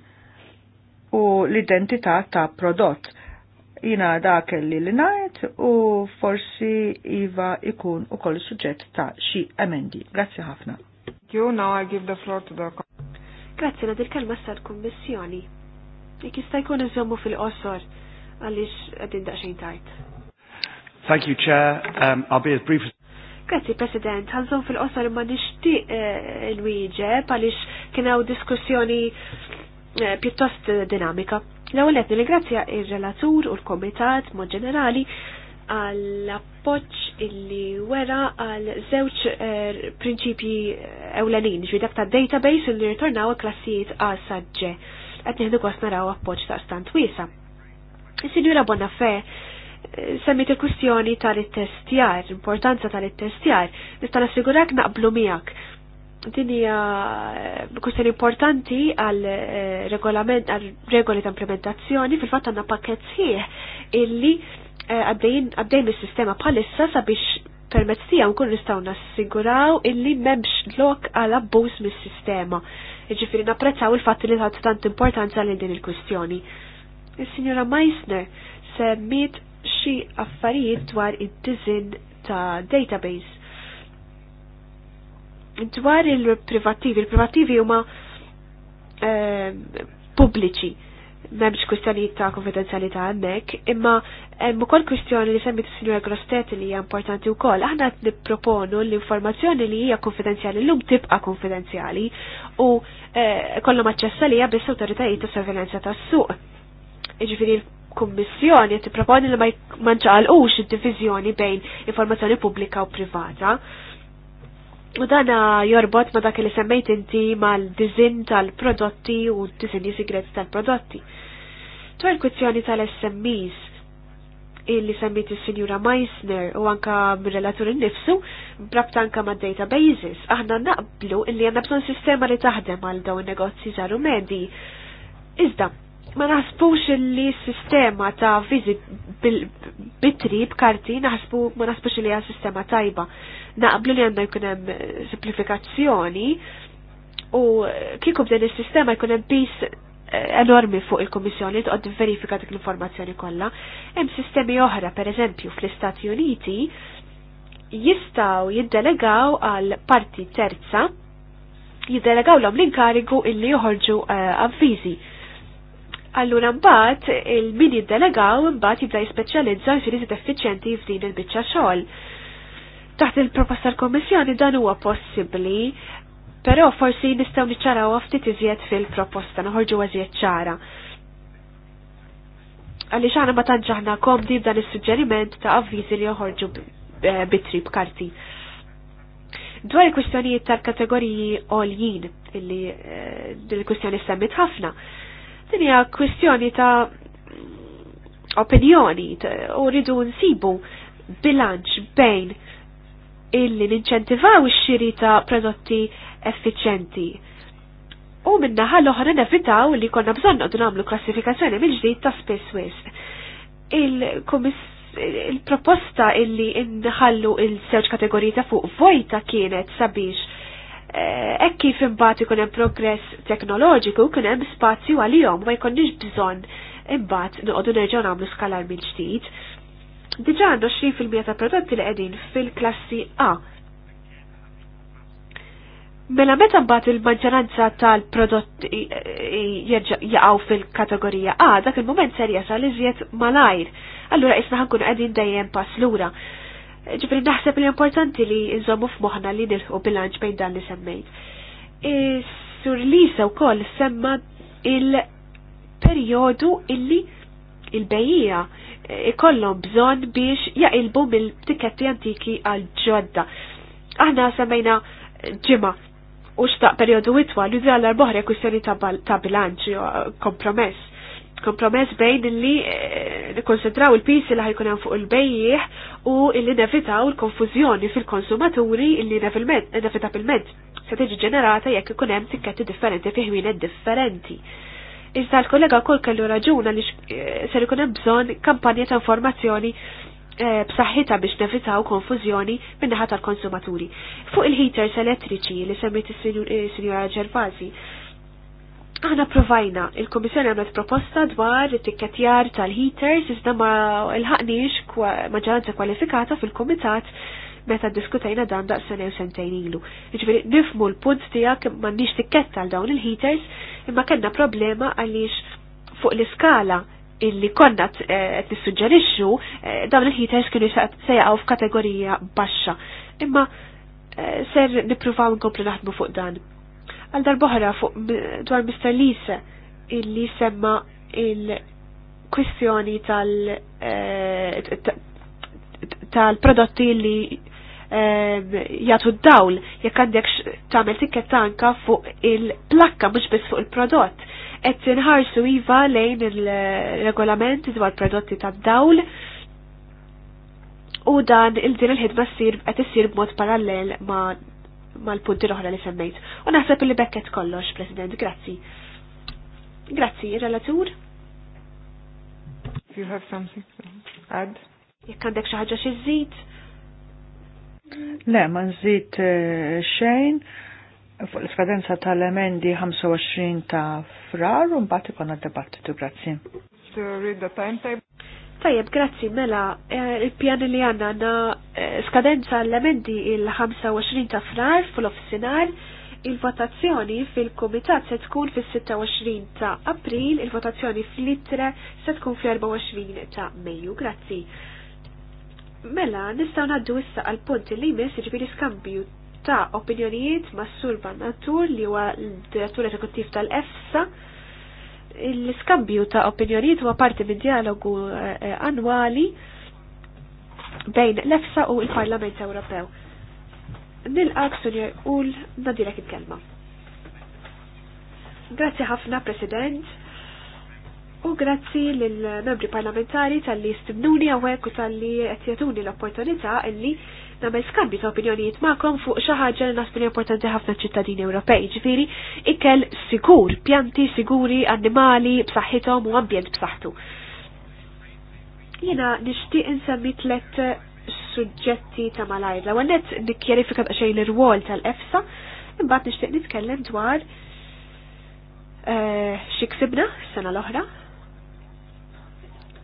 u l-identità ta' prodott jina dak li li najt u forsi Iva ikun u koll suġġett ta' xi emendi. Grazzi ħafna. You now I give the floor to the Grazzi nad il-kelma sa' l-kommissjoni. Ik jista' jkun iżommu fil-qosor għaliex qegħdin daqsxejn tajt. Thank you, Chair. Um, I'll be as brief as Grazzi President, għanżon fil-qosor ma nishtiq l-wieġe eh, palix kienaw diskussjoni eh, pjuttost dinamika. L-ewwel qed nirringrazzja ir-relatur u l-komitat mod ġenerali għall-appoġġ illi wera għal żewġ eh, prinċipji eh, ewlenin, ġbi ta' database illi rritornaw klassijiet għal saġġe. G. Qed nieħdu kost naraw appoġġ ta' stant wiesa. Is-Sinjura Bonafè eh, semmit il-kwistjoni tal-ittestjar, importanza tal-ittestjar, nista' nassigurak naqblu miegħek din hija eh, kwestjoni importanti għal eh, regolament għal regoli ta' implementazzjoni fil-fatt għandna pakket sħiħ illi eh, għaddejn is-sistema bħalissa sabiex permezz tiegħu nkunu nistgħu nassiguraw illi m'hemmx lok għal abbuż mis-sistema. Jiġifieri napprezzaw il-fatt li ħadd tant importanza lil din il-kwistjoni. Is-Sinjora Meissner semmiet xi affarijiet dwar id-dizin ta' database Dwar il-privattivi, il-privattivi huma eh, pubbliċi memx kwistjonijiet ta' konfidenzjalità hemmhekk, imma hemm kol kwistjoni li semmi t sinjura Grostet li hija importanti wkoll. Aħna qed nipproponu l-informazzjoni li hija konfidenzjali llum tibqa' konfidenzjali u eh, kollhom aċċess għalija biss awtoritajiet ta' sorveljanza tas-suq. Jiġifieri l-Kummissjoni qed tipproponi li ma nċaqalqux id-diviżjoni bejn informazzjoni pubblika u privata U dana jorbot ma dak li semmejt inti mal-dizin tal-prodotti u d-dizinji sigret tal-prodotti. il kwistjoni tal-SMEs illi semmejt il-Sinjura Meissner u anka mir-relatur innifsu brabta anka ma' databases. Aħna naqblu illi għanna bżon sistema li taħdem għal dawn negozji zaru medi. Iżda, ma naħsbux li sistema ta' bil bitri b'karti naħsbu ma naħsbux li hija sistema tajba. Naqblu li għandna jkun hemm eh, simplifikazzjoni u kieku b'din is-sistema jkun hemm pis eh, enormi fuq il-Kommissjoni tqod verifika dik l-informazzjoni kollha. Hemm sistemi oħra, pereżempju fl-Istati Uniti, jistaw jiddelegaw għal parti terza jiddelegaw l-om l-inkarigu illi joħorġu eh, avvizi. Uh, Allura mbagħad il-min jiddelegaw mbagħad jibda jispeċjalizza jsir iżid effiċjenti f'din il-biċċa xogħol. Taħt il-proposta l-Kommissjoni dan huwa possibbli, però forsi nistgħu niċċaraw ftit iżjed fil-proposta noħorġu eżjed ċara. Għaliex aħna ma tanġaħna komdi b'dan is-suġġeriment ta' avviżi li joħorġu bitrib karti. Dwar il-kwistjonijiet tal-kategoriji għoljin eh, il-kwistjoni semmit ħafna, Din hija kwestjoni ta' opinjoni u rridu nsibu bilanċ bejn illi ninċentivaw ix-xiri ta' prodotti effiċenti. U minnaħa l-oħra nevitaw li konna bżonn għadu nagħmlu klassifikazzjoni mill-ġdid ta' Space Waste. Il-proposta illi nħallu il-żewġ kategoriji ta' fuq vojta kienet sabiex Eh, ek kif imbagħad ikun hemm progress teknoloġiku kien hemm spazju għalihom ma jkunniex bżonn imbagħad noqogħdu nerġgħu nagħmlu skalar mill-ġdid. Diġà fil 20% ta' prodotti li qegħdin fil-klassi A. Mela meta mbagħad il-maġġoranza tal-prodotti eh, jaqgħu fil-kategorija A, dak il-mument ser jasal iżjed malajr. Allura isna ħankun qegħdin dejjem pass lura. Ġifri naħseb li importanti li nżommu f'moħna li nilħu bilanċ bejn dan li semmejt. Sur Lisa u koll semma il-periodu illi il-bejija ikollhom bżonn biex jaqilbu mill-tiketti antiki għal ġodda. Aħna semmejna ġimma u xtaq periodu itwal u dal boħra kwistjoni ta' bilanċ kompromess kompromess bejn li eh, nikkonsentraw il-pisi li ħajkun hemm fuq il-bejjieħ u illi nevitaw il-konfużjoni fil-konsumaturi illi inevitabilment se tiġi ġenerata jekk ikun hemm tikketti differenti fi ħwienet differenti. Iżda l-kollega wkoll kellu raġuna li eh, ser ikun hemm bżonn kampanja ta' informazzjoni eh, b'saħħitha biex nevitaw konfużjoni min-naħa tal-konsumaturi. Fuq il-heaters elettriċi li semmiet is sinjura Ġervasi, Aħna provajna, il-Komissjoni għamlet proposta dwar it-tikketjar tal-heaters iżda ma il-ħaqniex maġġoranza kwalifikata fil-Komitat meta diskutajna dan daqsene u sentejn ilu. Iġveri, nifmu l-punt tijak mannix tikketta għal dawn il-heaters imma kena problema għaliex fuq l-iskala illi konna eh, qed nissuġġerixxu eh, dawn il-heaters kienu sejaqgħu f'kategorija baxxa. Imma eh, ser nippruvaw nkomplu naħdmu fuq dan għal darboħra fuq dwar Mr. Lise illi semma il-kwistjoni eh, tal-prodotti li ehm, jgħatu d-dawl jekk għandek tagħmel tikket anka fuq il-plakka mhux biss fuq il-prodott. Qed inħarsu iva lejn il-regolament dwar prodotti tad-dawl u dan il-din il-ħidma ssir qed issir b'mod parallel ma' mal-punti l-oħra li semmejt. U naħseb li bekket kollox, President, grazzi. Grazzi, relatur. Do you have something to add. Jekk għandek xi ħaġa xi żid. Le, ma nżid eh, xejn fuq l-iskadenza tal-emendi 25 ta' frar u mbagħad ikun għad debattitu grazzi. read the timetable. Tajjeb, grazzi, mela, eh, il-pjan li għanna għanna eh, skadenza l-emendi il-25 ta' frar fl-ofsinar, il-votazzjoni fil-komitat se tkun fil-26 ta' april, il-votazzjoni fil-litre se tkun fil-24 ta' meju, grazzi. Mela, nistaw naddu issa għal-punti li jmiss ġibiri skambju ta' opinjonijiet ma' Sur Natur li huwa l-direttur eżekuttiv tal-EFSA l-iskambju ta' opinjonijiet huwa parti minn dialogu eh, eh, annwali bejn l-EFSA u l-Parlament Ewropew. Nilqak Sunjer Ul nadirek il-kelma. Grazzi ħafna, President, u grazzi lill membri parlamentari tal-li stimnuni għawek u tal-li għetjatuni l-opportunità illi nagħmel skambju ta' opinjonijiet magħkom fuq xi ħaġa li naħsbu importanti ħafna ċittadini Ewropej, ġifiri, ikkel sigur, pjanti siguri, annimali b'saħħithom u ambjent b'saħħtu. Jiena nixtieq insemmi tlet suġġetti ta' malajr. L-ewwel nett nikkjarifika xejn l-irwol tal-EFSA, imbagħad nixtieq nitkellem dwar eh, xi ksibna s-sena l-oħra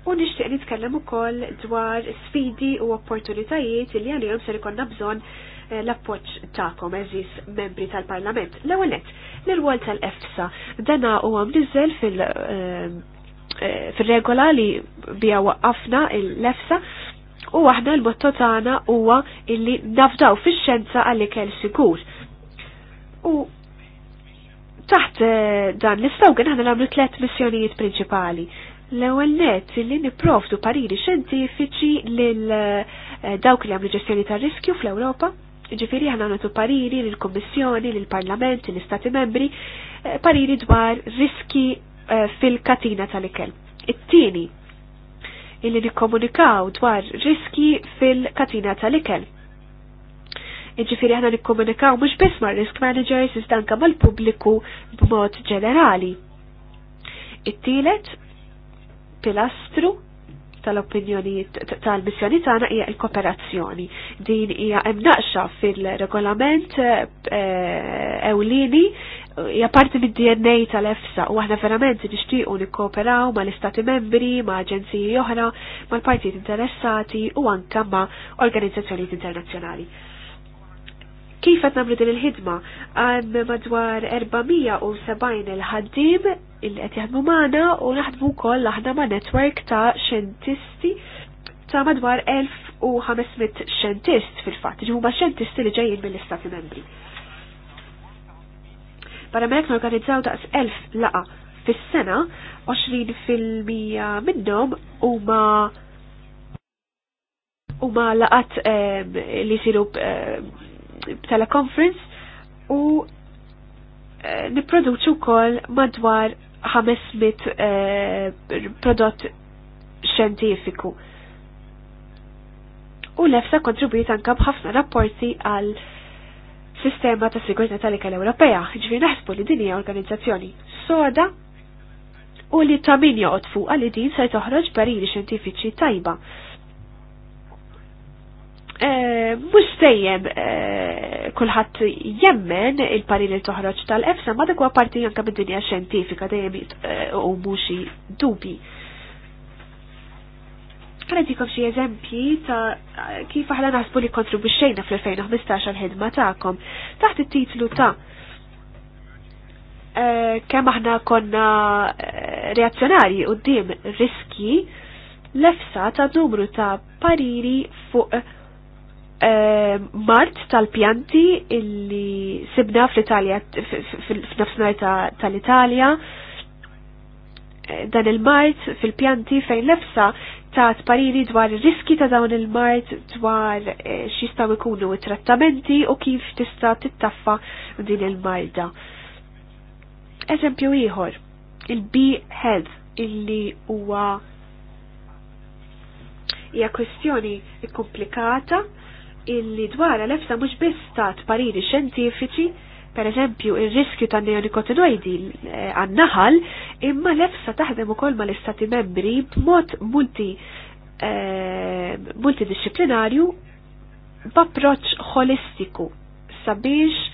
U nixtieq nitkellem ukoll dwar sfidi u opportunitajiet li għalihom ser ikonna bżonn eh, l-appoġġ tagħkom eżis membri tal-Parlament. L-ewwel nett, l-irwol tal-EFSA dana huwa mniżel fil- eh, eh, fil-regola li bija waqqafna l-EFSA u aħna l-motto tagħna huwa illi nafdaw fix-xjenza għal-ikel sigur. U taħt dan l-istawgen ħana nagħmlu tliet missjonijiet prinċipali. L-ewwel nett li niprovdu pariri xjentifiċi lil eh, dawk li għamlu ġestjoni tar-riskju fl-Ewropa ġifiri aħna nagħtu pariri l kummissjoni l-Parlament, l-Istati membri, eh, pariri dwar riski eh, fil-katina tal-ikel. It-tieni, illi nikkomunikaw dwar riski fil-katina tal-ikel. Ġifiri aħna nikkomunikaw mux biss ma' risk managers iżdanka mal-publiku b'mod ġenerali. It-tielet, pilastru tal opinjoni tal-missjoni tagħna hija l-kooperazzjoni. Din hija imnaqxa fil-regolament eh, eh, ewlieni hija parti mid-DNA tal-EFSA u aħna verament nixtiequ nikkooperaw mal-Istati membri, ma' aġenziji oħra, mal-partijiet interessati u anke ma' organizzazzjonijiet internazzjonali. Kif qed nagħmlu din il-ħidma? Għan madwar 470 il-ħaddim il qed jahdmu maħna u naħdmu wkoll aħna ma' netwerk ta' xentisti ta' madwar 1500 xentist fil-fatt, ma' xentisti li ġejjin mill-Istati Membri. Barra mek organizzaw daqs 1000 laqa fis-sena, 20% minnhom huma ma' laqat ehm, li siru ehm, teleconference u eh, niproduċu kol madwar 500 eh, prodott xentifiku. U lefsa kontribujiet anka bħafna rapporti għal sistema ta' sigurtà tal-ikel Ewropea, ġvi naħsbu li din hija organizzazzjoni soda u li ta' min joqgħod fuq li din se toħroġ pariri xjentifiċi tajba Eh, mux sejjem eh, kullħat jemmen il li toħroċ tal-efsa, ma dakwa parti janka mid-dinja xentifika dejjem eh, u muxi dubi. Għanetikom xie eżempji ta' kif aħna naħsbu li xejna fl-2015 ħidma ta'kom. Taħt it-titlu ta' kemm aħna konna reazzjonari u d riski l-efsa ta' numru ta' pariri fuq Eh, mart tal-pjanti illi sibna fl-Italja, f'nafsnar tal-Italja. Eh, dan il-mart fil-pjanti fejn nefsa ta' tparini dwar riski ta' dawn il-mart dwar eh, xistaw ikunu trattamenti u kif tista' tittaffa din il-marda. Eżempju ieħor, il-bee health illi huwa hija kwestjoni komplikata illi dwar l-efsa mux bistat pariri xentifiċi, per eżempju, il-riskju ta' neonicotinoidi eh, għannaħal, imma l-efsa taħdem u mal l-istati membri b'mod multi eh, multidisciplinarju b'approċċ holistiku sabiex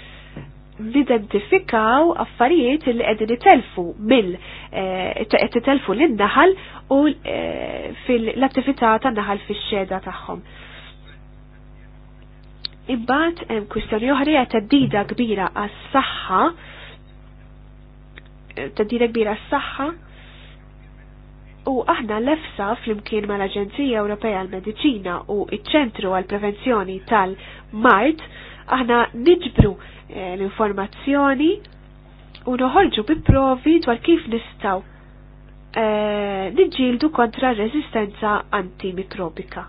nidentifikaw affarijiet li qegħdin itelfu mill eh, qed itelfu lin-naħal u fil-attività tan-naħal fix-xeda tagħhom. Imbagħad hemm kwistjoni oħra teddida kbira għas-saħħa eh, teddida kbira għas-saħħa u aħna l-EFSA flimkien mal aġenzija Ewropea għal-Mediċina u iċ-ċentru għal-prevenzjoni tal-Mart aħna niġbru eh, l-informazzjoni u noħolġu bi provi dwar kif nistaw eh, niġġieldu kontra r-reżistenza antimikrobika.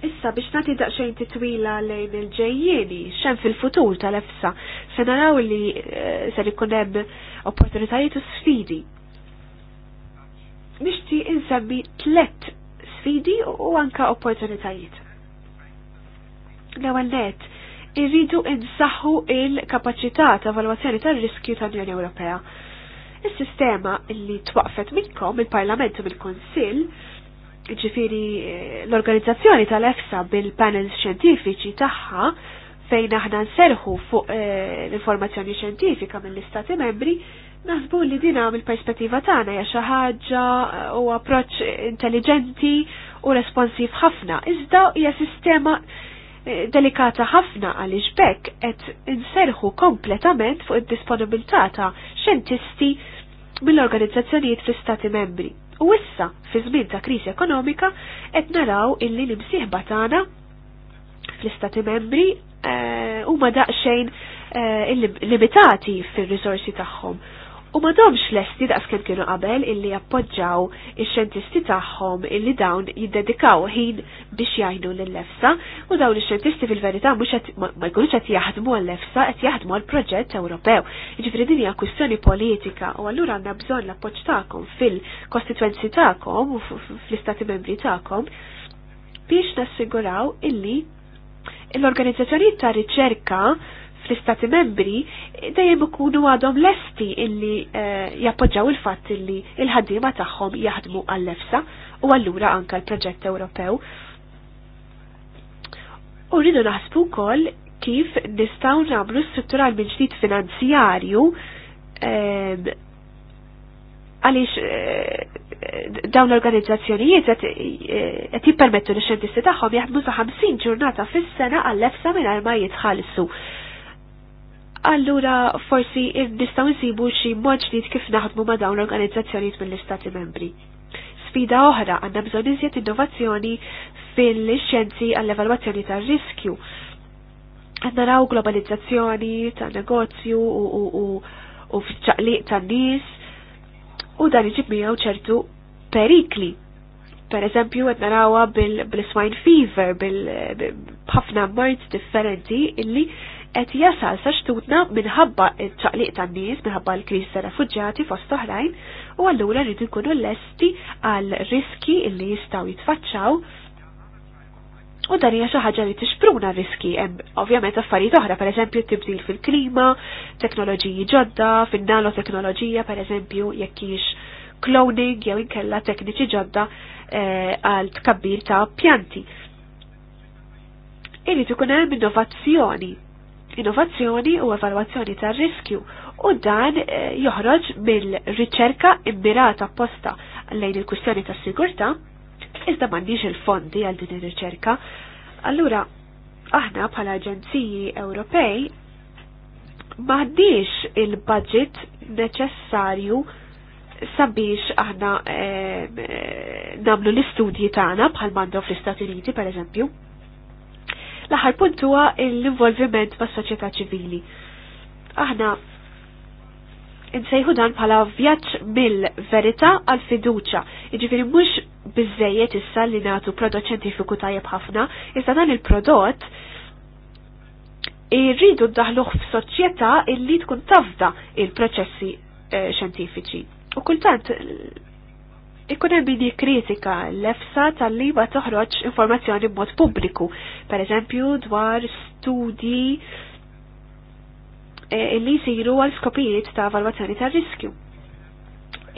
Issa biex nagħti daqsxejn titwila lejn il-ġejjieni, xem fil-futur tal-efsa, se naraw li eh, se jkun hemm opportunitajiet u sfidi. Nixti insemmi tlet sfidi u anka opportunitajiet. L-ewwel net, irridu insaħħu il-kapaċità ta' valwazzjoni tar-riskju tal-Unjoni Ewropea. Is-sistema li twaqfet minnkom il-Parlament u mill-Kunsill ġifiri eh, l-organizzazzjoni tal-EFSA bil-panels xjentifiċi tagħha fejn aħna nserħu fuq eh, l-informazzjoni xjentifika mill-istati membri, naħsbu li dina mill-perspettiva tagħna hija xi ħaġa eh, u approċċ intelligenti u responsiv ħafna. Iżda hija sistema delikata ħafna għaliex bekk qed inserħu kompletament fuq id-disponibilità ta' xjentisti mill-organizzazzjonijiet fl-istati membri. U issa, fi żmien ta' kriżi ekonomika, qed naraw illi l-imsieħba tagħna fl-istati membri eh, huma daqsxejn eh, limitati fir-risorsi tagħhom U madomx lesti daqs kem kienu qabel illi appoġġaw ix-xjentisti tagħhom illi dawn jiddedikaw ħin biex jajnu lill-lefsa u dawn ix-xjentisti fil-verità mhux ma jkunux qed jaħdmu l lefsa qed jaħdmu għall proġett Ewropew. Jiġifieri din hija kwistjoni politika u allura għandna bżonn l-appoġġ tagħkom fil-kostitwenzi tagħkom u fl-istati membri tagħkom biex nassiguraw illi l-organizzazzjonijiet ta' riċerka l istati membri dejjem ikunu għadhom lesti illi eh, jappoġġaw il-fatt illi il-ħaddiema tagħhom jaħdmu għall-efsa u allura anka l-proġett Ewropew. U rridu naħsbu wkoll kif nistgħu nagħmlu struttural minn ġdid finanzjarju ehm, għaliex eh, dawn l-organizzazzjonijiet qed eh, jippermettu li xentisti tagħhom jaħdmu sa' 50 ġurnata fis-sena għall lefsa mingħajr ma jitħallsu allura forsi nistgħu nsibu xi mod ġdid kif naħdmu ma' dawn l-organizzazzjonijiet mill-Istati Membri. Sfida oħra għandna bżonn iżjed innovazzjoni fil-xjenzi għall-evalwazzjoni tar-riskju. Għanna raw globalizzazzjoni ta' negozju u, u, u, u fċaqliq ta' nies u dan iġib miegħu ċertu perikli per eżempju, għedna rawa bil-swine fever, bil-ħafna mort differenti illi qed jasal sa xtutna minħabba ċaqliq tan-nies, minħabba l-kriżi ta' refuġġjati fost oħrajn, u allura rridu jkunu lesti għal riski li jistgħu jitfaċċaw U dan hija xi ħaġa li tixpruna riski hemm ovvjament affarijiet oħra, pereżempju tibdil fil-klima, teknoloġiji ġodda, fin-nano teknoloġija pereżempju jekk hix cloning jew inkella tekniċi ġodda eh, għal tkabbir ta' pjanti. Irid ikun hemm innovazzjoni innovazzjoni u evalwazzjoni tar riskju u dan eh, joħroġ mill-riċerka imbirata apposta lejn il-kwistjoni tas sigurtà iżda m'għandix il-fondi għal din ir-riċerka. Allura aħna bħala aġenziji Ewropej m'għandix il-budget neċessarju sabiex aħna eh, eh namlu l-istudji tagħna bħal mandu fl-Istati Uniti per eżempju. L-aħħar punt huwa l-involviment mas soċjetà ċivili. Aħna insejħu dan bħala vjaġġ mill-verità għal fiduċa. Jiġifieri mhux biżejjed issa li nagħtu prodott ċjentifiku tajjeb ħafna, iżda dan il-prodott irridu daħluħ f'soċjetà illi tkun tafda il-proċessi eh, xjentifiċi. U kultant ikun hemm min jikkritika l-EFSA tal liba ma toħroġ informazzjoni b'mod pubbliku, pereżempju dwar studi eh, li jsiru għal skopijiet ta' valwazzjoni ta' riskju.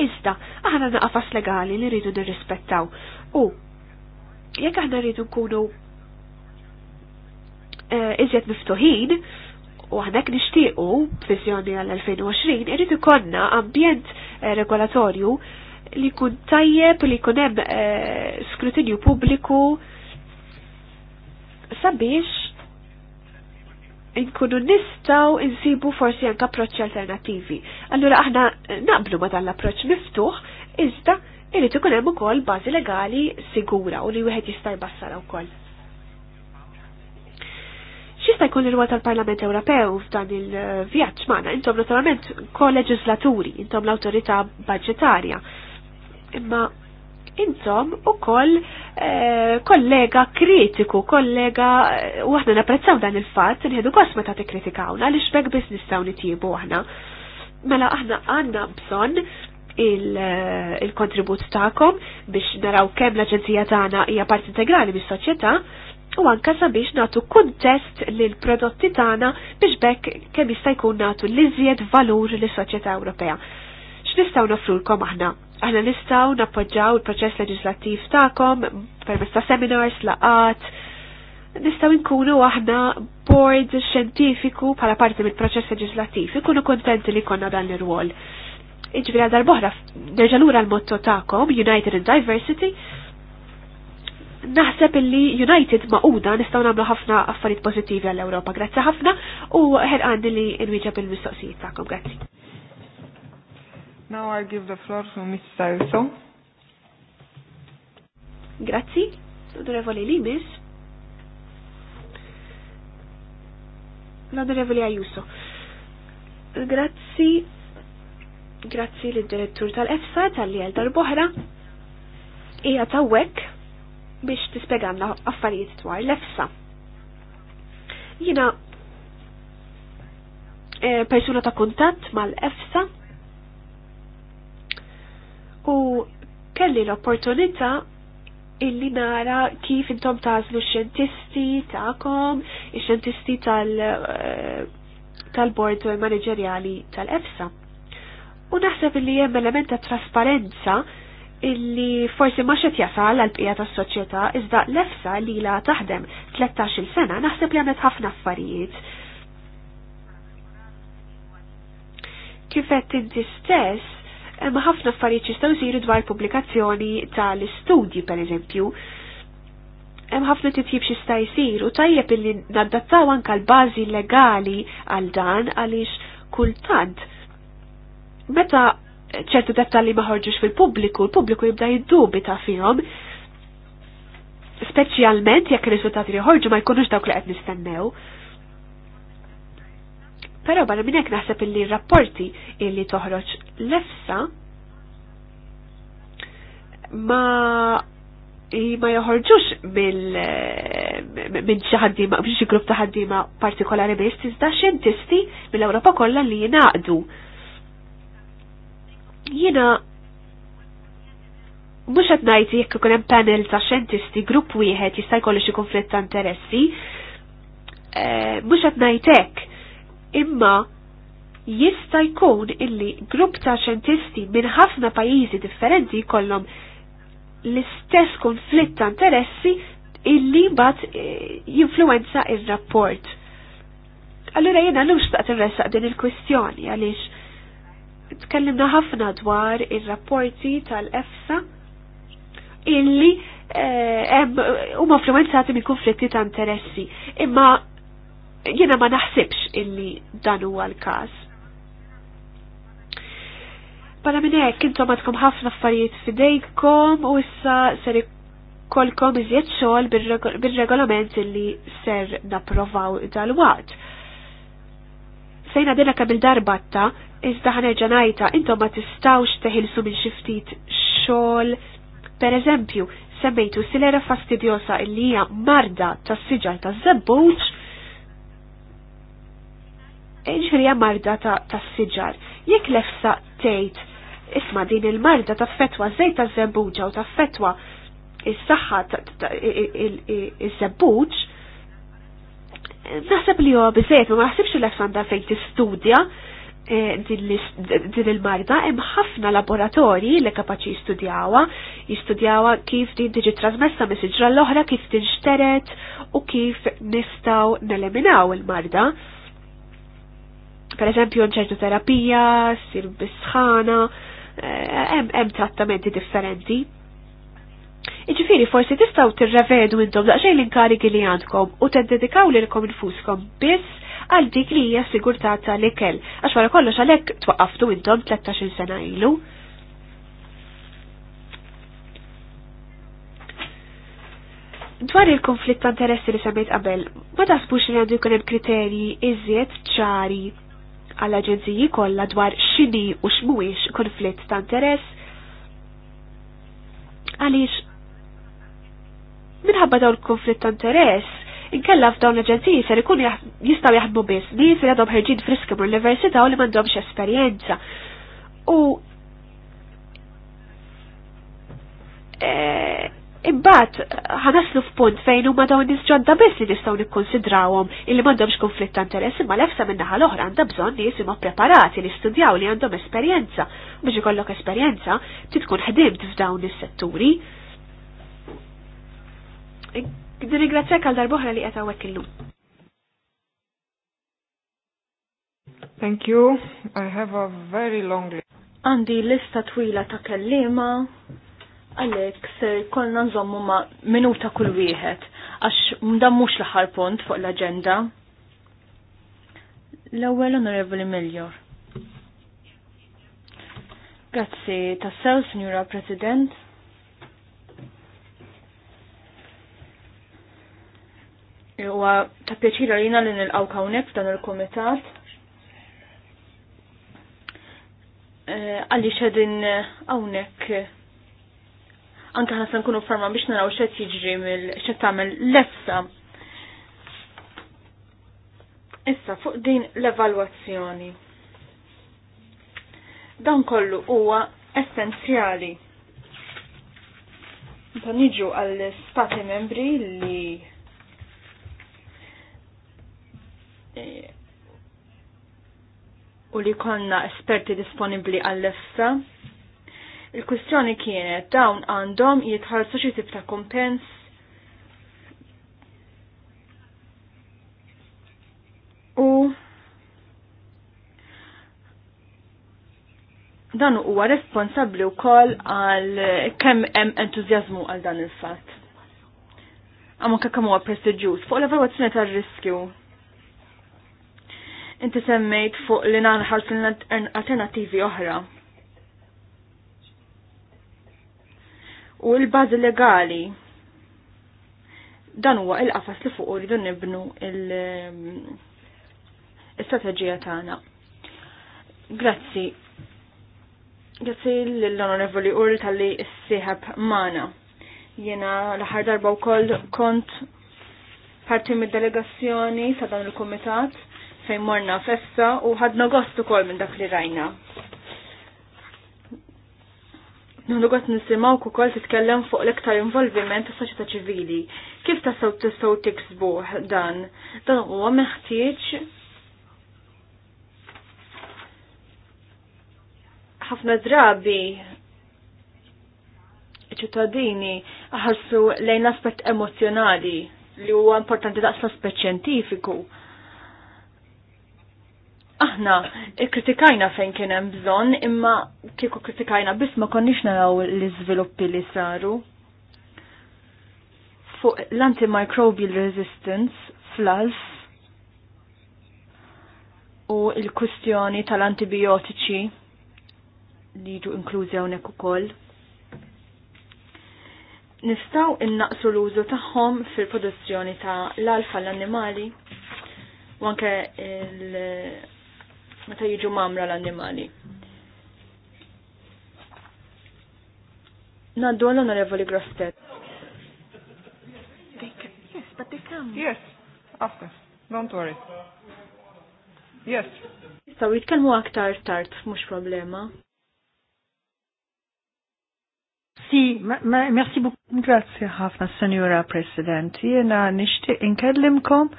Iżda, aħna naqafas legali li rridu nirrispettaw u jekk aħna rridu nkunu eh, iżjed miftuħin, u għanek nishtiqu vizjoni għal-2020, irridu konna ambjent eh, regolatorju li jkun tajjeb li jkun hemm eh, skrutinju pubbliku sabiex inkunu nistaw insibu forsi anka approċċ alternativi. Allura aħna naqblu ma dan l-approċċ miftuħ, iżda irrid ikun hemm ukoll bażi legali sigura u li wieħed jista' jbassara wkoll. Xista jkun il-rwa tal-Parlament Ewropew f'dan il-vjaġġ magħna, intom naturalment ko-leġislaturi, intom l-awtorità budġetarja imma intom u koll eh, kollega kritiku, kollega eh, u aħna napprezzaw dan il-fat, nħedu kosma ta' t-kritikawna, li xbeg biznis ta' unitibu aħna. Mela aħna għanna bżon eh, il-kontribut ta'kom biex naraw kemm l-aġenzija tagħna hija parti integrali mis-soċjetà u anka sabiex natu kuntest lil prodotti tagħna biex bekk kemm jista' jkun natu l-iżjed valur lis-soċjetà Ewropea. X'nistgħu nofrulkom aħna Aħna nistgħu nappoġġaw il-proċess leġislattiv tagħkom permezz ta' seminars, laqat, nistgħu nkunu aħna board xjentifiku bħala parti mill-proċess leġislattiv, ikunu kontenti li konna dan l-irwol. Iġbira dal-boħra, nerġalura l-motto tagħkom, United in Diversity, naħseb li United maquda nistgħu nagħmlu ħafna affarijiet pożittivi għall-Ewropa. Grazzi ħafna u għandi li nwieġeb il-mistoqsijiet tagħkom. Grazzi. Now I give the floor to Ms. Sarso. Grazzi, l Limes. Limis. Ayuso. Grazie, grazie Grazzi, grazzi direttur tal-EFSA tal-li għal tal-boħra. Ija tawwek biex tispeganna affarijiet dwar l-EFSA. Jina eh, persuna ta' kuntatt mal-EFSA u kelli l-opportunità illi nara kif intom tażlu x-xjentisti ta'kom, x-xjentisti tal-bord tal eh, manageriali tal-EFSA. U naħseb illi hemm element ta' trasparenza illi forsi ma xet jasal għal bqija tas-soċjetà iżda l-EFSA li la taħdem 13-il sena naħseb li għamet ħafna affarijiet. Kifet inti stess Ma ħafna affarijiet jistgħu jsiru dwar pubblikazzjoni tal-istudji pereżempju. Hemm ħafna titjib xista jsir u tajjeb illi naddattaw anke l-bażi legali għal dan għaliex kultant meta ċertu dettalji ma ħorġux fil-pubbliku, l-pubbliku jibda jiddubita fihom, speċjalment jekk ir-riżultati li ħorġu ma jkunux dawk li qed nistennew. Pero barra minnek naħseb illi rapporti illi toħroġ lefsa ma ma joħorġux minn xi ħaddiema minn xi grupp ta' ħaddiema partikolari biss iżda xjentisti mill-Ewropa kollha li jingħaqdu. Jiena mhux qed ngħid jekk ikun hemm panel ta' xjentisti grupp wieħed jista' jkollu xi konflitt ta' interessi, eh, mhux qed ngħid hekk imma jista jkun illi grupp ta' ċentisti minn ħafna pajjiżi differenti kollom l-istess konflitt ta' interessi illi mbagħad eh, jinfluwenza il rapport Allura jiena lux t irressaq din il-kwistjoni għaliex tkellimna ħafna dwar ir-rapporti tal-EFSA illi eh, huma influenzati minn konflitti ta' interessi. Imma jiena ma naħsibx illi dan huwa l-każ. Pala minn hekk intom għadkom ħafna affarijiet fidejkom u issa ser ikollkom iżjed xogħol bir-regolament illi ser napprovaw dal-waqt. Sejna kemm bil darbatta, iżda ħanerġa' ngħidha intom ma tistgħux teħilsu minn xi ftit xogħol. Pereżempju, semmejtu silera fastidjosa illi hija marda tas-siġar taż-żebbuġ ġifiri marda ta', ta s-sġar. Jek lefsa tejt, isma din il-marda ta' fetwa, zejt ta' zembuġa u ta' fetwa, il-saxħa il zembuġ naħseb li jo bizzejt, ma naħsibx l-Alexander fejn tistudja eh, din il-marda, hemm ħafna laboratorji li kapaċi jistudjawa, jistudjawa kif din tiġi trasmessa mis siġra l-oħra, kif tinxteret u kif nistaw neleminaw il-marda. il marda per eżempju nċertu terapija, sir bisħana, eh, hemm trattamenti differenti. Iġifiri, forsi tistaw tirrevedu intom daqxej l-inkarigi li għandkom u teddedikaw li l-kom infuskom biss għal dik li hija sigurtà tal-ikel, għax wara kollox għalhekk twaqqaftu intom 13 sena ilu. Dwar il-konflitt ta' interessi li semmejt qabel, ma tasbux li għandu jkun hemm kriterji iżjed ċari għall aġenziji kollha dwar x'inhi u x'mhuwiex konflitt ta' interess. Għaliex minħabba dawn konflitt ta' interess, inkella f'dawn l-aġenziji ser ikun jistgħu jaħdmu biss nies li għadhom ħerġin friski mur l-università u li m'għandhomx esperjenza. U eh, Imbat, ħanaslu f'punt fejn huma dawn nies biss li nistgħu nikkonsidrawhom illi m'għandhomx konflitt ta' interess imma l-efsa min-naħa l-oħra għandha bżonn nies imma preparati li studjaw li għandhom esperjenza biex ikollok esperjenza titkun ħdimt f'dawn is-setturi. Nirringrazzjak għal darbohra li qed hawnhekk illum. Thank you. I have a very long list. Għandi lista twila ta' kellima Għalek, se kolna nżommu ma minuta kull wieħed, għax mdammux l-ħar punt fuq l-agenda. L-ewwel Onorevoli Miljor. Grazzi tassew, Signora President. Huwa ta' pjaċira lina li nilqgħu hawnhekk f'dan il-kumitat. Eh, għaliex qegħdin hawnhekk anke ħna nkunu farma biex naraw xed jiġri mill xed tagħmel lefsa. Issa fuq din l-evalwazzjoni. Dan kollu huwa essenzjali. Ta' niġu għall stati membri li u li konna esperti disponibli għall-efsa Il-kwistjoni kienet dawn għandhom jitħarsu xi tip ta' kompens. u dan huwa responsabbli wkoll għal kemm hemm entużjażmu għal dan il-fatt. Għamu kakamu huwa prestiġjuż fuq l-evalwazzjoni tar-riskju. Inti semmejt fuq li nagħmel l alternattivi oħra. u l-bażi legali dan huwa il-qafas li fuq uridu nibnu l-istrateġija ehm, tagħna. Grazzi. Grazzi l-Onorevoli Url tal-li s-sieħab mana. Jena l-ħar darba wkoll kont parti mid-delegazzjoni ta' dan il-komitat fejn morna fessa u ħadna gost ukoll minn dak li rajna għat nisimaw ku kol titkellem fuq l-iktar involviment u soċieta ċivili. Kif ta' sew tistaw tiksbuħ dan? Dan huwa meħtieġ ħafna drabi ċittadini ħarsu lejn aspett emozjonali li huwa importanti daqs l-aspett ċentifiku aħna kritikajna fejn kien hemm bżonn, imma kieku kritikajna biss ma konniex naraw l-iżviluppi li saru. Fuq l-antimicrobial resistance fl u l-kustjoni tal-antibiotiċi li jiġu inklużi hawnhekk ukoll. Nistgħu innaqsu l-użu tagħhom fil-produzzjoni ta' l-alfa l-annimali u anke l meta jiġu mamra l-annimali. Naddu għall-onorevoli Grostet. Yes, but they come. Yes, after. Don't worry. Yes. Jistaw jitkellmu aktar tard, mhux problema. Sì, merci beaucoup. Grazie ħafna, Senjora President. Jena nixtieq inkellimkom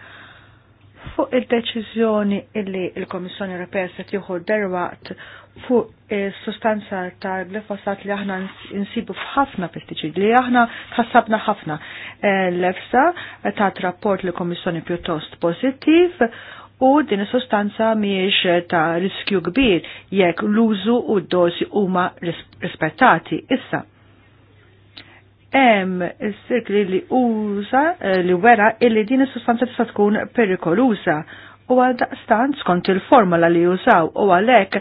fuq il-deċiżjoni illi il-Komissjoni Ewropea se tieħu derwaqt fuq is-sustanza tal-glifosat li aħna insibu f'ħafna pestiċidi li aħna tħassabna ħafna l-EFSA ta' rapport li komissjoni pjuttost pożittiv u din is-sustanza mhijiex ta' riskju kbir jekk l-użu u d dożi huma rispettati. Issa, hemm is-sirkli li uża eh, li wera illi din is-sustanza tista' tkun perikoluża u għal daqstant skont il-formula li jużaw u għalek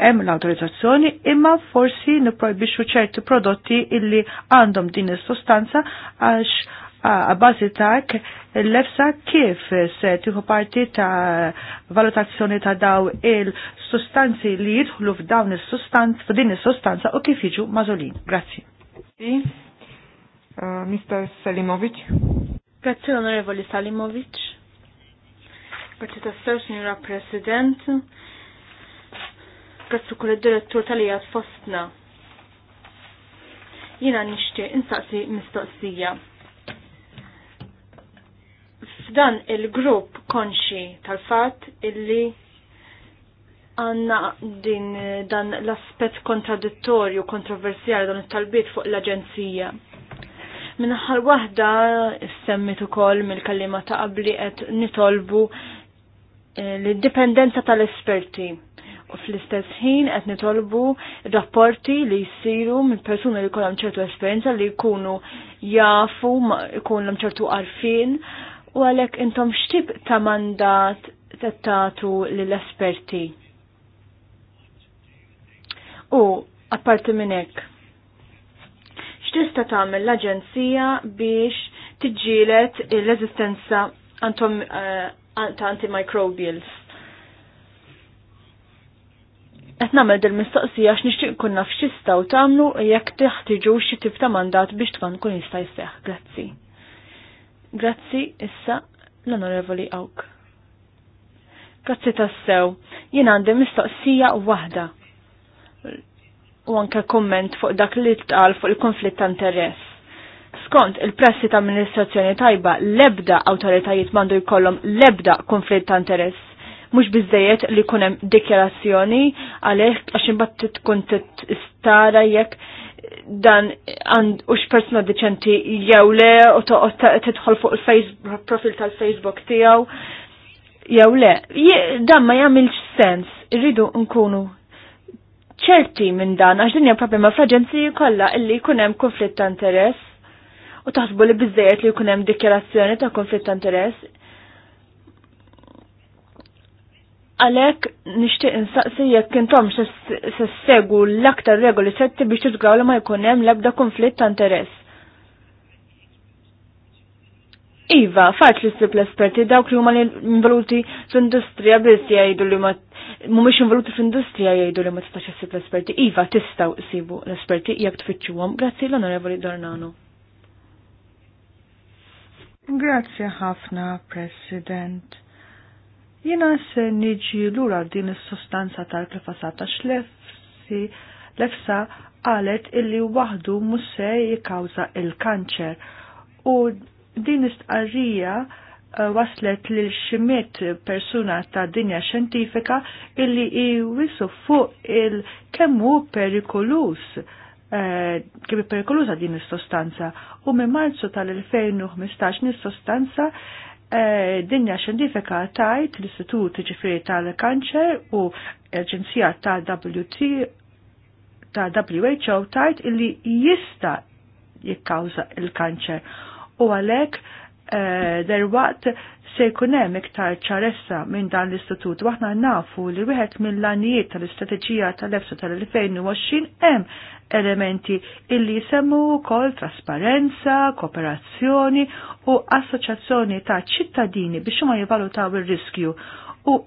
hemm l-autorizzazzjoni imma forsi niprojbixxu ċerti prodotti illi għandhom din is-sostanza għax għabbażi tak l-lefsa kif se tieħu parti ta' valutazzjoni ta' daw il-sustanzi li jidħlu f'dawn is-sustanz f'din is-sustanza u kif jiġu mażolin. Grazzi. E, Mr. Salimovic. Grazie onorevoli Salimovic. Grazie tassar, signora President. Grazie kull direttur Talijat fostna. Jina nishti, insaqsi mistoqsija. F'dan il-grupp konxi tal-fat illi għanna din dan l-aspet kontradittorju, kontroversjali dan it-talbiet fuq l-Aġenzija Minnaħar wahda semmit ukoll mill-kallima ta' qabli qed nitolbu eh, l indipendenza tal-esperti. U fl-istess ħin qed nitolbu rapporti li jsiru minn persuni li jkollhom ċertu esperjenza li jkunu jafu, l ċertu għarfin, u għalhekk intom xtib ta' mandat tettatu lill-esperti. U apparti minn hekk x'tista' tagħmel l-Aġenzija biex tġilet l-eżistenza eh, ta' antimicrobials. Qed nagħmel din mistoqsija x'nixtieq nkun naf x'istgħu tagħmlu jekk teħtiġu xi tip ta' mandat biex tkun kun jista' jseħħ. Grazzi. Grazzi issa l-Onorevoli Hawk. Grazzi tassew. Jien għandi mistoqsija waħda u anke komment fuq dak li tqal fuq il-konflitt ta' interess. Skont il pressi ta' amministrazzjoni tajba lebda awtoritajiet mandu jkollhom lebda konflitt ta' interess. Mhux biżejjed li jkun hemm dikjarazzjoni għalhekk għax imbagħad tkun tistara jekk dan għand ux persona deċenti jew le u toqgħod tidħol fuq il-profil tal-Facebook tiegħu jew le. Dan ma jgħamilx sens, irridu nkunu ċerti minn dan għax din hija problema fl-aġenziji kollha illi jkun hemm konflitt ta' interess u taħsbu li bizzejet li jkun hemm dikjarazzjoni ta' konflitt ta' interess. Għalhekk nixtieq insaqsi jekk intom se ssegu l-aktar regoli setti biex tiżgraw li ma jkun hemm l-ebda konflitt ta' interess. Iva, faċ li s l-esperti dawk li huma involuti f'industrija industrija biss jgħidu li ma mhumiex involuti fl-industrija jgħidu li ma tistax issib l-esperti. Iva, s sibu l-esperti jekk tfittxuhom. Grazzi l-Onorevoli Dornano. Grazzi ħafna, President. Jiena se niġi lura din is-sostanza tal klifasata għax lefsi lefsa qalet illi waħdu mhux jikawza il-kanċer u Din istqarrija uh, waslet lil ximiet persuna ta' dinja xjentifika illi jwisu fuq il-kemmu perikolus kemmu uh, kemm perikolusa din is-sostanza u minn Marzu tal-2015 nistostanza sostanza uh, dinja xentifika tajt l-Istitut ġifri tal-Kanċer u l-Aġenzija tal WT ta' WHO tajt illi jista' jikkawża il-kanċer u għalhekk e, eh, derwaqt se jkun hemm iktar ċaressa minn dan l-istitut waħna nafu li wieħed mill-lanijiet tal-istrateġija tal-EFSA tal-2020 hemm elementi illi jisemmu wkoll trasparenza, kooperazzjoni u assoċjazzjoni ta' ċittadini biex ma jivalutaw ir-riskju u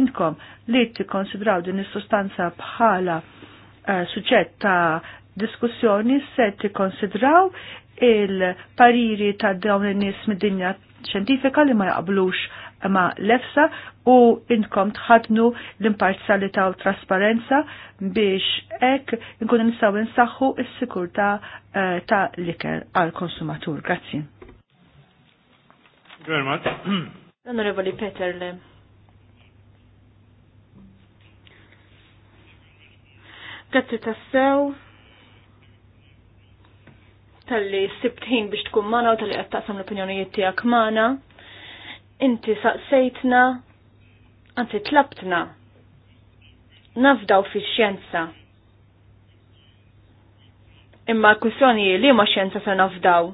inkom li tikkonsidraw din is-sustanza bħala eh, suġġett ta' diskussjoni se tikkonsidraw il-pariri ta' dawn il nies mid-dinja ċentifika li ma jaqblux ma lefsa u inkom tħadnu l-imparzjalità u trasparenza biex ek nkunu nistaw nsaħħu s sikurta eh, ta', liker għal-konsumatur. Grazzi. Very much. Onorevoli Peterle. Grazzi tassew tal-li sibtħin biex tkun mana u tal-li qed taqsam l-opinjonijiet tiegħek mana. Inti saqsejtna, anzi tlabtna, nafdaw fix-xjenza. Imma l li ma xjenza se nafdaw.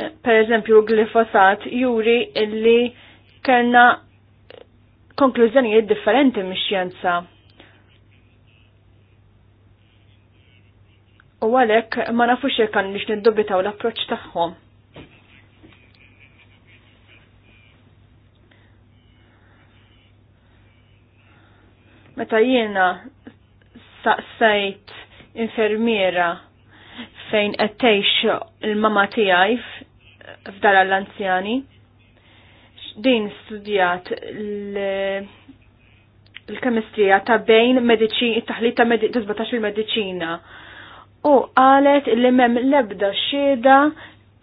Eh, per eżempju, glifosat juri illi kellna konklużjonijiet differenti mix-xjenza u għalhekk ma nafux jekk kan nix niddubitaw l approċ tagħhom. Meta jiena saqsajt infermiera fejn qed tgħix il-mama tiegħi f'dar għall anzjani Din studijat l-kemistrija ta' bejn taħlit ta' 17 il-mediċina u qalet li mem lebda xieda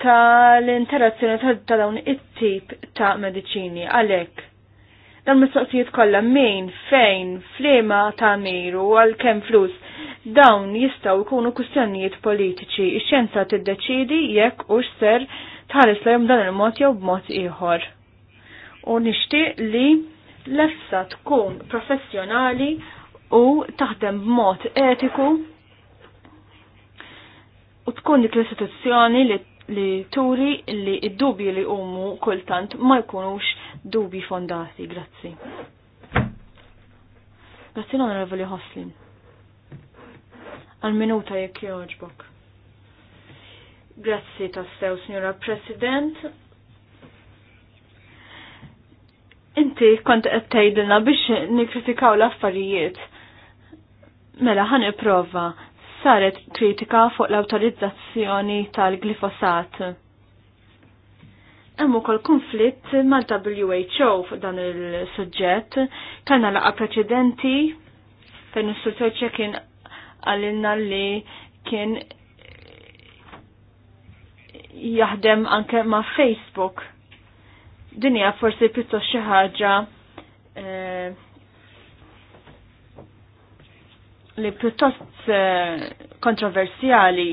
tal-interazzjoni ta' dawn it-tip ta' mediċini għalek. Dan mistoqsijiet kollha min, fejn, flima ta' miru għal kemm flus dawn jistgħu jkunu kustjonijiet politiċi. Ix-xjenza tiddeċidi jekk u ser tħares lejhom dan il-mod jew b'mod ieħor. U nixtieq li l-efsa tkun professjonali u taħdem b'mod etiku u tkun dik l-istituzzjoni li, li turi li id-dubji li umu kultant ma jkunux dubi fondati. Grazzi. Grazzi l-Onorevoli Hoslin. Għal-minuta jekk joġbok. Grazzi tassew, Signora President. Inti kont qed tgħidilna biex nikkritikaw l-affarijiet. Mela ħan prova saret kritika fuq l-autorizzazzjoni tal-glifosat. Hemm ukoll konflitt mal-WHO fuq dan il-suġġett, kanna laqa preċedenti fejn is-sultor ċekin għalinna li kien jaħdem anke ma' Facebook. Dinja forsi pjuttost xi ħaġa eh, li pjuttost eh, kontroversjali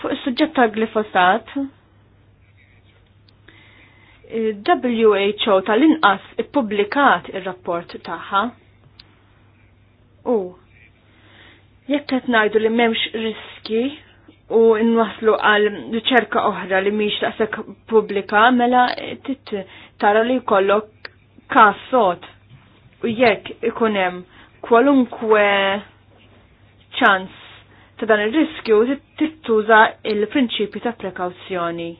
fuq is-suġġett tal-glifosat. WHO tal-inqas ippubblikat ir-rapport tagħha. U jekk qed ngħidu li m'hemmx riski u nwaslu għal riċerka oħra li mhix taqsek pubblika mela tara li jkollok kas u jekk ikun hemm kwalunkwe ċans ta' dan il-riskju tittuża il-prinċipju ta' prekawzjoni.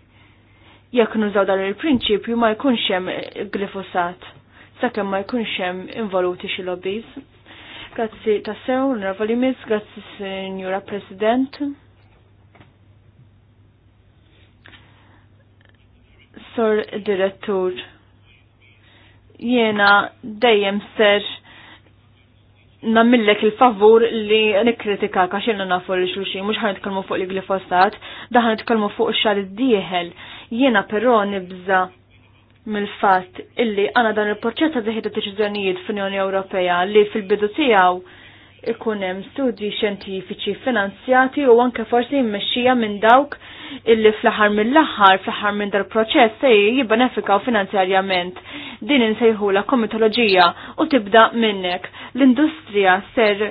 Jekk nużaw dan il-prinċipju ma jkunx hemm glifosat, sakemm ma jkunx hemm involuti xi lobbies. Grazzi ta' sew, l-Ravali Miss, grazzi Signora President. Sor Direttur, jena dejjem ser nammillek il-favur li nikritika għax jenna nafu li xulxin, mux ħan nitkalmu fuq li glifosat, daħan nitkalmu fuq xar id-dieħel. Jena però nibza mill-fat illi għana dan il-proċess ta' diħed deċiżjonijiet fl-Unjoni Ewropea li fil-bidu tiegħu ikun hemm studji xjentifiċi finanzjati u anke forsi mmexxija minn dawk illi fl-aħħar mill-aħħar fl-aħħar minn dal-proċess se jibbenefikaw finanzjarjament. Din insejħula komitoloġija u tibda minnek. L-industrija ser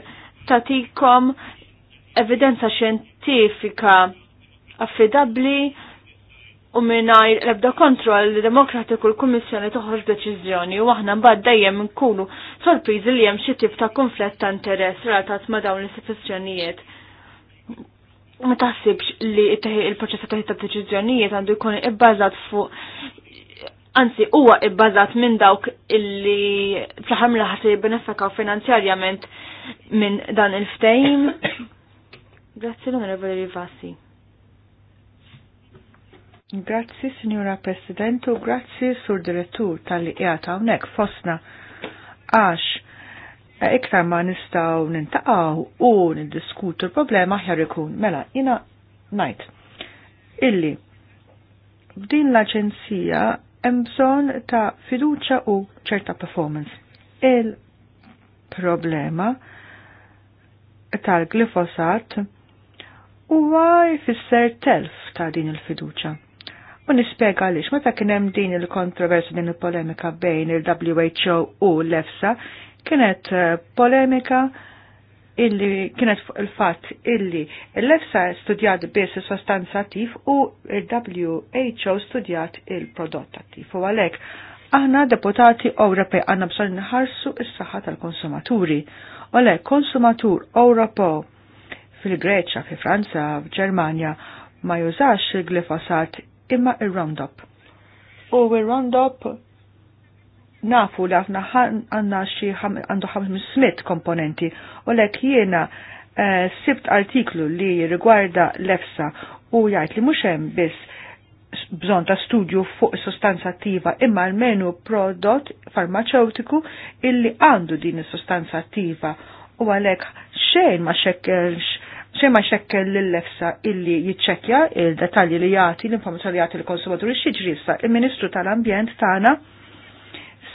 tatikom evidenza xjentifika affidabli u minnajr ebda kontrol demokratiku l-Kummissjoni toħroġ deċiżjoni u aħna mbad dajem nkunu sorpriżi li hemm xi tip ta' konflett ta' interess relatat ma' dawn l-istituzzjonijiet ma taħsibx li il-proċess ta' ta' deċiżjonijiet għandu jkun ibbażat fuq anzi huwa ibbażat minn dawk illi fl-aħħar mill-aħħar se jibbenefikaw finanzjarjament minn dan il-ftejm. Grazzi l-Onorevoli Rivasi. Grazzi, Signora Presidentu, grazzi, Sur Direttur tal-li qiegħed hawnhekk fosna għax E, iktar ma nistaw nintaqaw u niddiskutu l-problema ħjar ikun. Mela, jina najt. Illi, b'din l-aġenzija hemm bżonn ta' fiduċa u ċerta performance. Il-problema tal-glifosat huwa jfisser telf ta' din il-fiduċa. U nispjega għaliex meta kien hemm din il kontroversi din il-polemika bejn il-WHO u l-EFSA, Kienet eh, polemika illi kienet fuq il-fatt illi l-EFSA studjat biss sostanza attiv u il-WHO studjat il-prodott attif. U għalek, aħna deputati Ewropej għanna bżonn nħarsu il saħħa tal-konsumaturi. U għalek, konsumatur Ewropo fil-Greċa, fi Franza, f'Ġermanja ma jużax il-glifosat imma il-Roundup. U il-Roundup nafu li għafna għanna xi għandu 500 komponenti u lek jiena eh, sibt artiklu li rigwarda l-EFSA u jgħid li mhux hemm biss bżon ta' studju fuq sostanza attiva imma l-menu prodott farmaceutiku illi għandu din is-sostanza attiva u għalek xejn ma xekkelx xejn ma xekkel l-lefsa illi jiċċekkja il-detalji li jagħti l-informazzjoni li jagħti l-konsumaturi x'jiġri issa il-Ministru tal-Ambjent tagħna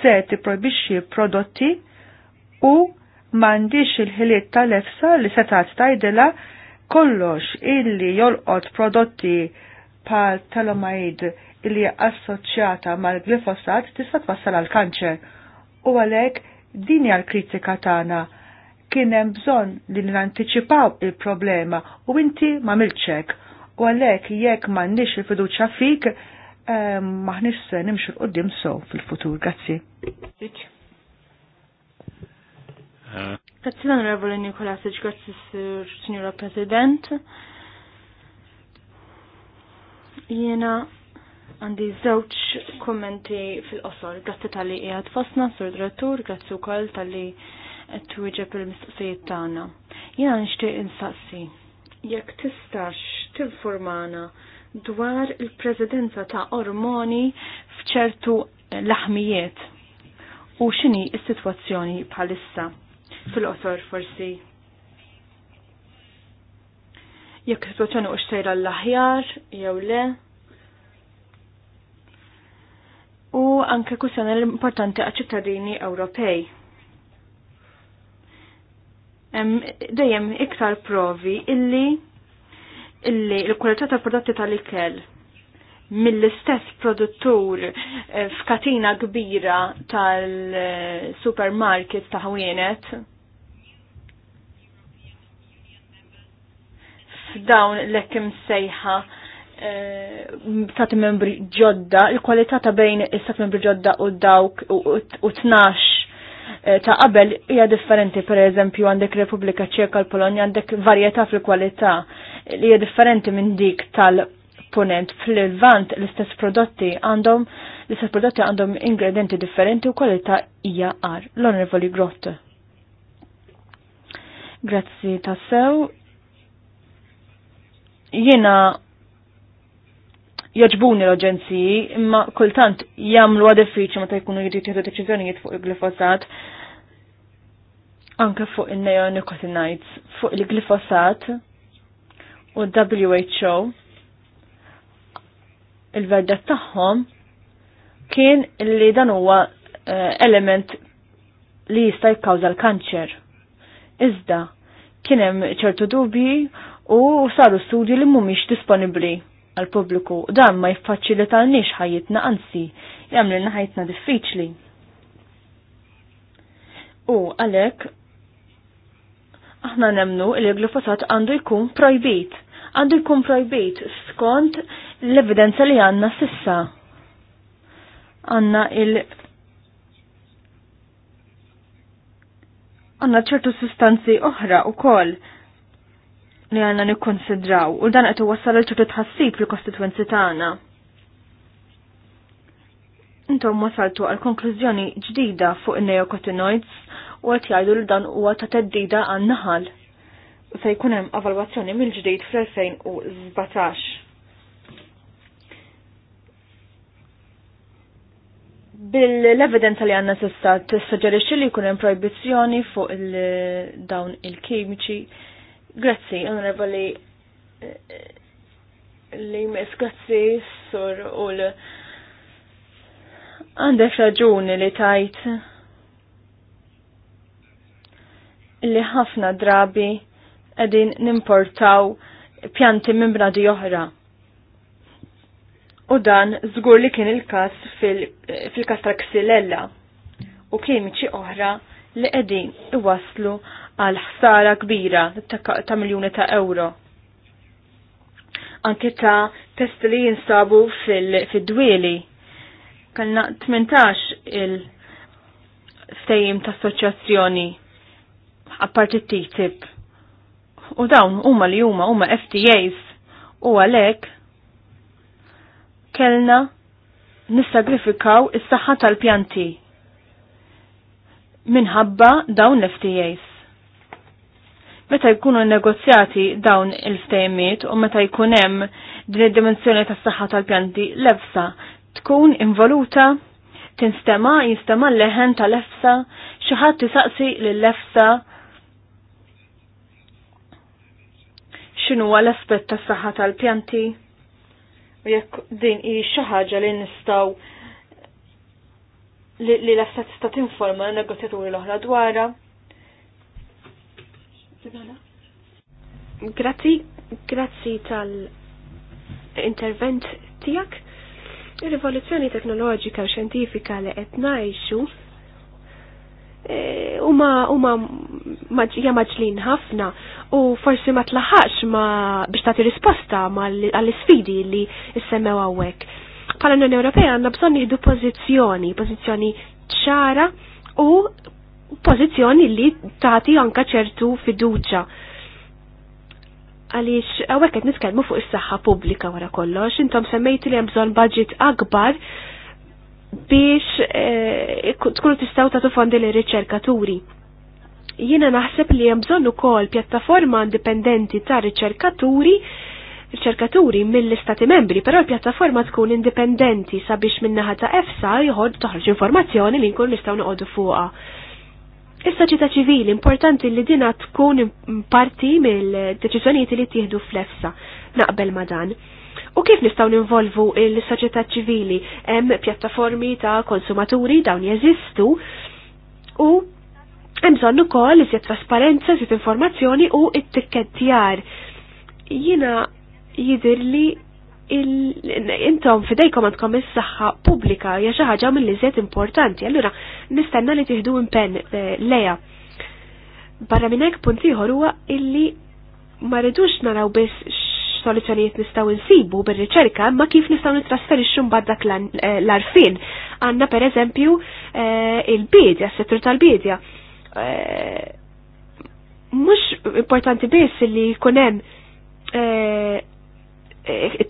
se tipprojbixxi prodotti u m'għandix il-ħiliet tal-efsa li se tajdela kollox illi jolqot prodotti pal telomaid illi assoċjata mal-glifosat tista' twassal għal kanċer. U għalhekk din hija l-kritika tagħna kien hemm bżonn li nanticipaw il-problema u inti ma milċek u għalhekk jekk m'għandniex il-fiduċja fik Ehm, maħnix se nimxu l-qoddim so fil-futur. Grazzi. Eh. Grazzi l-Onorevole Sic, grazzi s-Signora President. Jena għandi zewċ kommenti fil-qosor. Grazzi tal-li jgħad fosna, sur drattur, grazzi u koll tal-li t-wġeb il-mistoqsijiet tagħna. Jena nixtieq insaqsi, jekk tistax t-informana dwar il prezidenza ta' ormoni f'ċertu laħmijiet u xini il sitwazzjoni bħalissa fil-qosor forsi. Jekk situazzjoni u xtejra l-aħjar jew le. U anke kwistjoni l-importanti għal ċittadini Ewropej. Dejjem iktar provi illi illi l-kwalità tal-prodotti tal-ikel mill-istess produttur eh, f'katina kbira tal-supermarket ta' ħwienet f'dawn l ekim sejħa eh, stat membri ġodda, il-kwalità ta' bejn is-stat membri ġodda u dawk u tnax Eh, ta' qabel hija differenti pereżempju għandek Repubblika Ċeka l-Polonja għandek varjetà fil-kwalità li hija differenti minn dik tal-punent fil levant l-istess prodotti għandhom l-istess prodotti għandhom ingredienti differenti u kwalità hija għar. L-Onorevoli Grott. Grazzi tassew. Jiena jaġbuni l-oġenziji, imma kultant jamlu għadifiċi ma ta' jkunu jridu deċiżjonijiet fuq il-glifosat. Anke fuq il-neonicotinoids, fuq il-glifosat u WHO, il-verdet tagħhom kien li dan huwa eh, element li jista' jikkawża l-kanċer. Iżda, kien hemm ċertu dubji u saru studji li mhumiex disponibbli għal pubbliku dan ma jiffaċilitalniex ħajjitna anzi jagħmlilna ħajitna diffiċli. U għalhekk aħna nemnu li glifosat għandu jkun projbit. Għandu jkun projbit skont l-evidenza li għanna sissa. Għanna il- għanna ċertu sustanzi oħra u koll li għanna nikkonsidraw u dan għetu wassal l-ċertu tħassib fil-kostituenzi tagħna. Intom wasaltu għal konklużjoni ġdida fuq il-neokotinoids u għet jgħidu li dan huwa ta' teddida għan naħal u se jkun hemm evalwazzjoni mill-ġdid fl-2017. Bil-evidenza li għanna s-sistat, s sugġerixi li kunem proibizjoni fuq il-dawn il-kimiċi Grazzi, onorevoli eh, li grazzi sur u l għandek raġuni li tajt li ħafna drabi għedin nimportaw pjanti minn bnadi oħra. U dan zgur li kien il-kas fil-kas fil ta' xilella u kimiċi oħra li qegħdin iwaslu għal ħsara kbira ta' miljoni ta' euro. Anke ta' test li jinsabu fil dwili Kanna 18 il sejm ta' għapparti t-tip. U dawn huma li huma huma FTAs u għalhekk kellna nissagrifikaw is-saħħa tal-pjanti minħabba dawn l-FTAs meta jkunu negozjati dawn il-ftejmiet u meta jkun hemm din id-dimensjoni tas-saħħa tal-pjanti l-EFSA tkun involuta tinstema jinstema l-leħen tal-EFSA xi ħadd tisaqsi lill-EFSA x'inhu l-aspett tas-saħħa tal-pjanti u jekk din hi xi ħaġa li nistgħu li l-EFSA tista' tinforma l-negozjaturi l-oħra dwarha Grazzi, grazzi tal-intervent tijak. Il-rivoluzzjoni teknoloġika u xjentifika li qed ngħixu e, huma huma hija maġlin ħafna u forsi ma tlaħaqx ma biex tagħti risposta għall-isfidi li semmew hawnhekk. Bħala Unjoni Ewropea għandna bżonn nieħdu pożizzjoni, pożizzjoni ċara u pożizzjoni li tagħti anka ċertu fiduċa. Għaliex hawnhekk qed nitkellmu fuq is-saħħa pubblika wara kollox, intom semmejt li hemm bżonn budget akbar biex eh, tkunu tistaw ta' fondi li riċerkaturi jina naħseb li jemżon u kol pjattaforma indipendenti ta' riċerkaturi riċerkaturi mill-istati membri, però l-pjattaforma tkun indipendenti sabiex minnaħa ta' EFSA jħod toħroġ informazzjoni li nkun nistaw noqogħdu fuqha. Is-soċjetà ċivili importanti li dina tkun parti mill-deċiżjonijiet li tieħdu f'lessa naqbel ma dan. U kif nistgħu ninvolvu l-soċjetà ċivili? Hemm pjattaformi ta' konsumaturi dawn jeżistu u hemm bżonn ukoll iżjed trasparenza, iżjed informazzjoni u t tikkettjar Jiena jidhirli. li intom fidejkom għandkom is-saħħa pubblika hija xi ħaġa mill importanti. Allura nistenna li tieħdu impenn eh, leja. Barra minn hekk punt ieħor huwa illi ma rridux naraw biss soluzzjonijiet nistgħu insibu bir-riċerka, imma kif nistgħu nitrasferixxu mbagħad dak eh, l-arfin. Għandna pereżempju eh, il-bidja, s-settur tal-bidja. Mhux importanti biss li jkun hemm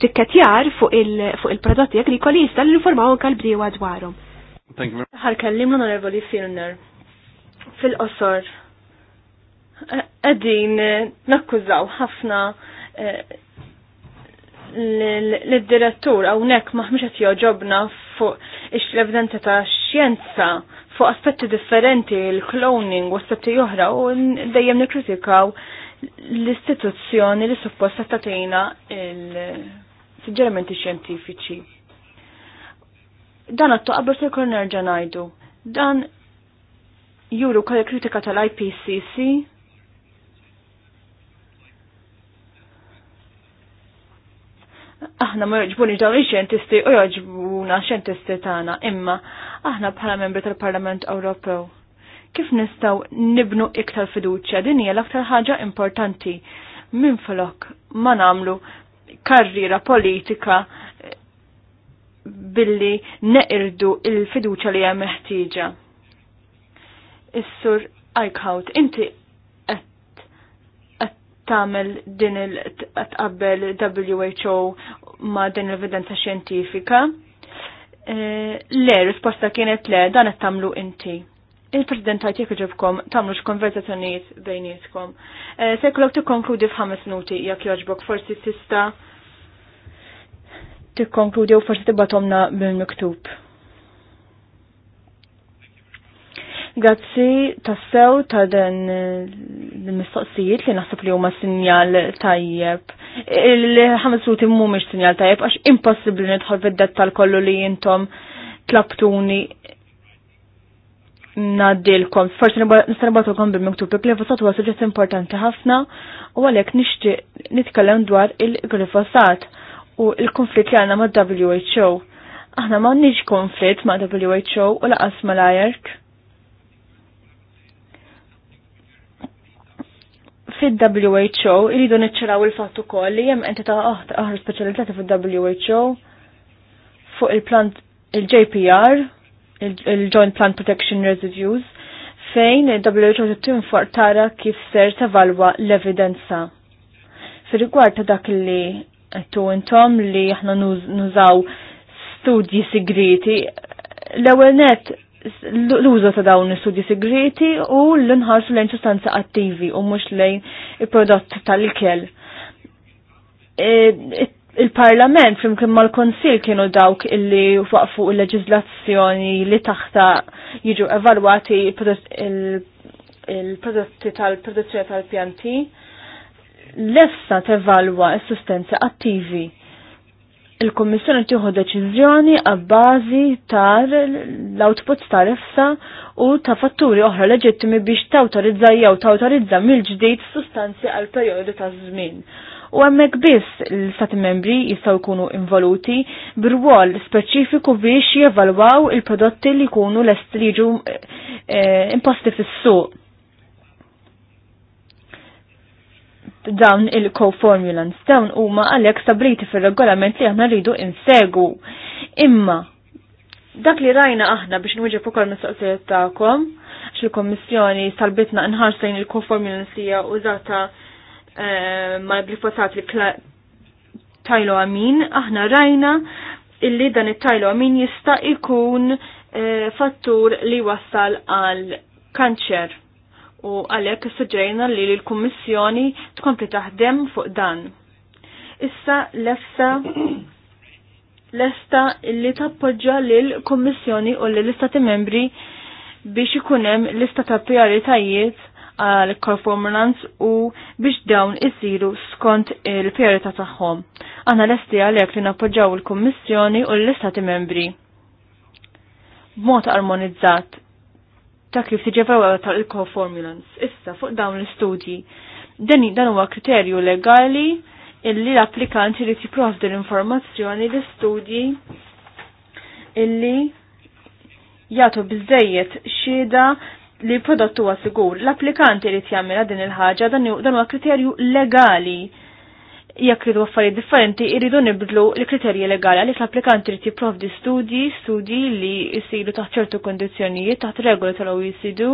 tikketjar fuq il-prodotti agrikoli jista l-informaw anka l-bdiewa dwarhom. kellim l-Onorevoli Filner fil-qosor. Qegħdin e, nakkużaw ħafna e, l-direttur hawnhekk maħmiex qed joġobna fuq ix-evidenza ta' xjenza fuq aspetti differenti, l-cloning u aspetti oħra u dejjem nikkritikaw l-istituzzjoni li supposta tatina il-sġeramenti xjentifiċi. Dan għattu qabber se jkun nerġa' ngħidu. Dan juru kol kritika tal-IPCC aħna ma joġbuni dawn il-xjentisti u joġbuna xjentisti tagħna, imma aħna bħala membri tal-Parlament Ewropew kif nistaw nibnu iktar fiduċja din hija l-aktar ħaġa importanti minn flok ma namlu karriera politika billi neqirdu il-fiduċa li hemm meħtieġa. Is-sur Eichhout, inti qed tagħmel din il tqabbel WHO ma' din l-evidenza xjentifika. Eh, le, risposta kienet le, dan qed tagħmlu inti. Il-President tajt jek ġibkom tamlu x-konverzazzjoniet bejnietkom. Eh, Sekulok t-konkludi f'ħames nuti jek joġbok forsi tista t-konkludi u forsi t-batomna bil-miktub. Grazzi tassew ta' dan eh, l-mistoqsijiet li naħseb li huma sinjal tajjeb. Il-ħames nuti mumiġ sinjal tajjeb għax impossibbli nidħol fid-dettal kollu li intom tlabtuni naddilkom. Forse nistanabatulkom bil-miktub il-glifosat huwa suġġett importanti ħafna u għalhekk nixtieq nitkellem dwar il-glifosat u l konflitt li għandna mad-WHO. Aħna m'għandniex konflitt ma' WHO u laqas ma' l-ajerk. Fid-WHO iridu niċċaraw il-fatt ukoll li hemm entità oħra speċjalizzata fid-WHO fuq il-plant il-JPR il-Joint Plant Protection Residues fejn il-WHO tinfor tara kif ser tavalwa l-evidenza. Fi rigward ta' dak li tu intom li aħna nużaw studji sigriti, l-ewwel net l-użu ta' dawn l-studji sigriti u l-inħarsu lejn sustanza attivi u mhux lejn il-prodott tal-ikel e, il-Parlament flimkien mal-Konsil kienu dawk illi waqfu il-leġizlazzjoni li taħta jiġu evalwati il-prodotti tal-produzzjoni tal-pjanti l-essa tevalwa s-sustenza attivi. Il-Kommissjoni tieħu deċiżjoni għabbażi l output tal-efsa u ta' fatturi oħra leġittimi biex tawtorizza jew tawtorizza mill-ġdid sustanzi għal perjodu ta' żmien u hemmhekk biss l-Stati membri jistgħu jkunu involuti bir-rwol speċifiku biex jevalwaw il-prodotti li jkunu est li jiġu eh, eh, imposti fis-suq. dawn il-co-formulants dawn huma għalhekk sabriti fir-regolament li aħna rridu insegu. Imma dak li rajna aħna biex nwieġeb ukoll mistoqsijiet tagħkom, għax il-Kommissjoni salbitna nħarsajn il-co-formulants hija użata Eh, mal-glifosat li tajlo amin, aħna rajna illi dan it-tajlo amin jista' ikun eh, fattur li wassal għal kanċer u għalek suġġerina li l-Kummissjoni tkompli taħdem fuq dan. Issa l-efsa l-esta li tappoġġa l-Kummissjoni u l-Istati membri biex ikunem l-ista ta' prioritajiet għal performance u biex dawn isiru skont il-pjerita tagħhom. Aħna lesti għalhekk li nappoġġaw il-Kummissjoni u l-Istati Membri. B'mod armonizzat ta' kif tiġi evalwata tal formulans Issa fuq dawn l-istudji. Deni dan huwa kriterju legali illi l-applikanti li tipprovdi l-informazzjoni l-istudji illi jagħtu biżejjed xieda li l-prodott huwa sigur. L-applikant irid jagħmilha din il-ħaġa dan huwa kriterju legali jekk ridu affarijiet differenti jridu nibdlu l-kriterji legali għaliex l-applikant irid jipprovdi studji, studji li jsiru taħt ċertu kondizzjonijiet taħt regoli tal-OECD,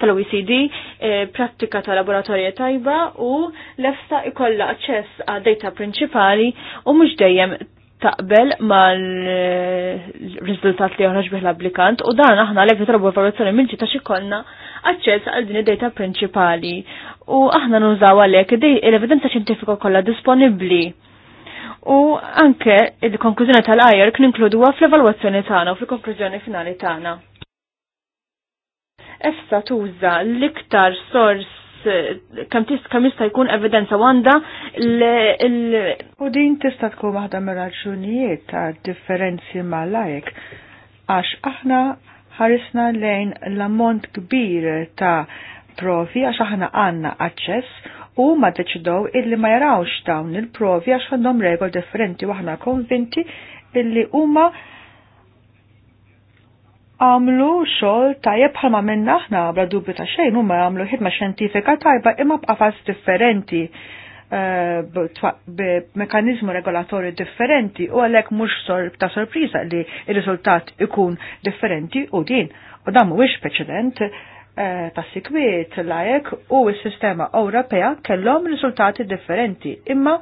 tal-OECD, e, prattika ta' laboratorja tajba u l-efsa ikolla aċċess għad data prinċipali u mhux dejjem taqbel mal-rizultat eh, li joħroġ bih l-applikant u dan aħna l trabu evaluazzjoni minn ġita xikolna aċċess għal din id-data prinċipali u aħna nużaw għalhekk l-evidenza xjentifika kollha disponibbli. U anke il-konklużjoni tal-ajer għaf fl-evalwazzjoni tagħna u fil-konklużjoni finali tagħna. Essa tuża l-iktar sors tist kam jista' jkun evidenza l U din tista' tkun waħda mir-raġunijiet ta' differenzi mal-lajk għax aħna ħarisna lejn l-ammont kbir ta' provi għax aħna għanna aċċess u ma deċidow illi ma jarawx dawn il-provi għax għandhom regol differenti u aħna konvinti illi huma għamlu xol tajjeb bħalma minn aħna bla dubju ta' xejn huma għamlu ħidma xjentifika tajba imma b'qafas differenti eh, b'mekanizmu regolatorju differenti u għalhekk mhux sor ta' sorpriża li r-riżultat ikun differenti u din u dan mhuwiex preċedent eh, ta' sikwiet lajek u s-sistema Ewropea kellhom riżultati differenti imma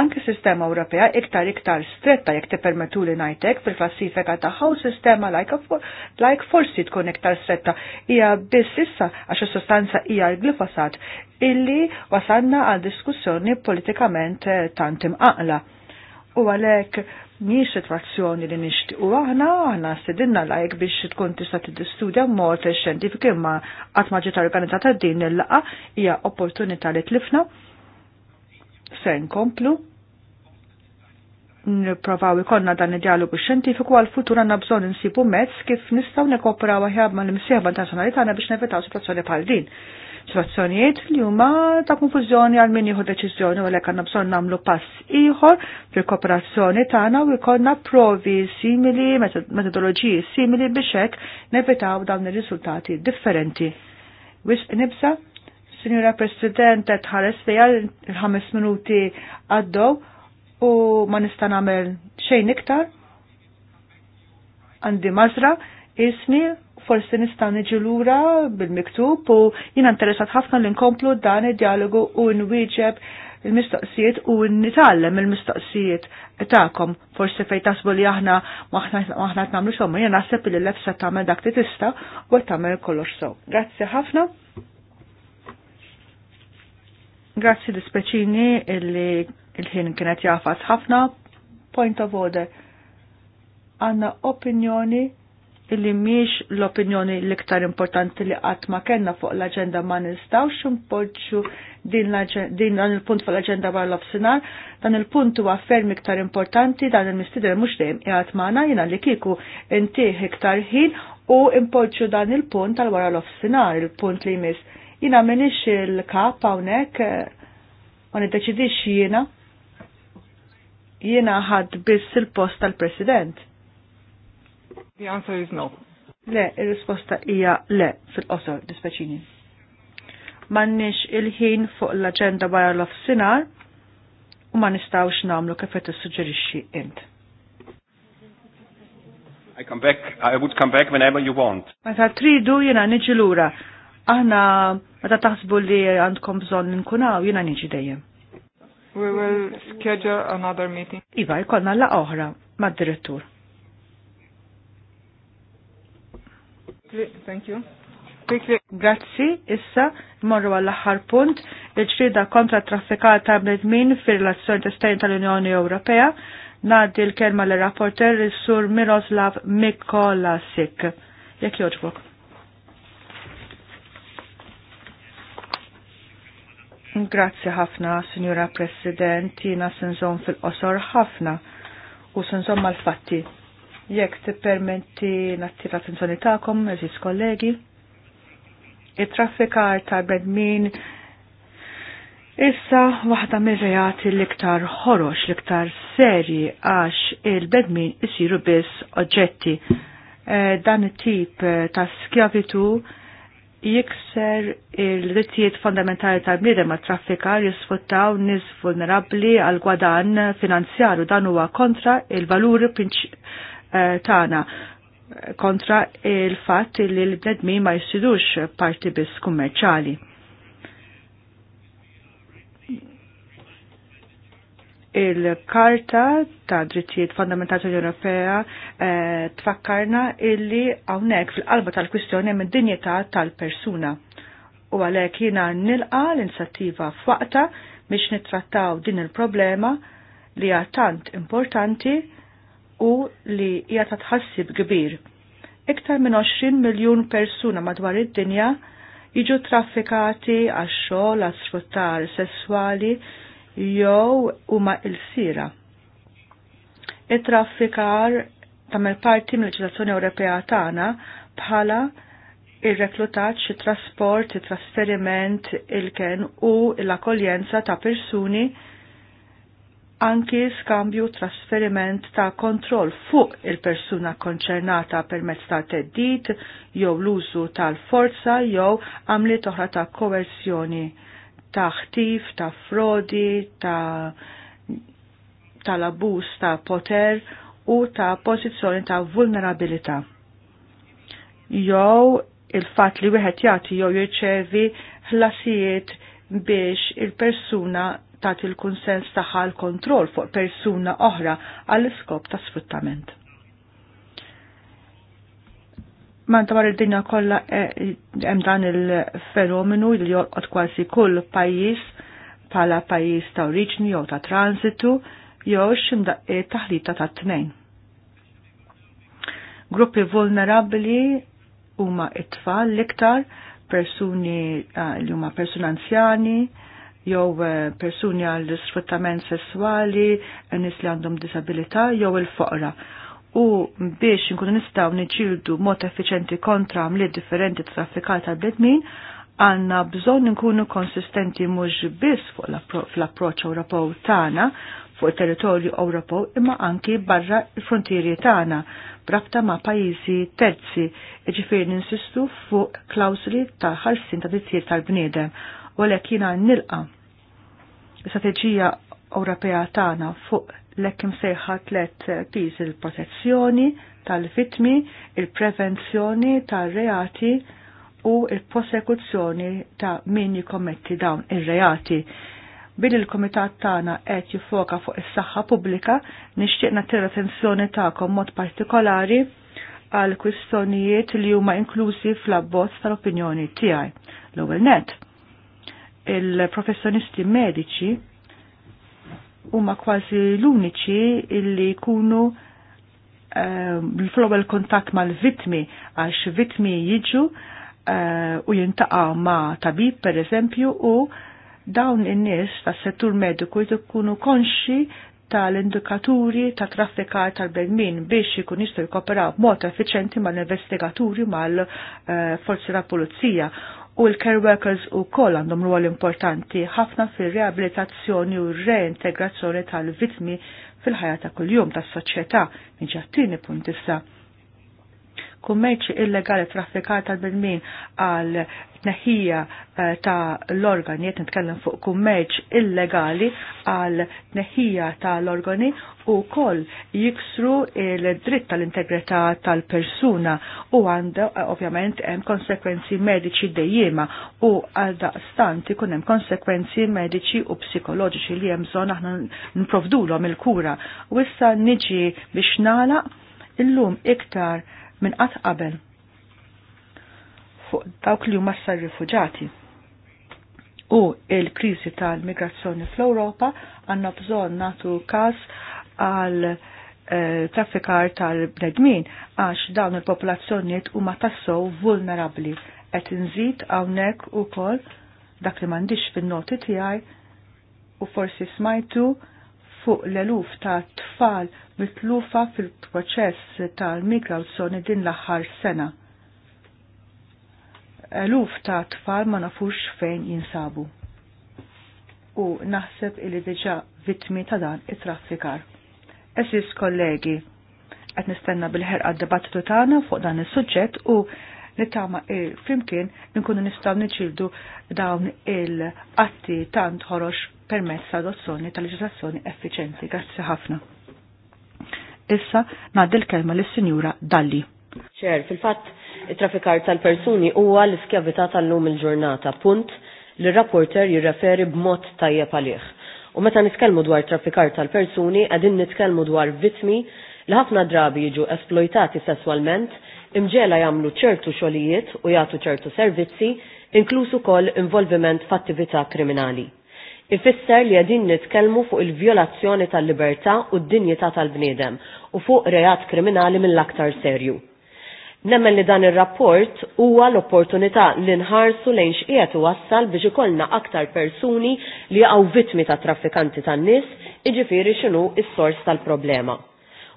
Anke sistema Ewropea iktar iktar stretta jekk tippermettu li ngħidlek fil-klassifika tagħha u sistema for, like forsi tkun iktar stretta hija biss issa għax is-sostanza hija l-glifosat illi wasanna għal diskussjoni politikament eh, tant imqaqla. U għalhekk mhijiex sitwazzjoni li nixtiequ aħna aħna stidinna lajk biex tkun tista' tiddistudja mod xjentifik imma qatt ma ġiet organizzata din il-laqa hija opportunità li tlifna se nkomplu nipprovaw ikonna dan id-dialogu xjentifiku għal futur għanna bżonn insibu mezz kif nistgħu għahjab ma l imsieħba internazzjonali tagħna biex nevitaw situazzjoni bħal din. Situazzjonijiet li huma ta' konfużjoni għal min jieħu deċiżjoni u lek għanna bżon namlu pass ieħor fil-kooperazzjoni tagħna u jkollna provi simili, metodoloġiji simili biex hekk nevitaw dawn ir-riżultati differenti. Wis nibsa' Signora President, tħares għal l-ħames minuti għaddow u ma nista' nagħmel xejn iktar. Għandi mażra, jisni forsi nistan niġi lura bil-miktub u jina interessat ħafna li nkomplu dan id-dialogu u nwieġeb il-mistoqsijiet u nitgħallem il-mistoqsijiet tagħkom. Forsi fejn tasbu li aħna maħna t-namlu xomma, jien naħseb li l-lefsa tagħmel dak li tista' u tagħmel kollox so. Grazzi ħafna. Grazzi speċini illi il-ħin kienet jafas ħafna. Point of order. Għanna opinjoni illi miex l-opinjoni l-iktar importanti li għatma kena fuq l-agenda ma nistawx impoġġu din, din dan il-punt fuq l-agenda bar l-obsinar, dan il-punt huwa ferm iktar importanti dan il-mistider mux dejjem jgħat maħna jina li kiku inti iktar ħin u impoġġu dan il-punt għal wara l-obsinar, il-punt li jmiss Jina minix il-kap hawnhekk ma eh, nid-deċidix jiena. Jiena ħad biss il-post tal-President. The answer is no. Le, il-risposta hija le fil-qosor dispeċini. Mannix il-ħin fuq l-agenda wara l-offsinar u ma nistawx namlu kif qed tissuġġerixxi int. I come back, I would come back whenever you want. Meta tridu jiena niġi lura. Aħna Meta taħsbu li għandkom bżonn ninkunaw, jiena niġi dejjem. We will schedule another meeting. Iva, jkollna la oħra mad-direttur. Thank you. Grazzi, issa, morru għall-axar punt, il-ċrida kontra traffikata bnedmin fil-relazzjoni testajn tal-Unjoni Ewropea, nadi l-kelma l-rapporter il-sur Miroslav Mikolasik. Jek joġbok. Grazzi ħafna, Signora President, jina senżon fil-qosor ħafna u senżon mal-fatti. Jekk tippermetti nattira attenzjoni ta'kom, eżis kollegi, it-traffikar ta' bredmin issa waħda mir-rejati l-iktar ħorox, l-iktar serji għax il-bredmin isiru biss oġġetti. Eh, dan it-tip ta' skjavitu jikser il rittijiet fondamentali tal-bniedem ma' traffika jisfuttaw nis vulnerabli għal gwadan finanzjaru dan huwa kontra il-valuri eh, tana kontra il-fatt li l-bnedmi ma jistidux parti bis kummerċali. il-Karta ta' Drittijiet Fondamentali Ewropea eh, tfakkarna illi hawnhekk fil-qalba tal-kwistjoni hemm id-dinjità tal-persuna. U għalhekk jiena nilqa l-inizjattiva f'waqta biex nittrattaw din il-problema li hija tant importanti u li hija ta' tħassib kbir. Iktar minn 20 miljun persuna madwar id-dinja jiġu traffikati għax xogħol għas sfruttar sesswali jew huma l-sira. It-traffikar tagħmel parti mill-leġiżlazzjoni Ewropea tagħna bħala ir-reklutaġġ, it-trasport, it-trasferiment, il-ken u l-akkoljenza ta' persuni anki skambju trasferiment ta' kontroll fuq il-persuna konċernata permezz ta' teddit jew l-użu tal-forza jew għamli toħra ta' koerzjoni ta' ħtif, ta' frodi, ta' tal-abus ta' poter u ta' pozizjoni ta' vulnerabilità. Jew il-fat li wieħed jagħti jew jirċevi ħlasijiet biex il-persuna tat il-kunsens tagħha l-kontroll fuq persuna oħra għall-iskop ta' sfruttament man tamar il-dinja kolla e, hemm dan il-fenomenu li joqgħod kważi kull pajjiż bħala pajjiż ta' oriġni jew ta' transitu jew x'imdaqqiet taħlita ta' tnejn. Gruppi vulnerabbli huma it-tfal l-iktar, persuni li huma persuni anzjani, jew e, persuni għal sfruttament sessuali, nis li għandhom disabilità, jew il-foqra u biex nkunu nistaw niċildu mod effiċenti kontra mliet differenti traffikat tal-bledmin, għanna bżon nkunu konsistenti mhux biss fuq l-approċċ Ewropew tagħna fuq territorju Ewropew imma anki barra l-frontieri tagħna b'rabta ma' pajjiżi terzi, jiġifieri ninsistu fuq klausli ta' ħarsin ta' dizzijiet tal-bniedem u għalhekk ekina nilqa' strategija Ewropea tagħna fuq l-ekkim sejħa tlet eh, il-protezzjoni tal-vitmi, il-prevenzjoni tal-reati u il-prosekuzzjoni ta' min jikommetti dawn il-reati. Bil il-komitat tana qed jifoka fuq is-saħħa pubblika nixtieq nattira attenzjoni tagħkom mod partikolari għal kwistjonijiet li huma inklużi fl-abbozz tal-opinjoni tiegħi. L-ewwel net, il-professjonisti mediċi huma kważi l-uniċi illi jkunu l-flowel ehm, kontatt mal-vitmi għax vitmi jiġu eh, u jintaqa' ma' tabib per eżempju u dawn in-nies tas-settur mediku jkunu konxi tal-indikaturi ta' traffikar tal-bedmin biex ikun jistgħu jkoperaw b'mod effiċenti mal-investigaturi mal-forzi eh, ta' pulizija u l-care workers u koll għandhom rwol importanti ħafna fil-reabilitazzjoni u reintegrazzjoni tal-vitmi fil-ħajja ta' kuljum tas soċjetà minn ġattini punt issa Kummerċi illegali traffikata tal-bidmin għal tneħħija ta' l-organi, jett nitkellem fuq kummerċ illegali għal tneħħija ta' l-organi u koll jiksru il-dritt tal-integrità tal-persuna u għand ovvjament hemm konsekwenzi mediċi dejjema u għal stant ikun hemm konsekwenzi mediċi u psikoloġiċi li hemm bżonn aħna nprovdulhom il-kura. U issa niġi biex nagħlaq illum iktar minn qatt qabel fuq dawk li huma sar-rifuġati. U il-kriżi tal-migrazzjoni fl-Ewropa għandna bżonn nagħtu każ għal eh, traffikar tal-bnedmin għax dawn il-popolazzjonijiet huma tassew vulnerabbli. Qed inżid hawnhekk ukoll dak li m'għandix fin-noti tiegħi u forsi smajtu fuq l-eluf ta' tfal mitlufa fil-proċess tal-migrawzjoni din l-aħħar sena. Eluf ta' tfal ma nafux fejn jinsabu. U naħseb li diġa vittmi ta' dan it-traffikar. Esis kollegi, qed nistenna bil-ħerqa d-dibattitu tagħna fuq dan is-suġġett u nittama flimkien nkunu nistgħu nċildu dawn il-qatti tant ħorox permezz adozzjoni ta' leġislazzjoni effiċenti. Grazzi ħafna. Issa ngħaddi l-kelma lis-Sinjura Dalli. Ċer, fil-fatt it-trafikar tal-persuni huwa l-iskjavità tal-lum il-ġurnata, punt li rapporter jirreferi b'mod tajjeb għalih. U meta nitkellmu dwar trafikar tal-persuni, qegħdin nitkellmu dwar vitmi li ħafna drabi jiġu esploitati sesswalment imġela jamlu ċertu xolijiet u jagħtu ċertu servizzi, inklusu kol involviment f'attività kriminali ifisser li għedin nitkelmu fuq il-violazzjoni tal-libertà u d-dinjità tal-bniedem u fuq reat kriminali mill-aktar serju. Nemmen li dan ir-rapport huwa l-opportunità li nħarsu lejn x'qiegħed wassal biex ikollna aktar persuni li għaw vittmi ta' traffikanti tan-nies, iġifieri x'inhu is-sors tal-problema.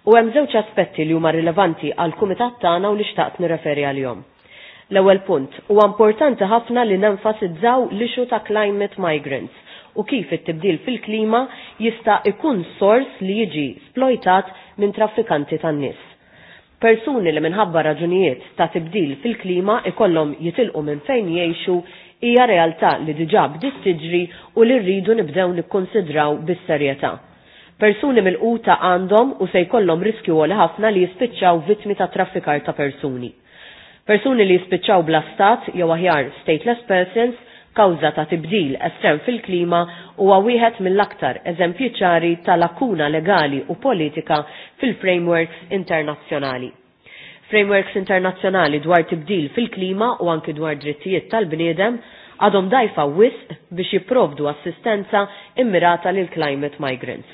U hemm żewġ aspetti li huma rilevanti għal kumitat tagħna u li xtaqt nirreferi għalihom. L-ewwel punt, huwa importanti ħafna li nenfasizzaw l-ixu ta' climate migrants u kif it-tibdil fil-klima jista' ikun sors li jiġi splojtat minn traffikanti tan-nies. Persuni li minħabba raġunijiet ta' tibdil fil-klima ikollhom jitilqu minn fejn jgħixu hija realtà li diġà bdiet tiġri u li rridu nibdew nikkonsidraw bis-serjetà persuni mill-quta għandhom u se jkollhom riskju għal ħafna li jispiċċaw vittmi ta' traffikar ta' persuni. Persuni li jispiċċaw blastat jew aħjar stateless persons kawża ta' tibdil estrem fil-klima huwa wieħed mill-aktar eżempji ċari ta' lakuna legali u politika fil-frameworks internazzjonali. Frameworks internazzjonali dwar tibdil fil-klima u anki dwar drittijiet tal-bniedem għadhom dajfa wisq biex jipprovdu assistenza immirata lil climate migrants.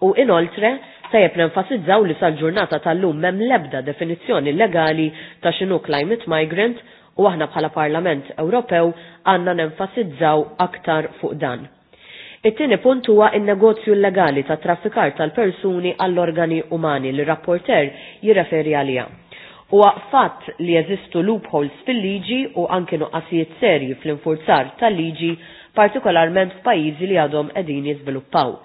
U inoltre, tajjeb nenfasizzaw li sal-ġurnata tal-lum mem lebda definizzjoni legali ta' xinu climate migrant u aħna bħala Parlament Ewropew għanna nenfasizzaw aktar fuq dan. It-tieni punt huwa n negozju illegali ta' traffikar tal-persuni għall-organi umani li rapporter jirreferi għalija. Huwa fatt li jeżistu loopholes fil-liġi u anke nuqqasijiet serji fl-infurzar tal-liġi partikolarment f'pajjiżi li għadhom qegħdin jiżviluppaw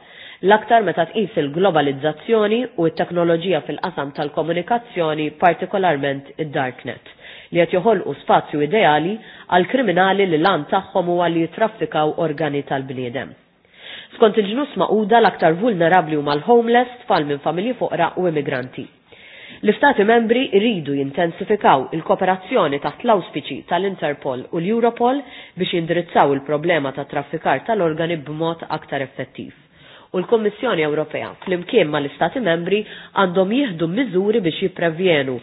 l-aktar meta tqis il-globalizzazzjoni u t-teknoloġija fil-qasam tal-komunikazzjoni partikolarment id-darknet li qed joħolqu spazju ideali għal kriminali li lan tagħhom huwa li jitraffikaw organi tal-bniedem. Skont il-ġnus maquda l-aktar vulnerabli huma l-homeless, tfal minn familji foqra u immigranti. L-Istati membri rridu jintensifikaw il-kooperazzjoni taħt l-auspiċi tal-Interpol u l-Europol biex jindirizzaw il-problema ta' traffikar tal-organi b'mod aktar effettiv u l-Kommissjoni Ewropea flimkien ma l-Istati membri għandhom jieħdu miżuri biex jipprevjenu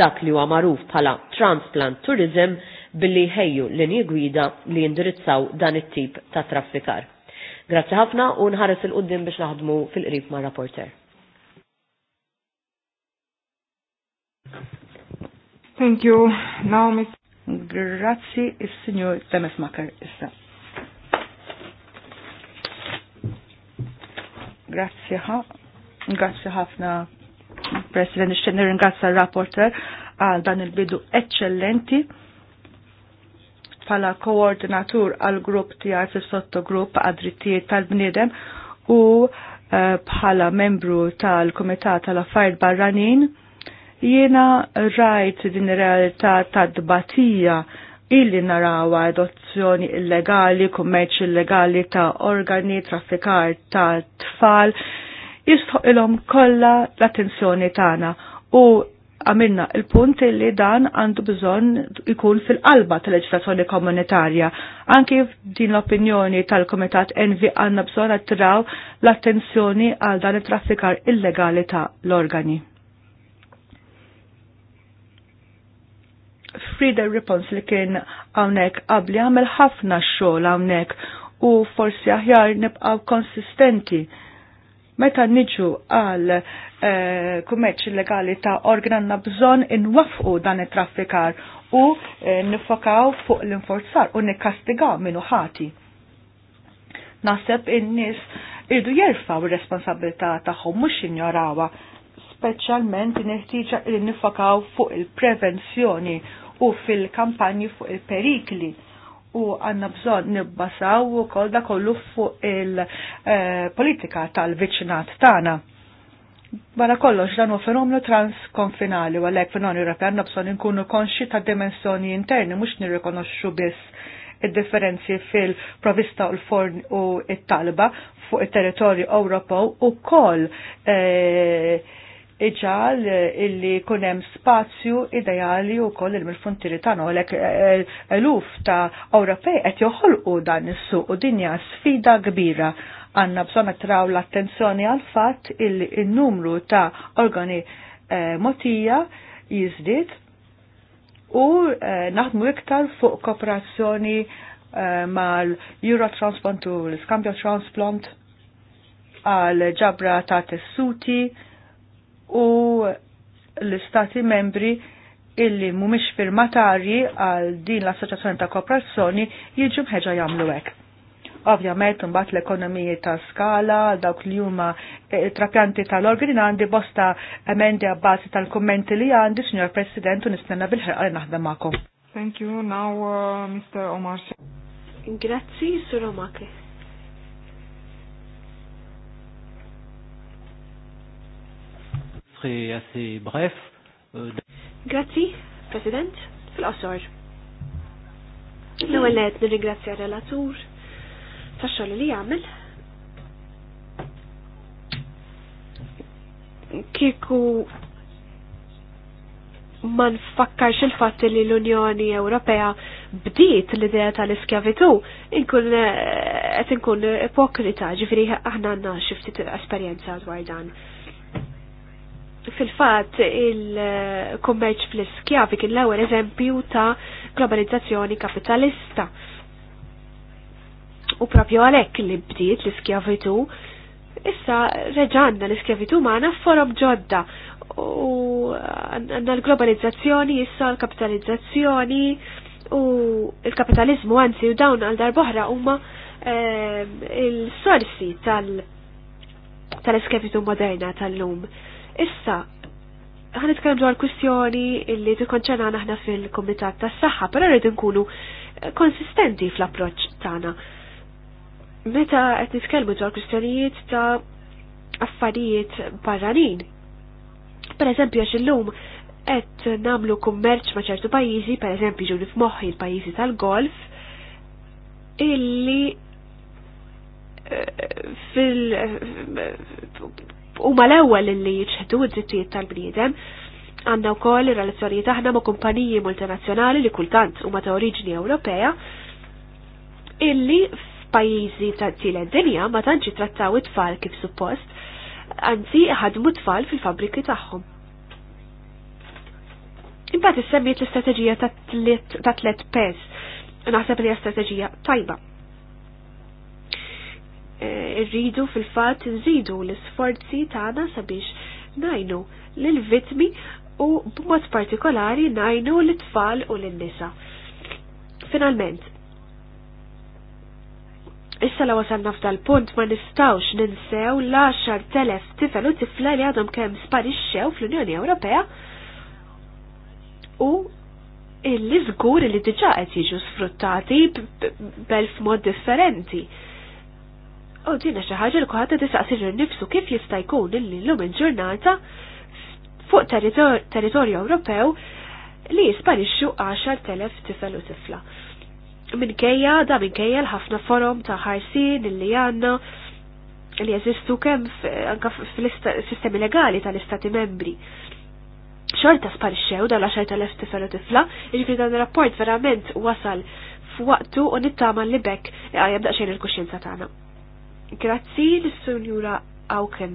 dak li huwa magħruf bħala transplant tourism billi ħejju linji gwida li jindirizzaw dan it-tip ta' traffikar. Grazzi ħafna u nħares il-qoddim biex naħdmu fil-qrib ma' rapporter. Thank you. Now, Miss. Grazzi, il-Signor Temes Makar issa. Grazzi ha. ħafna President Ixtenni ringrazza rapporter għal dan il-bidu eccellenti pala koordinatur għal grupp tijar fil sottogrupp għadrittijiet tal-bnidem u eh, bħala membru tal-Komitat tal-Affarijiet Barranin jiena rajt din ir-realtà tad-dbatija ta illi narawa adozzjoni illegali, kummerċ illegali ta' organi, traffikar ta' tfal, jistħoq ilhom kollha l-attenzjoni tagħna u għamilna il-punt li dan għandu bżon ikun fil-qalba tal-leġislazzjoni komunitarja. Anki din l-opinjoni tal-Komitat Envi għanna bżon attraw l-attenzjoni għal dan it-traffikar illegali ta' l-organi. Frida Rippons li kien hawnhekk għabli għamel ħafna xogħol hawnhekk u forsi aħjar nibqgħu konsistenti meta nġu għal kummeċ eh, kummerċ illegali ta' organna bżon inwafqu dan it-traffikar u eh, nifokaw fuq l-inforzar u nikkastigaw minnu ħati. Naseb in-nies irdu jerfaw ir-responsabilità tagħhom mhux injorawha, speċjalment in-irtiġa li nifokaw fuq il-prevenzjoni u fil-kampanji fuq il-perikli u għanna bżon nibbasaw u kol da kollu fuq il-politika tal-vicinat tana. Barra kollox dan u fenomenu transkonfinali u għalek fenomenu Europea għanna bżon nkunu konxi ta' dimensjoni interni mux nirrikonoxxu biss id-differenzi fil-provista u l-forn u it-talba fuq il-territorju Ewropew u kol eh, iġal illi kunem spazju ideali u koll il-mil-funtiri tagħna għalek eh, eh, eluf ta' Ewropej qed joħolqu dan is-suq u dinja sfida kbira għanna bżonna traw l-attenzjoni għal fatt illi n-numru ta' organi eh, motija jizdit u naħdmu iktar fuq kooperazzjoni mal-Eurotransplant u l-Scambio Transplant għal ġabra ta' tessuti u l-istati membri illi mumiex firmatari għal din l-Assoċjazzjoni ta' Kooperazzjoni jiġu mħeġa jagħmlu hekk. Ovvjament mbagħad l-ekonomiji ta' skala, dawk li huma e, trapjanti tal-organi għandi bosta emendi għabbażi tal-kummenti li għandi, Signor President, u nistenna bil-ħerqa li naħdem Thank you. Now, uh, Mr. Omar. Grazzi, Sur Omar. serai assez bref. Euh, Grazie, President, fil-qosor. L-ewwel qed nirringrazzja relatur tax-xogħol li jagħmel. Kieku ma nfakkarx il-fatt li l-Unjoni Ewropea bdiet l-idea tal-iskjavitu, inkun eh, qed inkun ipokrita, ġifieri aħna għandna xi ftit esperjenza dwar dan. Fil-fat, il-kommerċ fl-skjavi kien l-ewwel eżempju ta' globalizzazzjoni kapitalista. U propju għalhekk li bdiet l-iskjavitu, issa reġanna l-iskjavitu magħna forom ġodda u għandna l-globalizzazzjoni, issa l-kapitalizzazzjoni u l-kapitalizmu għanzi u dawn għal darboħra huma ehm, il-sorsi tal- iskjavitu moderna tal-lum. Issa, għan itkellem dwar kwistjoni li tikkonċerna naħna fil-Kumitat tas-Saħħa, però rrid nkunu eh, konsistenti fl-approċċ tagħna. Meta qed nitkellmu dwar kwistjonijiet ta' affarijiet barranin. Per eżempju għax illum qed nagħmlu kummerċ ma' ċertu pajjiżi, per eżempju ġuni f'moħħi l-pajjiżi tal-golf, illi eh, fil eh, huma l-ewwel li jiċħedu d-drittijiet tal-bniedem. Għandna wkoll ir-relazzjonijiet aħna ma' kumpaniji multinazzjonali li kultant huma ta' oriġini Ewropea illi f'pajjiżi ta' tielet dinja ma tanċi trattaw it-tfal kif suppost, anzi ħadmu tfal fil-fabbriki tagħhom. Imbagħad issemmiet l strategija ta' tliet pez, Naħseb li hija strateġija tajba Eh, rridu fil-fat nżidu l-sforzi tagħna sabiex najnu l-vitmi u b'mod partikolari najnu l-tfal u l-nisa. Finalment, Issa la wasalna f'dal punt ma nistawx ninsew l-10,000 tifel u tifla li għadhom kemm sparixxew fl-Unjoni Ewropea u l żgur li diġà qed jiġu sfruttati b'elf mod differenti. U dina xi ħaġa li kulħadd tisaqsir nifsu kif jista' jkun illi lum il-ġurnata fuq territorju Ewropew li jisparixxu 10,000 tifel u tifla. Minkejja da minkejja l-ħafna forum ta' ħarsin illi għandna li jeżistu kemm anke fil-sistemi legali tal-istati membri xorta sparixxew dal elef tifel u tifla, jiġifieri dan ir-rapport verament wasal f'waqtu u nittama li bekk għajem daqsxejn il-kuxjenza tagħna. Grazzi l-Sunjura Awken.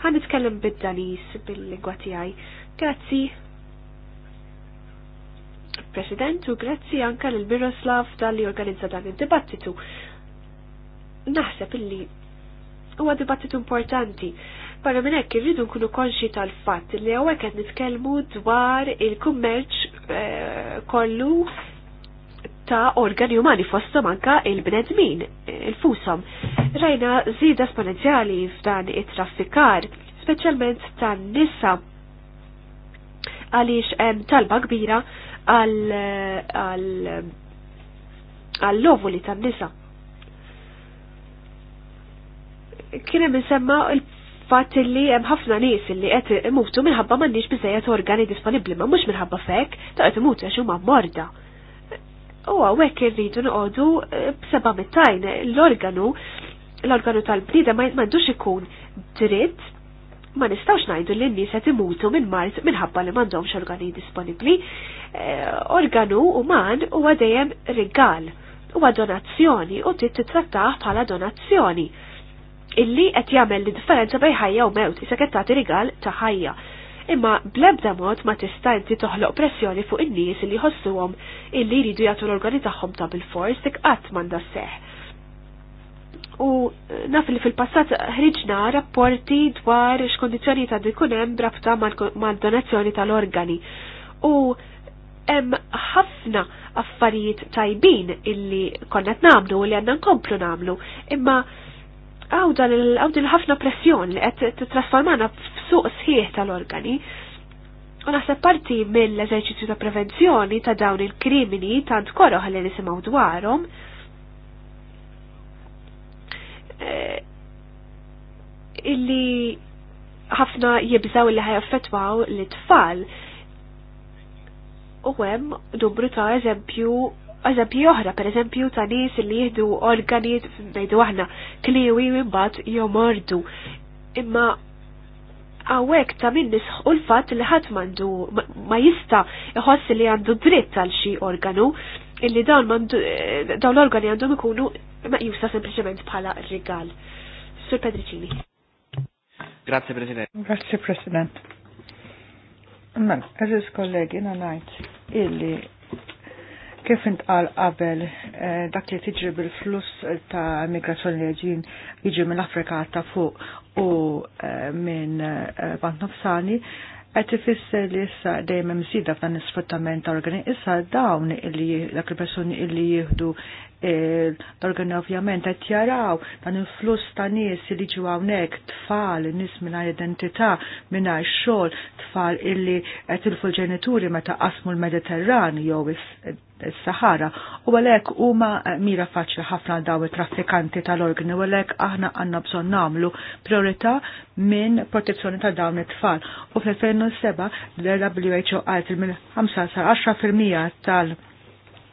Għan nitkellem bid-Danis bil-lingwa tiegħi. Grazzi. President u grazzi anka lil Miroslav dan li organizza dan id-dibattitu. Naħseb illi huwa dibattitu importanti. Barra minn hekk irridu nkunu konxi tal-fatt li hawnhekk qed nitkellmu dwar il-kummerċ eh, kollu ta' organi umani fostom anka il-bnedmin, il-fusom. Rajna zida esponenzjali f'dan it-traffikar, specialment ta' nisa għaliex hemm talba kbira għall-ovuli tan nisa Kien hemm insemma il-fatt li hemm ħafna nies li qed imutu minħabba m'għandniex biżejjed organi disponibbli ma mhux minħabba fek ta' qed imutu għax huma morda u għawek irridu nqodu eh, b'seba mittajn l-organu l-organu tal-bnida ma mandux ikun dritt ma nistawx najdu li n-nies qed imutu minn mart minħabba li m'għandhomx organi disponibbli. Eh, organu uman huwa dejjem rigal, huwa donazzjoni u trid titrattah bħala donazzjoni illi qed jagħmel l-differenza bejn ħajja u mewt, isek qed tagħti rigal ta' ħajja imma blebda mod ma tista' inti toħloq pressjoni fuq in-nies li jħossuhom illi jridu jagħtu l-organi tagħhom ta' bil-fors dik qatt m'għandha seħ. U eh, naf li fil-passat ħriġna rapporti dwar x'kondizzjoni ta' dikun hemm rabta mad-donazzjoni tal-organi. U hemm ħafna affarijiet tajbin illi konna namlu u li għandna nkomplu namlu, imma għawda l-ħafna pressjon li għed t-trasformana f-suq sħiħ tal-organi. U naħseb parti mill-eżerċizzju ta' prevenzjoni ta' dawn il-krimini tant koroħ li nisimaw dwarhom. Eh, illi ħafna jibżaw li ħajaffetwaw l-tfal. U hemm numru ta' eżempju eżempju oħra, per eżempju ta' nies li jihdu organi ngħidu aħna kliwi mbagħad jomordu. Imma għawek ta' minn u l-fat li ħadd mandu ma jista jħoss li għandu dritt għal xi organu illi dawn mandu eh, dawn l-organi għandhom ikunu meqjusa sempliċement bħala rigal. Sur Pedricini. Grazie President. Grazie President. Mela, eżis kollegi, na najt illi Kif intqal qabel eh, dak li tiġri bil-fluss ta' migrazzjoni li ġin jiġi minn Afrika ta' fuq u eh, minn eh, Bant Nofsani, qed ifisser li issa dejjem mżida f'dan is-sfruttament ta' organi issa dawn illi dak il-persuni illi jieħdu l-organi ovvjament qed jaraw dan il-fluss ta' nies li ġew hawnhekk tfal, nies mingħajr identità, mingħajr xogħol, tfal illi qed il ġenituri meta qasmu l-Mediterran jew is-Sahara u għalhekk huma mira faċli ħafna daw it-traffikanti tal-organi u għalhekk aħna għandna bżonn nagħmlu priorità minn protezzjoni ta' dawn it-tfal. U fl-2007 l-WHO qalt il-5 sa 10% tal-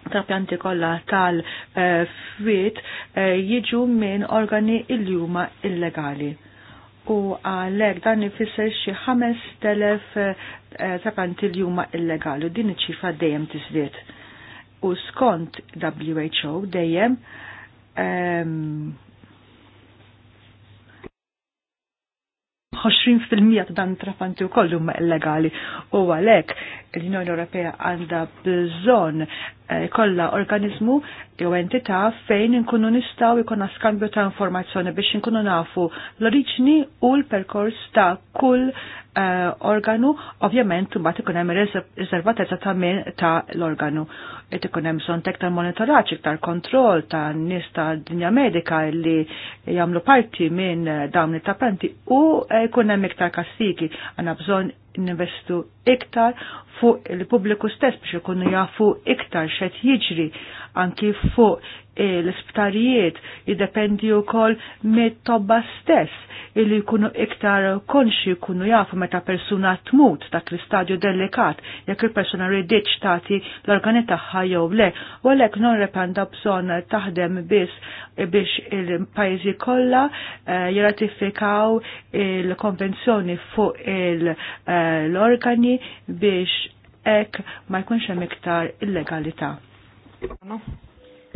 ta' pjanti kollha tal-fwiet eh, jiġu minn organi il-juma illegali u għalek dan ifisser xi 5000 pjanti il-juma illegali u din iċ-ċifra dejjem tiżdied. U skont WHO dejjem um, ehm, 20% ta' dan trafanti u kollu ma' illegali u għalek l-Unjoni Ewropea għandha bżonn eh, kollha organizmu jew entità fejn inkunu nistgħu jkollna skambju ta' informazzjoni biex inkunu nafu l-oriġni u l-perkors ta' kull eh, organu, ovvjament mbagħad ikun hemm riservatezza ta' min ta' l-organu. Qed ikun hemm bżonn tektar monitoraġġ, iktar kontroll ta' nies ta' dinja medika li jagħmlu parti minn eh, dawn it-tapenti u jkun hemm iktar kastigi. Għandna bżonn ninvestu iktar fuq il-pubbliku stess biex ikunu jafu iktar xed jiġri anki fuq eh, l-isptarijiet jiddependi wkoll mit-tobba stess illi jkunu iktar konxi kunu jafu meta persuna tmut dak l-istadju delikat jekk il-persuna rridx tagħti l-organi tagħha jew le, u għalhekk non repanda bżonn taħdem biss biex il-pajjiżi kollha eh, jirratifikaw il-konvenzjoni fuq eh, l-organi biex ek ma jkunx hemm iktar illegalità.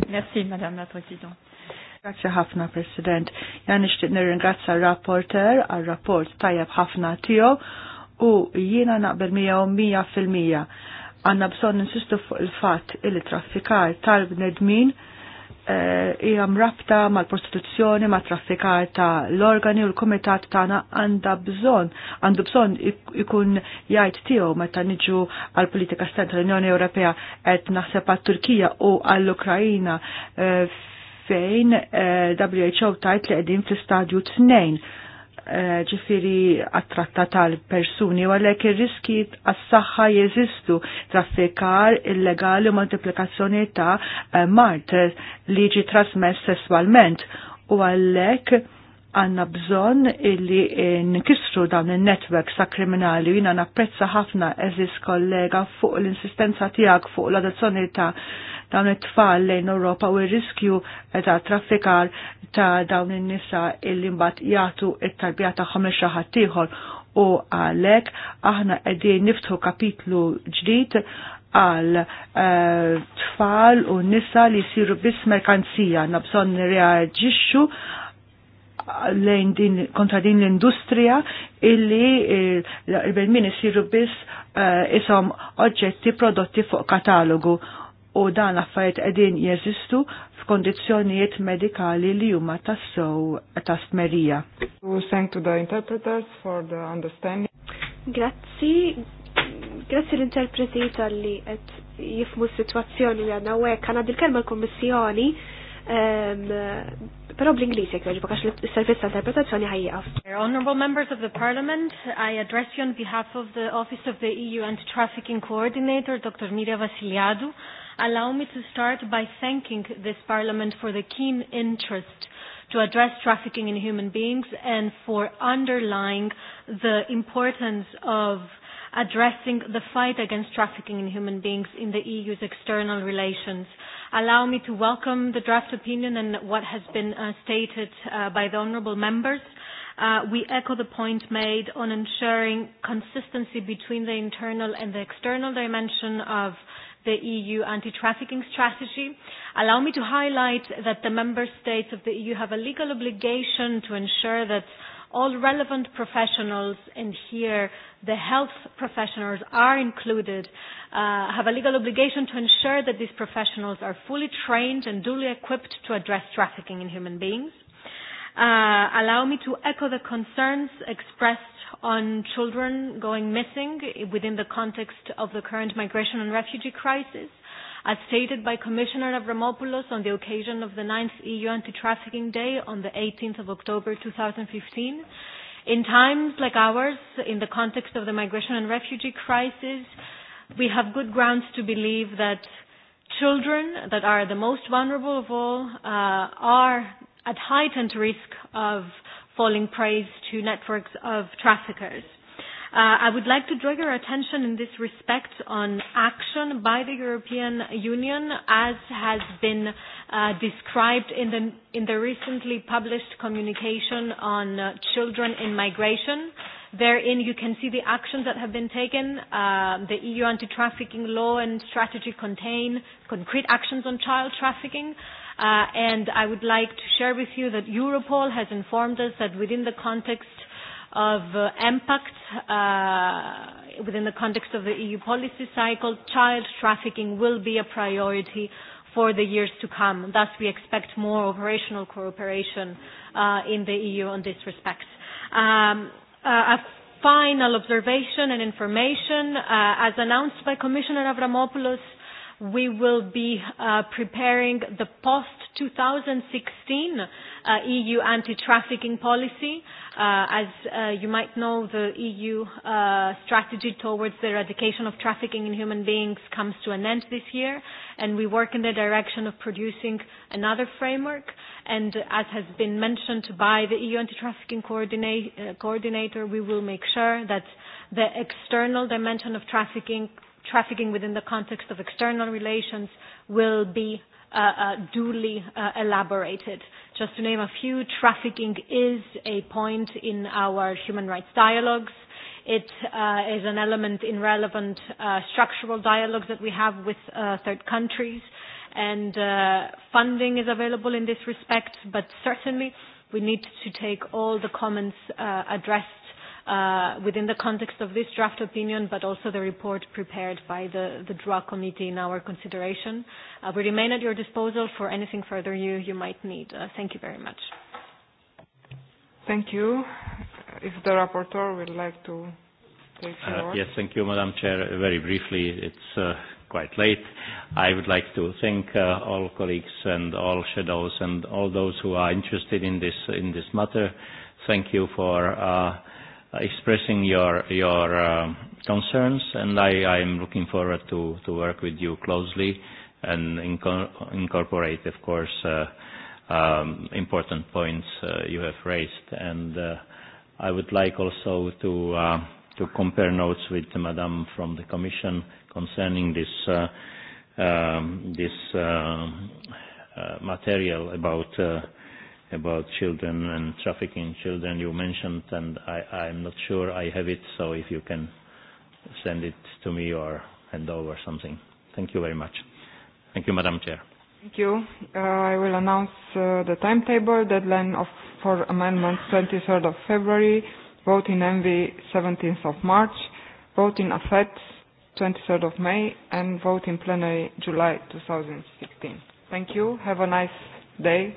Merci, Madame la Présidente. Grazie ħafna, President. Ja nixtieq nirringrazzja r-rapporter għal-rapport tajjeb ħafna tiegħu u jiena naqbel mija u mija fil-mija. Għandna bżonn insistu fuq il-fatt il traffikar tal-bnedmin Eh, hija mrabta mal-prostituzzjoni, ma' traffikar ta' l-organi u l-komitat tagħna għandha bżonn għandu bżonn ikun jgħid tiegħu meta niġu għal politika stenta l-Unjoni Ewropea qed naħseb għat-Turkija u għall-Ukrajina eh, fejn eh, WHO tajt li qegħdin fl-istadju tnejn Eh, ġifiri attratta tal-persuni, u għalek il-riski għas-saxħa jeżistu traffikar illegali u multiplikazzjoni ta' eh, mart li ġi trasmess sessualment. U għalek għanna bżon illi eh, nkissru dawn il netwerk sa' kriminali u jina napprezza ħafna eżis kollega fuq l-insistenza tijak fuq l-adozzjoni ta' dawn it-tfal lejn Ewropa u r-riskju ta' traffikar ta' dawn in-nisa illi mbagħad jagħtu it-tarbija ta' ħames xi u għalhekk aħna qegħdin niftħu kapitlu ġdid għal eh, tfal u nisa li jsiru biss merkanzija nabżon nirreaġixxu lejn din kontra din l-industrija illi eh, l bermin isiru biss eh, isom oġġetti prodotti fuq katalogu u dan affarijiet qegħdin jeżistu f'kondizzjonijiet medikali li huma tassew ta' Grazzi, grazzi l-interpreti tal-li qed jifmu s-sitwazzjoni li għandna hekk għandha dil-kelma l-Kummissjoni ehm, pero bl-Ingliż jekk jogħġbok l-servizz ta' interpretazzjoni ħajjaqaf. Honorable members of the Parliament, I address you on behalf of the Office of the EU Anti-Trafficking Coordinator, Dr. Mirja Vasiliadu allow me to start by thanking this Parliament for the keen interest to address trafficking in human beings and for underlying the importance of addressing the fight against trafficking in human beings in the EU's external relations. Allow me to welcome the draft opinion and what has been uh, stated uh, by the honourable members. Uh, we echo the point made on ensuring consistency between the internal and the external dimension of the EU anti-trafficking strategy. Allow me to highlight that the member states of the EU have a legal obligation to ensure that all relevant professionals, and here the health professionals are included, uh, have a legal obligation to ensure that these professionals are fully trained and duly equipped to address trafficking in human beings. Uh, allow me to echo the concerns expressed on children going missing within the context of the current migration and refugee crisis. As stated by Commissioner Avramopoulos on the occasion of the 9th EU Anti-Trafficking Day on the 18th of October 2015, in times like ours, in the context of the migration and refugee crisis, we have good grounds to believe that children that are the most vulnerable of all uh, are at heightened risk of falling prey to networks of traffickers. Uh, I would like to draw your attention in this respect on action by the European Union as has been uh, described in the, in the recently published communication on uh, children in migration. Therein you can see the actions that have been taken. Uh, the EU anti-trafficking law and strategy contain concrete actions on child trafficking. Uh, Uh, and I would like to share with you that Europol has informed us that within the context of uh, impact, uh, within the context of the EU policy cycle, child trafficking will be a priority for the years to come. Thus, we expect more operational cooperation uh, in the EU on this respect. Um, uh, a final observation and information, uh, as announced by Commissioner Avramopoulos, we will be uh, preparing the post-2016 uh, EU anti-trafficking policy. Uh, as uh, you might know, the EU uh, strategy towards the eradication of trafficking in human beings comes to an end this year, and we work in the direction of producing another framework. And as has been mentioned by the EU anti-trafficking coordinate, uh, coordinator, we will make sure that the external dimension of trafficking trafficking within the context of external relations will be uh, uh, duly uh, elaborated. Just to name a few, trafficking is a point in our human rights dialogues. It uh, is an element in relevant uh, structural dialogues that we have with uh, third countries, and uh, funding is available in this respect, but certainly we need to take all the comments uh, addressed uh, within the context of this draft opinion, but also the report prepared by the, the DRA committee in our consideration. Uh, we remain at your disposal for anything further you, you might need. Uh, thank you very much. Thank you. If the rapporteur would like to take the uh, Yes, thank you, Madam Chair. Very briefly, it's uh, quite late. I would like to thank uh, all colleagues and all shadows and all those who are interested in this in this matter. Thank you for uh, Uh, expressing your your um, concerns, and I I'm am looking forward to to work with you closely and inco incorporate, of course, uh, um, important points uh, you have raised. And uh, I would like also to uh, to compare notes with Madame from the Commission concerning this uh, um, this uh, uh, material about. Uh, about children and trafficking children you mentioned, and I, I'm not sure I have it, so if you can send it to me or hand over something. Thank you very much. Thank you, Madam Chair. Thank you. Uh, I will announce uh, the timetable, deadline of, for amendments 23rd of February, vote in MV 17th of March, vote in AFET 23rd of May, and vote in plenary July 2016. Thank you. Have a nice day.